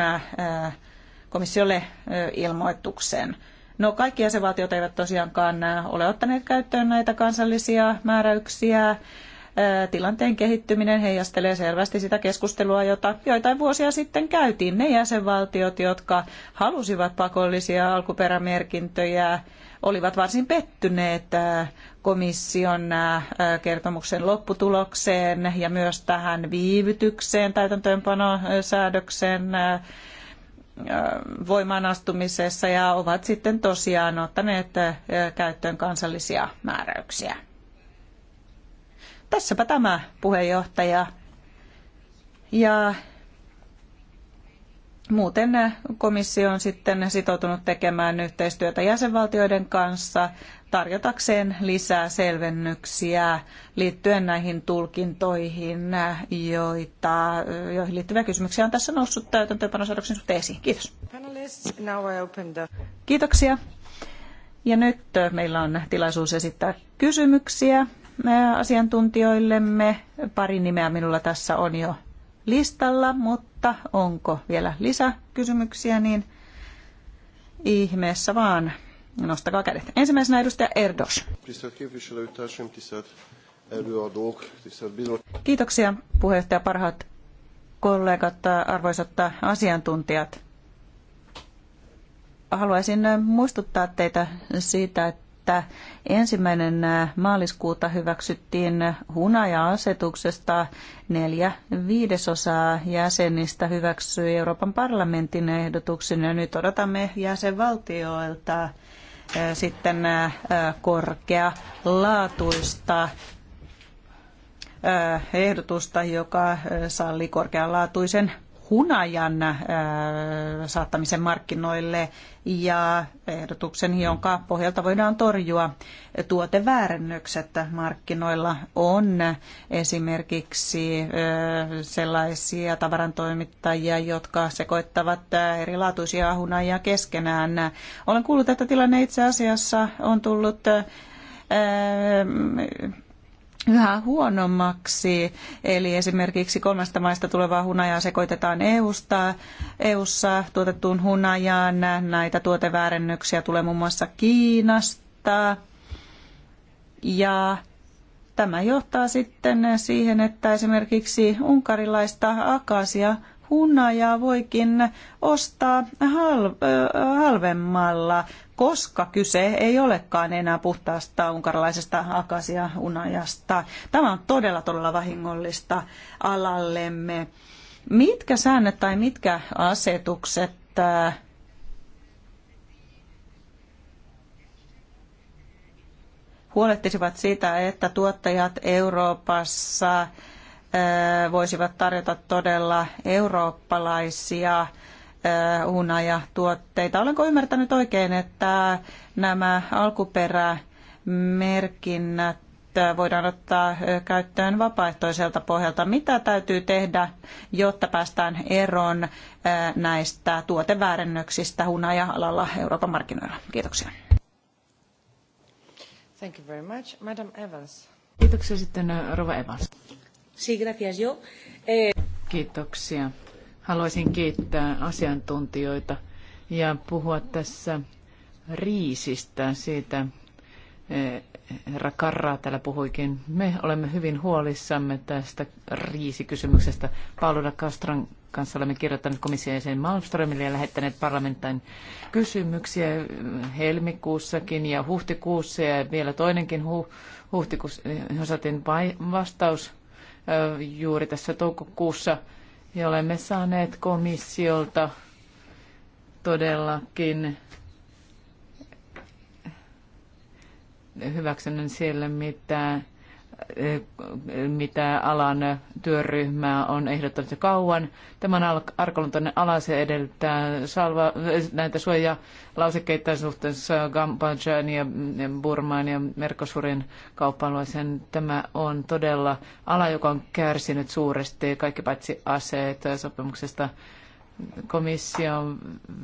komissiolle ilmoituksen. No kaikki jäsenvaltiot eivät tosiaankaan ole ottaneet käyttöön näitä kansallisia määräyksiä tilanteen kehittyminen heijastelee selvästi sitä keskustelua, jota joitain vuosia sitten käytiin. Ne jäsenvaltiot, jotka halusivat pakollisia alkuperämerkintöjä, olivat varsin pettyneet komission kertomuksen lopputulokseen ja myös tähän viivytykseen täytäntöönpanosäädöksen voimaanastumisessa ja ovat sitten tosiaan ottaneet käyttöön kansallisia määräyksiä. Tässäpä tämä puheenjohtaja. Ja muuten komissio on sitten sitoutunut tekemään yhteistyötä jäsenvaltioiden kanssa tarjotakseen lisää selvennyksiä liittyen näihin tulkintoihin, joita, joihin liittyviä kysymyksiä on tässä noussut täytäntöönpanosäädöksen suhteen esiin. Kiitos. Kiitoksia. Ja nyt meillä on tilaisuus esittää kysymyksiä asiantuntijoillemme. Pari nimeä minulla tässä on jo listalla, mutta onko vielä lisäkysymyksiä, niin ihmeessä vaan. Nostakaa kädet. Ensimmäisenä edustaja Erdos. Kiitoksia puheenjohtaja, parhaat kollegat, arvoisat asiantuntijat. Haluaisin muistuttaa teitä siitä, että että ensimmäinen maaliskuuta hyväksyttiin hunaja-asetuksesta neljä viidesosaa jäsenistä hyväksyi Euroopan parlamentin ehdotuksen ja nyt odotamme jäsenvaltioilta sitten korkealaatuista ehdotusta, joka sallii korkealaatuisen hunajan äh, saattamisen markkinoille ja ehdotuksen, jonka pohjalta voidaan torjua tuoteväärennökset markkinoilla, on esimerkiksi äh, sellaisia tavarantoimittajia, jotka sekoittavat äh, erilaatuisia hunajia keskenään. Olen kuullut, että tilanne itse asiassa on tullut yhä huonommaksi. Eli esimerkiksi kolmesta maista tulevaa hunajaa sekoitetaan EU-sta, EU-ssa tuotettuun hunajaan. Näitä tuoteväärennöksiä tulee muun muassa Kiinasta. Ja tämä johtaa sitten siihen, että esimerkiksi unkarilaista akasia hunajaa voikin ostaa hal, halvemmalla koska kyse ei olekaan enää puhtaasta unkarilaisesta akasia unajasta. Tämä on todella todella vahingollista alallemme. Mitkä säännöt tai mitkä asetukset äh, huolehtisivat siitä, että tuottajat Euroopassa äh, voisivat tarjota todella eurooppalaisia hunajatuotteita. Äh, tuotteita Olenko ymmärtänyt oikein, että nämä alkuperämerkinnät äh, voidaan ottaa äh, käyttöön vapaaehtoiselta pohjalta? Mitä täytyy tehdä, jotta päästään eroon näistä tuoteväärennöksistä hunaja-alalla Euroopan markkinoilla? Kiitoksia. Thank you very much. Madam Evans. Kiitoksia sitten Rova Evans. Sí, gracias. Yo, eh, Kiitoksia. Haluaisin kiittää asiantuntijoita ja puhua tässä riisistä siitä, eh, herra Karraa täällä puhuikin. Me olemme hyvin huolissamme tästä riisikysymyksestä. Paulina Castran kanssa olemme kirjoittaneet komission jäsen Malmströmille ja lähettäneet parlamentin kysymyksiä helmikuussakin ja huhtikuussa ja vielä toinenkin hu- huhtikuussa. Eh, saatiin vastaus eh, juuri tässä toukokuussa ja olemme saaneet komissiolta todellakin hyväksynnän siellä, mitä Eh, mitä alan työryhmää on ehdottanut jo kauan. Tämän arkaluontoinen ala se edellyttää salva, eh, näitä suojalausekkeita suhteessa Gambajan ja Burmaan ja Merkosurin kauppalueeseen. Tämä on todella ala, joka on kärsinyt suuresti, kaikki paitsi aseet sopimuksesta komissio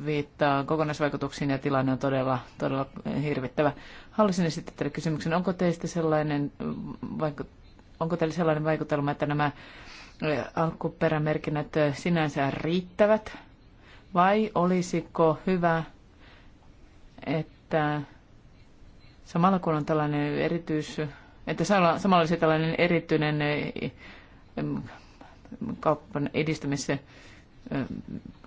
viittaa kokonaisvaikutuksiin ja tilanne on todella, todella hirvittävä. Haluaisin esittää teille kysymyksen, onko teistä sellainen, vaikka, onko teillä sellainen vaikutelma, että nämä alkuperämerkinnät sinänsä riittävät, vai olisiko hyvä, että samalla kun on tällainen erityis, että samalla olisi tällainen erityinen kaupan edistämisen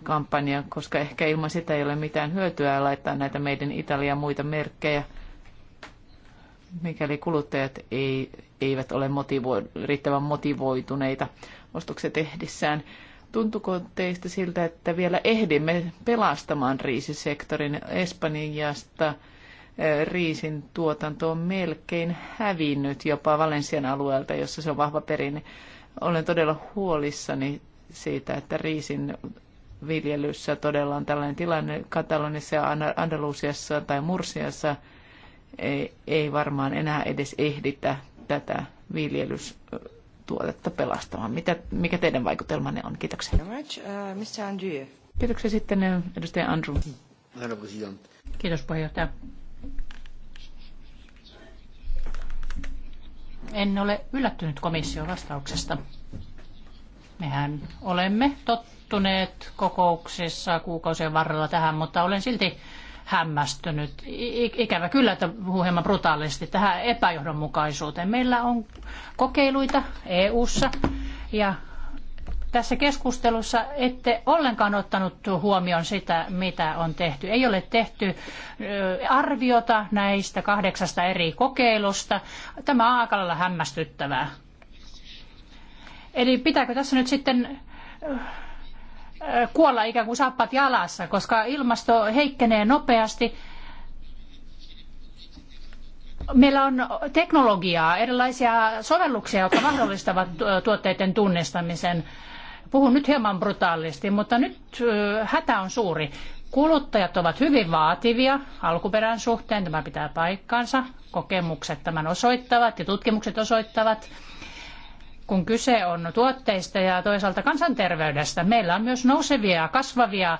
kampanja, koska ehkä ilman sitä ei ole mitään hyötyä laittaa näitä meidän Italia muita merkkejä mikäli kuluttajat ei, eivät ole motivo- riittävän motivoituneita ostokset ehdissään. Tuntuko teistä siltä, että vielä ehdimme pelastamaan riisisektorin Espanjasta? Eh, riisin tuotanto on melkein hävinnyt jopa Valensian alueelta, jossa se on vahva perinne. Olen todella huolissani siitä, että riisin viljelyssä todella on tällainen tilanne Katalonissa ja Andalusiassa tai Mursiassa – ei, ei varmaan enää edes ehditä tätä viljelystuotetta pelastamaan. Mitä, mikä teidän vaikutelmanne on? Kiitoksia. Uh, Kiitoksia sitten eh, edustaja Andrew. Mm, Kiitos puheenjohtaja. En ole yllättynyt komission vastauksesta. Mehän olemme tottuneet kokouksissa kuukausien varrella tähän, mutta olen silti hämmästynyt. Ikävä kyllä, että puhuu hieman brutaalisti tähän epäjohdonmukaisuuteen. Meillä on kokeiluita EU-ssa ja tässä keskustelussa ette ollenkaan ottanut huomioon sitä, mitä on tehty. Ei ole tehty arviota näistä kahdeksasta eri kokeilusta. Tämä on aika lailla hämmästyttävää. Eli pitääkö tässä nyt sitten kuolla ikään kuin saappat jalassa, koska ilmasto heikkenee nopeasti. Meillä on teknologiaa, erilaisia sovelluksia, jotka mahdollistavat tuotteiden tunnistamisen. Puhun nyt hieman brutaalisti, mutta nyt hätä on suuri. Kuluttajat ovat hyvin vaativia alkuperän suhteen, tämä pitää paikkansa. Kokemukset tämän osoittavat ja tutkimukset osoittavat kun kyse on tuotteista ja toisaalta kansanterveydestä. Meillä on myös nousevia, kasvavia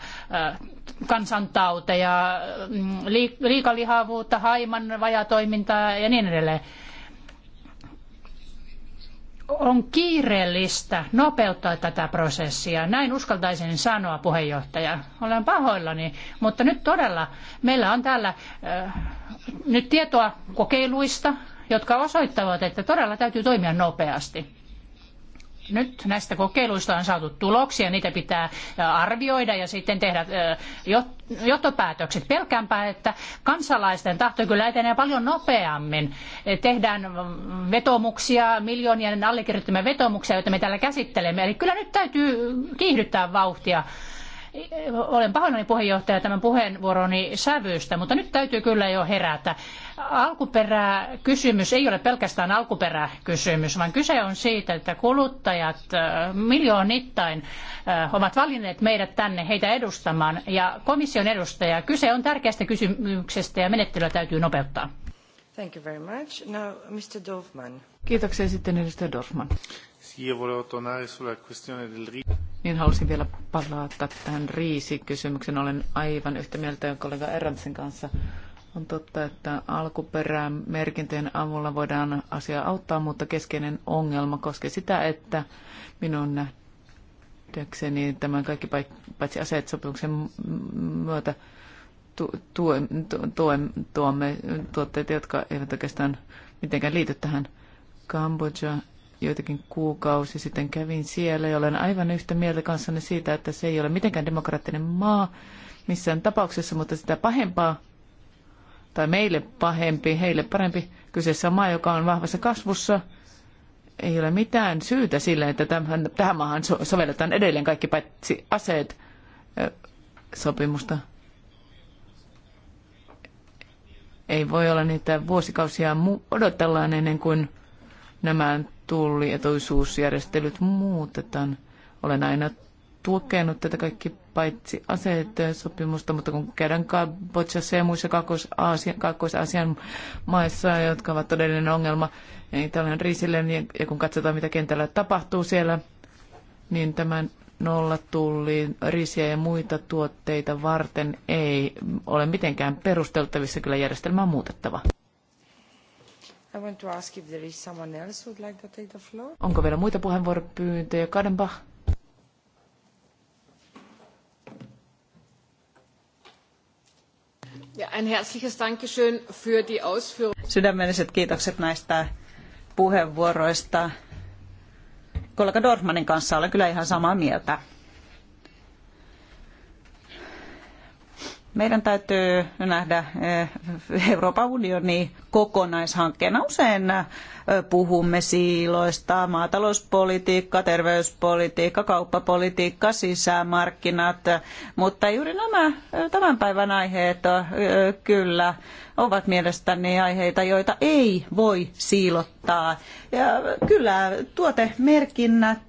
kansantauteja, mm, liikalihavuutta, haiman vajatoimintaa ja niin edelleen. On kiireellistä nopeuttaa tätä prosessia. Näin uskaltaisin sanoa, puheenjohtaja. Olen pahoillani, mutta nyt todella meillä on täällä äh, nyt tietoa kokeiluista, jotka osoittavat, että todella täytyy toimia nopeasti nyt näistä kokeiluista on saatu tuloksia, niitä pitää arvioida ja sitten tehdä johtopäätökset. Pelkäänpä, että kansalaisten tahto kyllä etenee paljon nopeammin. E, tehdään vetomuksia, miljoonien allekirjoittamia vetomuksia, joita me täällä käsittelemme. Eli kyllä nyt täytyy kiihdyttää vauhtia olen pahoillani puheenjohtaja tämän puheenvuoroni sävystä, mutta nyt täytyy kyllä jo herätä. Alkuperäkysymys ei ole pelkästään alkuperäkysymys, vaan kyse on siitä, että kuluttajat äh, miljoonittain äh, ovat valinneet meidät tänne heitä edustamaan ja komission edustaja. Kyse on tärkeästä kysymyksestä ja menettelyä täytyy nopeuttaa. Thank you very much. Now, Mr. Dorfman. Kiitoksia sitten edustaja Dorfman. io volevo tornare sulla questione del niin halusin vielä palata tähän riisikysymykseen. Olen aivan yhtä mieltä kollega Erantsin kanssa. On totta, että alkuperämerkintöjen avulla voidaan asiaa auttaa, mutta keskeinen ongelma koskee sitä, että minun nähdäkseni tämän kaikki paitsi aseet myötä tuomme tuotteita, jotka eivät oikeastaan mitenkään liity tähän Kambodža joitakin kuukausi sitten kävin siellä ja olen aivan yhtä mieltä kanssanne siitä, että se ei ole mitenkään demokraattinen maa missään tapauksessa, mutta sitä pahempaa, tai meille pahempi, heille parempi, kyseessä on maa, joka on vahvassa kasvussa, ei ole mitään syytä sille, että tämän, tähän maahan so- sovelletaan edelleen kaikki paitsi aseet sopimusta. Ei voi olla niitä vuosikausia mu- odotellaan ennen kuin nämä tullietuisuusjärjestelyt muutetaan. Olen aina tukenut tätä kaikki paitsi aseiden sopimusta, mutta kun käydään Kambodžassa ja muissa Kaakkois-Aasian maissa, jotka ovat todellinen ongelma, niin tällainen riisille, niin, ja kun katsotaan mitä kentällä tapahtuu siellä, niin tämän nollatulliin risiä ja muita tuotteita varten ei ole mitenkään perusteltavissa. Kyllä järjestelmä on muutettava. I want to ask if there is someone else who would like to take the floor. Onko vielä muita puheenvuoropyyntöjä? Kadenbach. Ja ein herzliches Dankeschön für die Ausführung. Sydämelliset kiitokset näistä puheenvuoroista. Kollega Dorfmanin kanssa olen kyllä ihan samaa mieltä. meidän täytyy nähdä eh, Euroopan unioni kokonaishankkeena. Usein eh, puhumme siiloista, maatalouspolitiikka, terveyspolitiikka, kauppapolitiikka, sisämarkkinat, mutta juuri nämä eh, tämän päivän aiheet kyllä ovat mielestäni aiheita, joita ei voi siilottaa. Ja kyllä tuotemerkinnät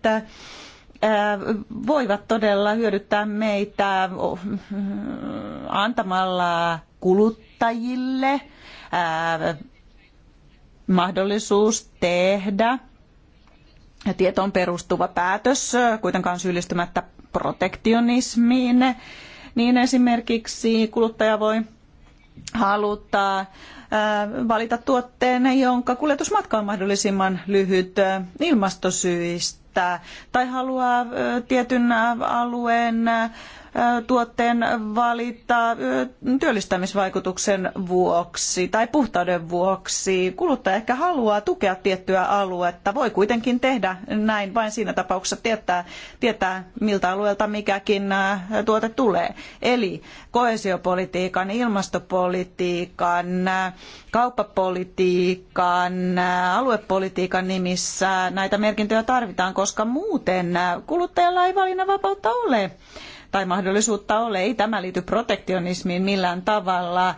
Äh, voivat todella hyödyttää meitä äh, antamalla kuluttajille äh, mahdollisuus tehdä tietoon perustuva päätös, kuitenkaan syyllistymättä protektionismiin, niin esimerkiksi kuluttaja voi haluttaa Äh, valita tuotteen, jonka kuljetusmatka on mahdollisimman lyhyt äh, ilmastosyistä tai haluaa äh, tietyn alueen tuotteen valittaa työllistämisvaikutuksen vuoksi tai puhtauden vuoksi. Kuluttaja ehkä haluaa tukea tiettyä aluetta. Voi kuitenkin tehdä näin vain siinä tapauksessa tietää, tietää miltä alueelta mikäkin tuote tulee. Eli koesiopolitiikan, ilmastopolitiikan, kauppapolitiikan, aluepolitiikan nimissä näitä merkintöjä tarvitaan, koska muuten kuluttajalla ei valinnanvapautta ole tai mahdollisuutta ole. Ei tämä liity protektionismiin millään tavalla.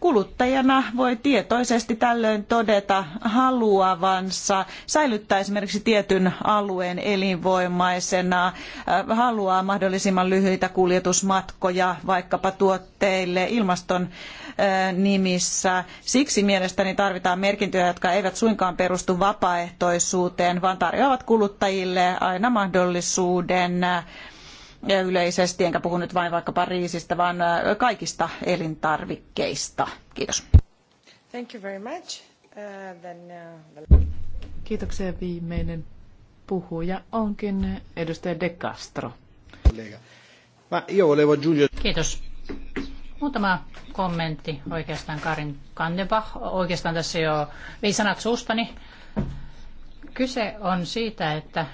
Kuluttajana voi tietoisesti tällöin todeta haluavansa säilyttää esimerkiksi tietyn alueen elinvoimaisena, haluaa mahdollisimman lyhyitä kuljetusmatkoja vaikkapa tuotteille ilmaston nimissä. Siksi mielestäni tarvitaan merkintöjä, jotka eivät suinkaan perustu vapaaehtoisuuteen, vaan tarjoavat kuluttajille aina mahdollisuuden yleisesti, enkä puhu nyt vain vaikka Pariisista, vaan äh, kaikista elintarvikkeista. Kiitos. Thank you very much. Uh, then, uh... Kiitoksia. Viimeinen puhuja onkin edustaja De Castro. Kiitos. Muutama kommentti oikeastaan Karin Kandepa. Oikeastaan tässä jo vii sanat suustani. Kyse on siitä, että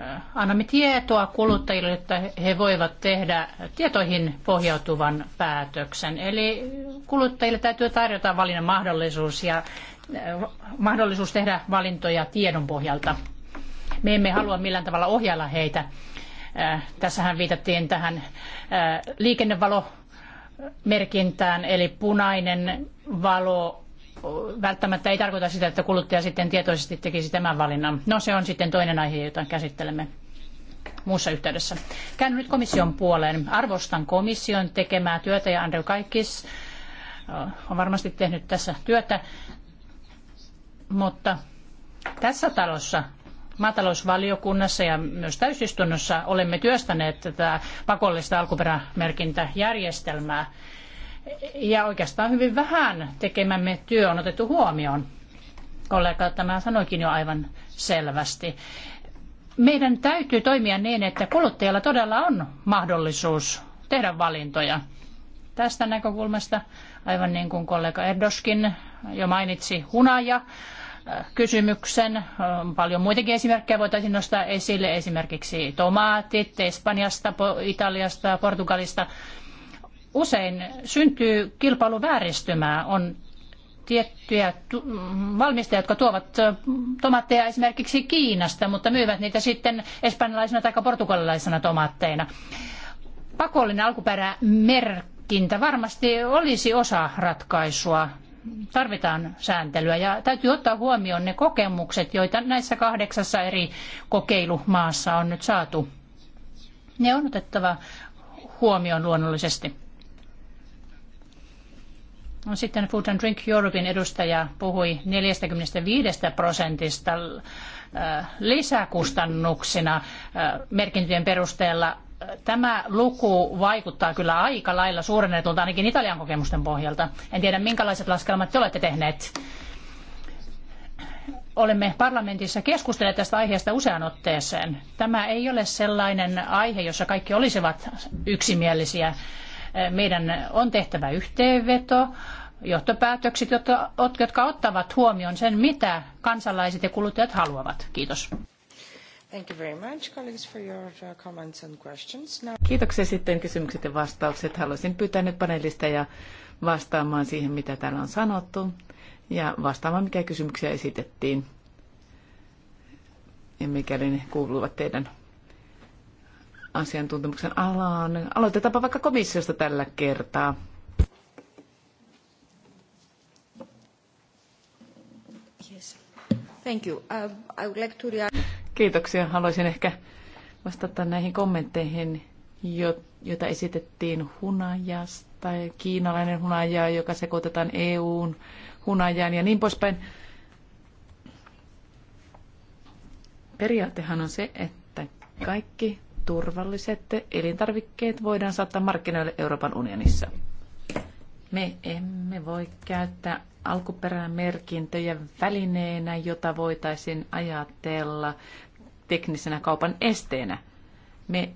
Äh, annamme tietoa kuluttajille, että he voivat tehdä tietoihin pohjautuvan päätöksen. Eli kuluttajille täytyy tarjota valinnan mahdollisuus ja äh, mahdollisuus tehdä valintoja tiedon pohjalta. Me emme halua millään tavalla ohjailla heitä. Äh, tässähän viitattiin tähän liikennevalo merkintään, eli punainen valo välttämättä ei tarkoita sitä, että kuluttaja sitten tietoisesti tekisi tämän valinnan. No se on sitten toinen aihe, jota käsittelemme muussa yhteydessä. Käyn nyt komission puoleen. Arvostan komission tekemää työtä ja Andrew kaikis äh, on varmasti tehnyt tässä työtä, mutta tässä talossa maatalousvaliokunnassa ja myös täysistunnossa olemme työstäneet tätä pakollista alkuperämerkintäjärjestelmää ja oikeastaan hyvin vähän tekemämme työ on otettu huomioon. Kollega tämä sanoikin jo aivan selvästi. Meidän täytyy toimia niin, että kuluttajalla todella on mahdollisuus tehdä valintoja. Tästä näkökulmasta, aivan niin kuin kollega Erdoskin jo mainitsi, hunaja äh, kysymyksen. Äh, paljon muitakin esimerkkejä voitaisiin nostaa esille, esimerkiksi tomaatit Espanjasta, Italiasta, Portugalista. Usein syntyy kilpailuvääristymää. On tiettyjä valmistajia, jotka tuovat tomaatteja esimerkiksi Kiinasta, mutta myyvät niitä sitten espanjalaisena tai portugalilaisena tomaatteina. Pakollinen alkuperämerkintä varmasti olisi osa ratkaisua. Tarvitaan sääntelyä ja täytyy ottaa huomioon ne kokemukset, joita näissä kahdeksassa eri kokeilumaassa on nyt saatu. Ne on otettava huomioon luonnollisesti. No, sitten Food and Drink Europein edustaja puhui 45 prosentista äh, lisäkustannuksina äh, merkintöjen perusteella. Tämä luku vaikuttaa kyllä aika lailla suurennetulta ainakin Italian kokemusten pohjalta. En tiedä, minkälaiset laskelmat te olette tehneet. Olemme parlamentissa keskustelleet tästä aiheesta usean otteeseen. Tämä ei ole sellainen aihe, jossa kaikki olisivat yksimielisiä meidän on tehtävä yhteenveto, johtopäätökset, jotka ottavat huomioon sen, mitä kansalaiset ja kuluttajat haluavat. Kiitos. Thank you very much, colleagues, for your uh, comments and questions. Now... Kiitoksia sitten kysymykset ja vastaukset. Haluaisin pyytää nyt panelisteja vastaamaan siihen, mitä täällä on sanottu ja vastaamaan, mikä kysymyksiä esitettiin ja mikäli ne kuuluvat teidän asiantuntemuksen alaan. Aloitetaanpa vaikka komissiosta tällä kertaa. Yes. Thank you. Uh, I would like to react. Kiitoksia. Haluaisin ehkä vastata näihin kommentteihin, joita esitettiin hunajasta, kiinalainen hunaja, joka sekoitetaan EUn hunajaan ja niin poispäin. Periaatehan on se, että kaikki turvalliset elintarvikkeet voidaan saattaa markkinoille Euroopan unionissa. Me emme voi käyttää alkuperämerkintöjä välineenä, jota voitaisiin ajatella teknisenä kaupan esteenä. Me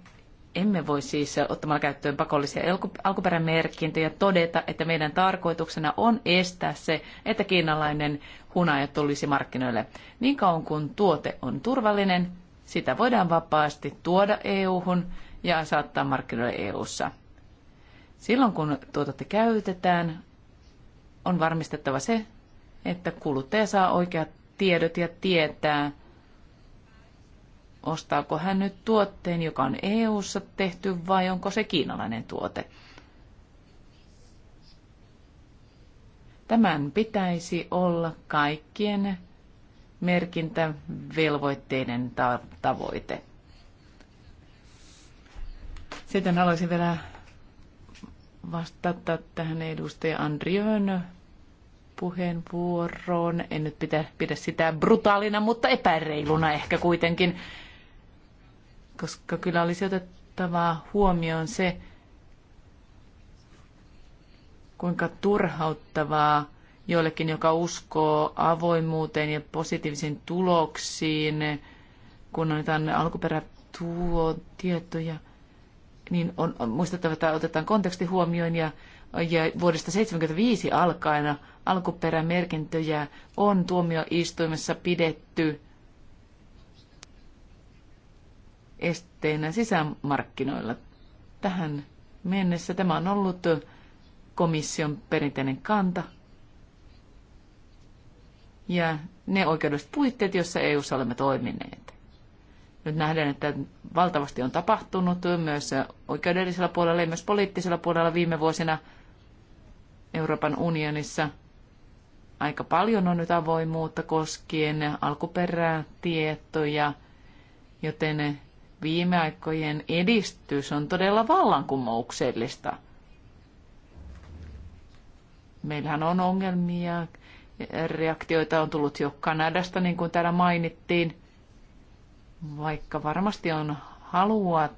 emme voi siis ottamalla käyttöön pakollisia alkuperämerkintöjä todeta, että meidän tarkoituksena on estää se, että kiinalainen hunaja tulisi markkinoille. Niin kauan kuin tuote on turvallinen, sitä voidaan vapaasti tuoda EU-hun ja saattaa markkinoille EU-ssa. Silloin kun tuotetta käytetään, on varmistettava se, että kuluttaja saa oikeat tiedot ja tietää, ostaako hän nyt tuotteen, joka on EU-ssa tehty vai onko se kiinalainen tuote. Tämän pitäisi olla kaikkien velvoitteiden ta- tavoite. Sitten haluaisin vielä vastata tähän edustaja Andriön puheenvuoroon. En nyt pitä, pidä sitä brutaalina, mutta epäreiluna ehkä kuitenkin, koska kyllä olisi otettava huomioon se, kuinka turhauttavaa joillekin, joka uskoo avoimuuteen ja positiivisiin tuloksiin, kun annetaan tietoja, niin on, on muistettava, että otetaan konteksti huomioon ja, ja vuodesta 1975 alkaen alkuperämerkintöjä on tuomioistuimessa pidetty esteenä sisämarkkinoilla. Tähän mennessä tämä on ollut komission perinteinen kanta – ja ne oikeudelliset puitteet, joissa EU-ssa olemme toimineet. Nyt nähdään, että valtavasti on tapahtunut myös oikeudellisella puolella ja myös poliittisella puolella viime vuosina Euroopan unionissa. Aika paljon on nyt avoimuutta koskien alkuperää tietoja, joten viime aikojen edistys on todella vallankumouksellista. Meillähän on ongelmia Reaktioita on tullut jo Kanadasta, niin kuin täällä mainittiin, vaikka varmasti on halua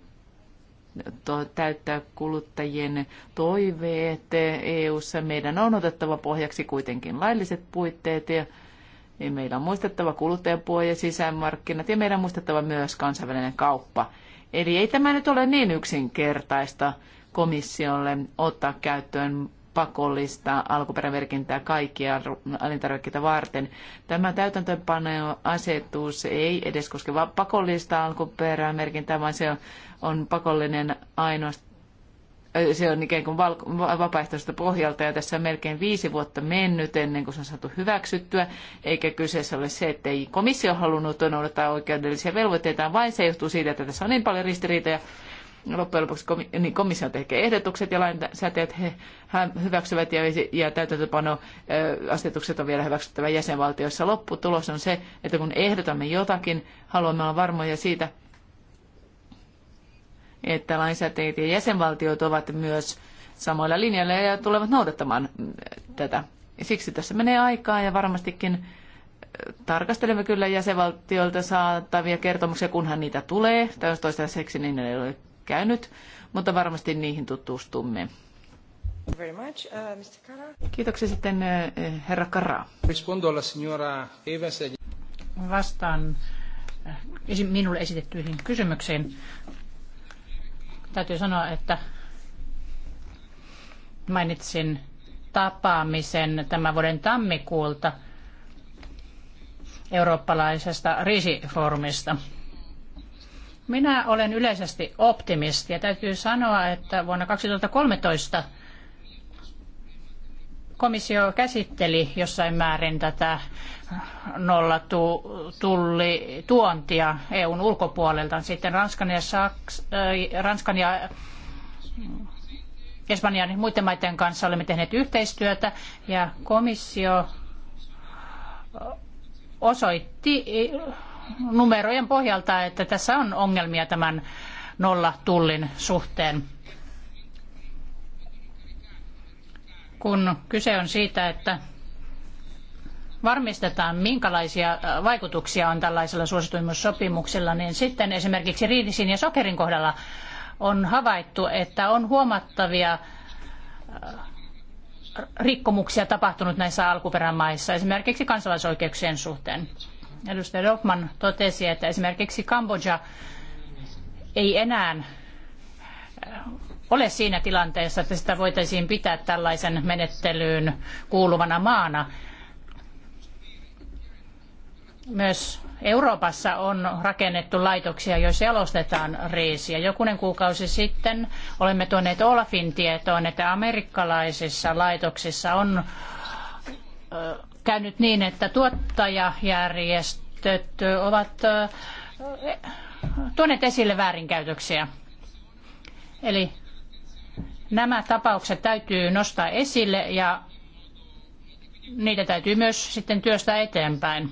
täyttää kuluttajien toiveet EU-ssa. Meidän on otettava pohjaksi kuitenkin lailliset puitteet ja meillä on muistettava kuluttajapuoli ja sisämarkkinat ja meidän on muistettava myös kansainvälinen kauppa. Eli ei tämä nyt ole niin yksinkertaista komissiolle ottaa käyttöön pakollista alkuperämerkintää kaikkia elintarvikkeita varten. Tämä täytäntöönpanoasetus ei edes koske vain pakollista alkuperämerkintää, vaan se on pakollinen ainoastaan se on ikään kuin vapaaehtoista pohjalta ja tässä on melkein viisi vuotta mennyt ennen kuin se on saatu hyväksyttyä, eikä kyseessä ole se, että ei komissio halunnut noudattaa oikeudellisia velvoitteitaan, vaan se johtuu siitä, että tässä on niin paljon ristiriitoja loppujen lopuksi niin komissio tekee ehdotukset ja lainsäätäjät he hyväksyvät ja, ja täytäntöpano on vielä hyväksyttävä jäsenvaltioissa. Lopputulos on se, että kun ehdotamme jotakin, haluamme olla varmoja siitä, että lainsäätäjät ja jäsenvaltiot ovat myös samoilla linjoilla ja tulevat noudattamaan mm, tätä. Siksi tässä menee aikaa ja varmastikin tarkastelemme kyllä jäsenvaltioilta saatavia kertomuksia, kunhan niitä tulee. Toistaiseksi niin ei ole käynyt, mutta varmasti niihin tutustumme. Very much. Uh, Mr. Kiitoksia sitten uh, uh, herra Kara. E- Vastaan uh, minulle esitettyihin kysymyksiin. Täytyy sanoa, että mainitsin tapaamisen tämän vuoden tammikuulta eurooppalaisesta riisifoorumista. Minä olen yleisesti optimisti ja täytyy sanoa, että vuonna 2013 komissio käsitteli jossain määrin tätä nollatuontia EUn ulkopuolelta. Sitten Ranskan ja, Saks, äh, Ranskan ja Espanjan ja muiden maiden kanssa olemme tehneet yhteistyötä ja komissio osoitti numerojen pohjalta, että tässä on ongelmia tämän nollatullin suhteen. Kun kyse on siitä, että varmistetaan, minkälaisia äh, vaikutuksia on tällaisella suosituimmuussopimuksella, niin sitten esimerkiksi riidisin ja sokerin kohdalla on havaittu, että on huomattavia äh, rikkomuksia tapahtunut näissä alkuperämaissa, esimerkiksi kansalaisoikeuksien suhteen edustaja Dorfman totesi, että esimerkiksi Kambodža ei enää äh, ole siinä tilanteessa, että sitä voitaisiin pitää tällaisen menettelyyn kuuluvana maana. Myös Euroopassa on rakennettu laitoksia, joissa jalostetaan riisiä. Jokunen kuukausi sitten olemme tuoneet Olafin tietoon, että amerikkalaisissa laitoksissa on äh, käynyt niin, että tuottajajärjestöt ovat e, tuoneet esille väärinkäytöksiä. Eli nämä tapaukset täytyy nostaa esille ja niitä täytyy myös sitten työstää eteenpäin.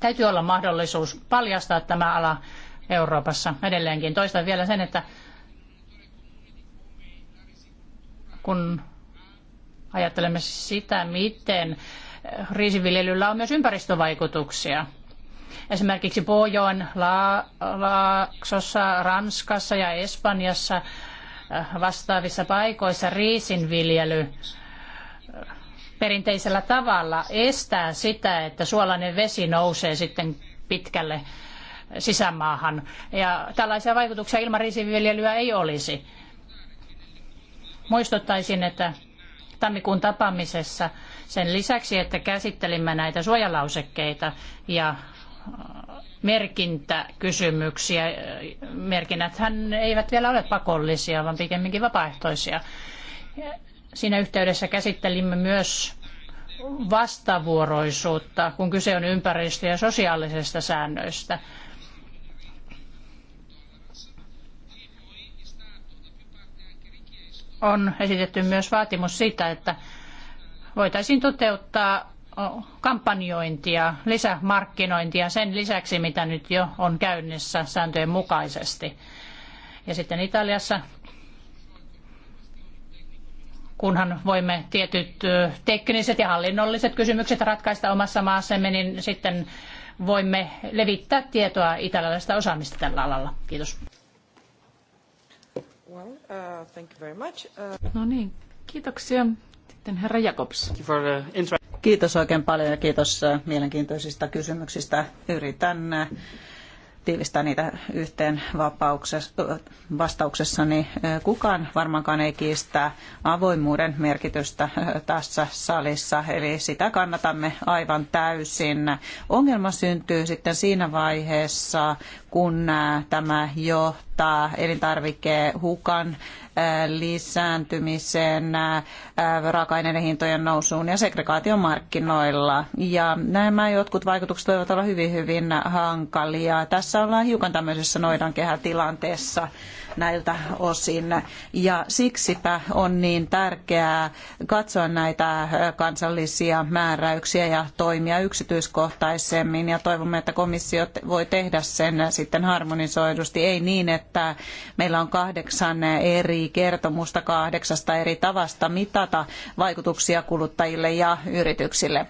Täytyy olla mahdollisuus paljastaa tämä ala Euroopassa edelleenkin. Toistan vielä sen, että kun Ajattelemme sitä, miten riisiviljelyllä on myös ympäristövaikutuksia. Esimerkiksi Pohjoen laaksossa, Ranskassa ja Espanjassa äh, vastaavissa paikoissa riisinviljely äh, perinteisellä tavalla estää sitä, että suolainen vesi nousee sitten pitkälle sisämaahan. Ja tällaisia vaikutuksia ilman riisiviljelyä ei olisi. Muistuttaisin, että tammikuun tapaamisessa sen lisäksi, että käsittelimme näitä suojalausekkeita ja äh, merkintäkysymyksiä. Merkinnäthän eivät vielä ole pakollisia, vaan pikemminkin vapaaehtoisia. Siinä yhteydessä käsittelimme myös vastavuoroisuutta, kun kyse on ympäristö- ja sosiaalisista säännöistä. on esitetty myös vaatimus siitä, että voitaisiin toteuttaa kampanjointia, lisämarkkinointia sen lisäksi, mitä nyt jo on käynnissä sääntöjen mukaisesti. Ja sitten Italiassa, kunhan voimme tietyt tekniset ja hallinnolliset kysymykset ratkaista omassa maassamme, niin sitten voimme levittää tietoa italialaista osaamista tällä alalla. Kiitos. Well, uh, thank you very much. Uh... No niin, kiitoksia. Sitten herra Jakobs. Uh, kiitos oikein paljon ja kiitos uh, mielenkiintoisista kysymyksistä. Yritän uh, tiivistää niitä yhteen vastauksessa niin Kukaan varmaankaan ei kiistä avoimuuden merkitystä tässä salissa, eli sitä kannatamme aivan täysin. Ongelma syntyy sitten siinä vaiheessa, kun tämä johtaa elintarvikehukan lisääntymiseen, äh, raaka-aineiden hintojen nousuun ja segregaatiomarkkinoilla. Ja nämä jotkut vaikutukset voivat olla hyvin, hyvin hankalia. Tässä ollaan hiukan tämmöisessä noidankehätilanteessa. tilanteessa näiltä osin. Ja siksipä on niin tärkeää katsoa näitä äh, kansallisia määräyksiä ja toimia yksityiskohtaisemmin. Ja toivomme, että komissio voi tehdä sen sitten harmonisoidusti. Ei niin, että meillä on kahdeksan eri kertomusta kahdeksasta eri tavasta mitata vaikutuksia kuluttajille ja yrityksille.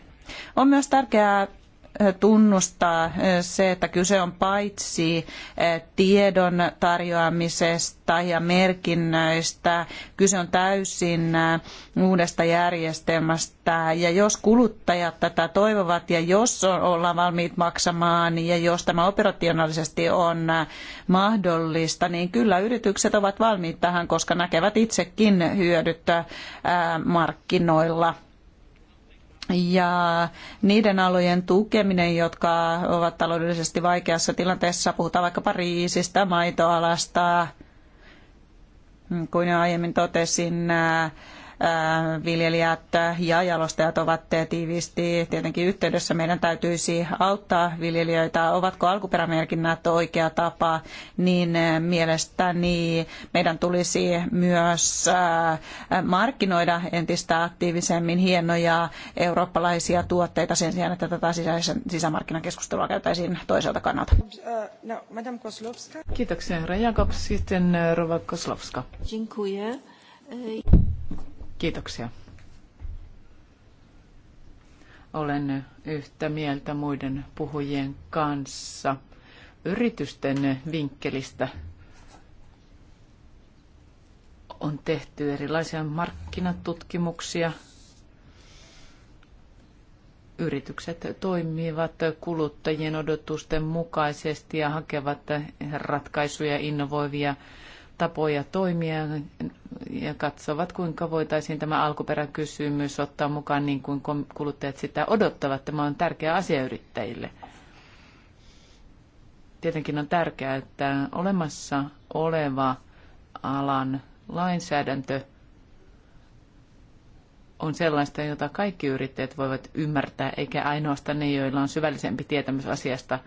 On myös tärkeää tunnustaa eh, se, että kyse on paitsi eh, tiedon tarjoamisesta ja merkinnöistä, kyse on täysin eh, uudesta järjestelmästä. Ja jos kuluttajat tätä toivovat ja jos ollaan valmiit maksamaan ja jos tämä operationaalisesti on mahdollista, niin kyllä yritykset ovat valmiit tähän, koska näkevät itsekin hyödyt markkinoilla ja niiden alojen tukeminen, jotka ovat taloudellisesti vaikeassa tilanteessa, puhutaan vaikka Pariisista, maitoalasta, niin kuin jo aiemmin totesin, viljelijät ja jalostajat ovat tiiviisti tietenkin yhteydessä. Meidän täytyisi auttaa viljelijöitä. Ovatko alkuperämerkinnät oikea tapa, niin mielestäni meidän tulisi myös markkinoida entistä aktiivisemmin hienoja eurooppalaisia tuotteita sen sijaan, että tätä sisämarkkinakeskustelua käytäisiin toiselta kannalta. Kiitoksia. Rajakops, sitten Rova Koslovska. Dziękuję. Kiitoksia. Olen yhtä mieltä muiden puhujien kanssa yritysten vinkkelistä. On tehty erilaisia markkinatutkimuksia. Yritykset toimivat kuluttajien odotusten mukaisesti ja hakevat ratkaisuja, innovoivia tapoja toimia ja katsovat, kuinka voitaisiin tämä kysymys ottaa mukaan niin kuin kuluttajat sitä odottavat. Tämä on tärkeä asia yrittäjille. Tietenkin on tärkeää, että olemassa oleva alan lainsäädäntö on sellaista, jota kaikki yrittäjät voivat ymmärtää, eikä ainoastaan ne, joilla on syvällisempi tietämys asiasta.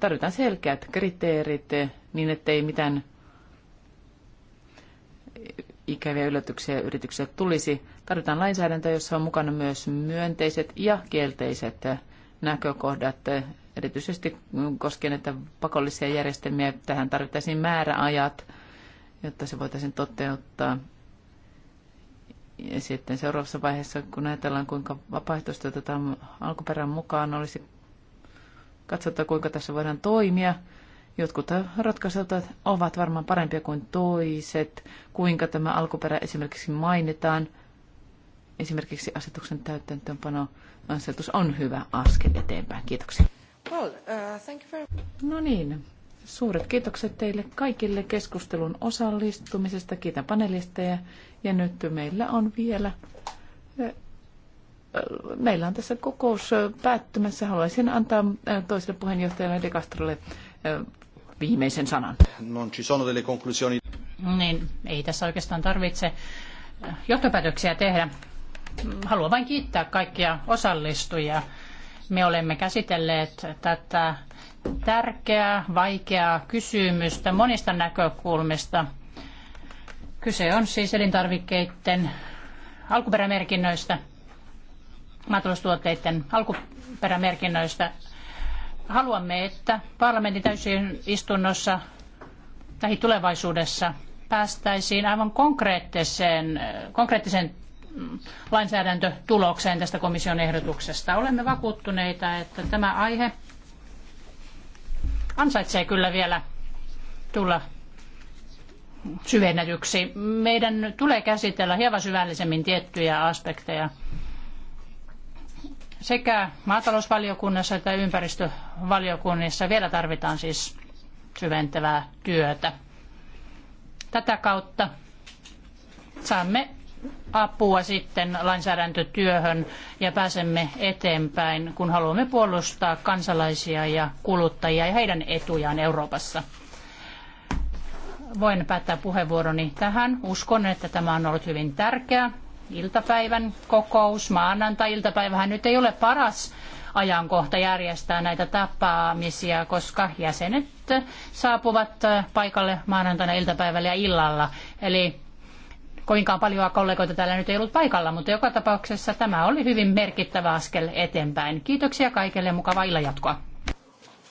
Tarvitaan selkeät kriteerit niin, ettei mitään ikäviä yllätyksiä yritykselle tulisi. Tarvitaan lainsäädäntöä, jossa on mukana myös myönteiset ja kielteiset näkökohdat, erityisesti koskien näitä pakollisia järjestelmiä. Tähän tarvittaisiin määräajat, jotta se voitaisiin toteuttaa. Ja sitten seuraavassa vaiheessa, kun ajatellaan, kuinka vapaaehtoista otetaan alkuperän mukaan, olisi katsottava, kuinka tässä voidaan toimia – Jotkut ratkaisut ovat varmaan parempia kuin toiset. Kuinka tämä alkuperä esimerkiksi mainitaan, esimerkiksi asetuksen täytäntöönpano asetus on hyvä askel eteenpäin. Kiitoksia. Well, uh, thank you very... No niin, suuret kiitokset teille kaikille keskustelun osallistumisesta. Kiitän panelisteja. Ja nyt meillä on vielä... Meillä on tässä kokous päättymässä. Haluaisin antaa toiselle puheenjohtajalle De Castrolle viimeisen sanan. Non ci sono delle conclusioni. Niin, ei tässä oikeastaan tarvitse eh, johtopäätöksiä tehdä. Haluan vain kiittää kaikkia osallistujia. Me olemme käsitelleet tätä tärkeää, vaikeaa kysymystä monista näkökulmista. Kyse on siis elintarvikkeiden alkuperämerkinnöistä, maataloustuotteiden alkuperämerkinnöistä Haluamme, että parlamentin täysistunnossa lähitulevaisuudessa päästäisiin aivan konkreettiseen, konkreettiseen lainsäädäntötulokseen tästä komission ehdotuksesta. Olemme vakuuttuneita, että tämä aihe ansaitsee kyllä vielä tulla syvennetyksi. Meidän tulee käsitellä hieman syvällisemmin tiettyjä aspekteja – sekä maatalousvaliokunnassa että ympäristövaliokunnissa vielä tarvitaan siis syventävää työtä. Tätä kautta saamme apua sitten lainsäädäntötyöhön ja pääsemme eteenpäin, kun haluamme puolustaa kansalaisia ja kuluttajia ja heidän etujaan Euroopassa. Voin päättää puheenvuoroni tähän. Uskon, että tämä on ollut hyvin tärkeä iltapäivän kokous, maanantai-iltapäivähän nyt ei ole paras ajankohta järjestää näitä tapaamisia, koska jäsenet saapuvat paikalle maanantaina iltapäivällä ja illalla. Eli kovinkaan paljon kollegoita täällä nyt ei ollut paikalla, mutta joka tapauksessa tämä oli hyvin merkittävä askel eteenpäin. Kiitoksia kaikille ja mukavaa illanjatkoa.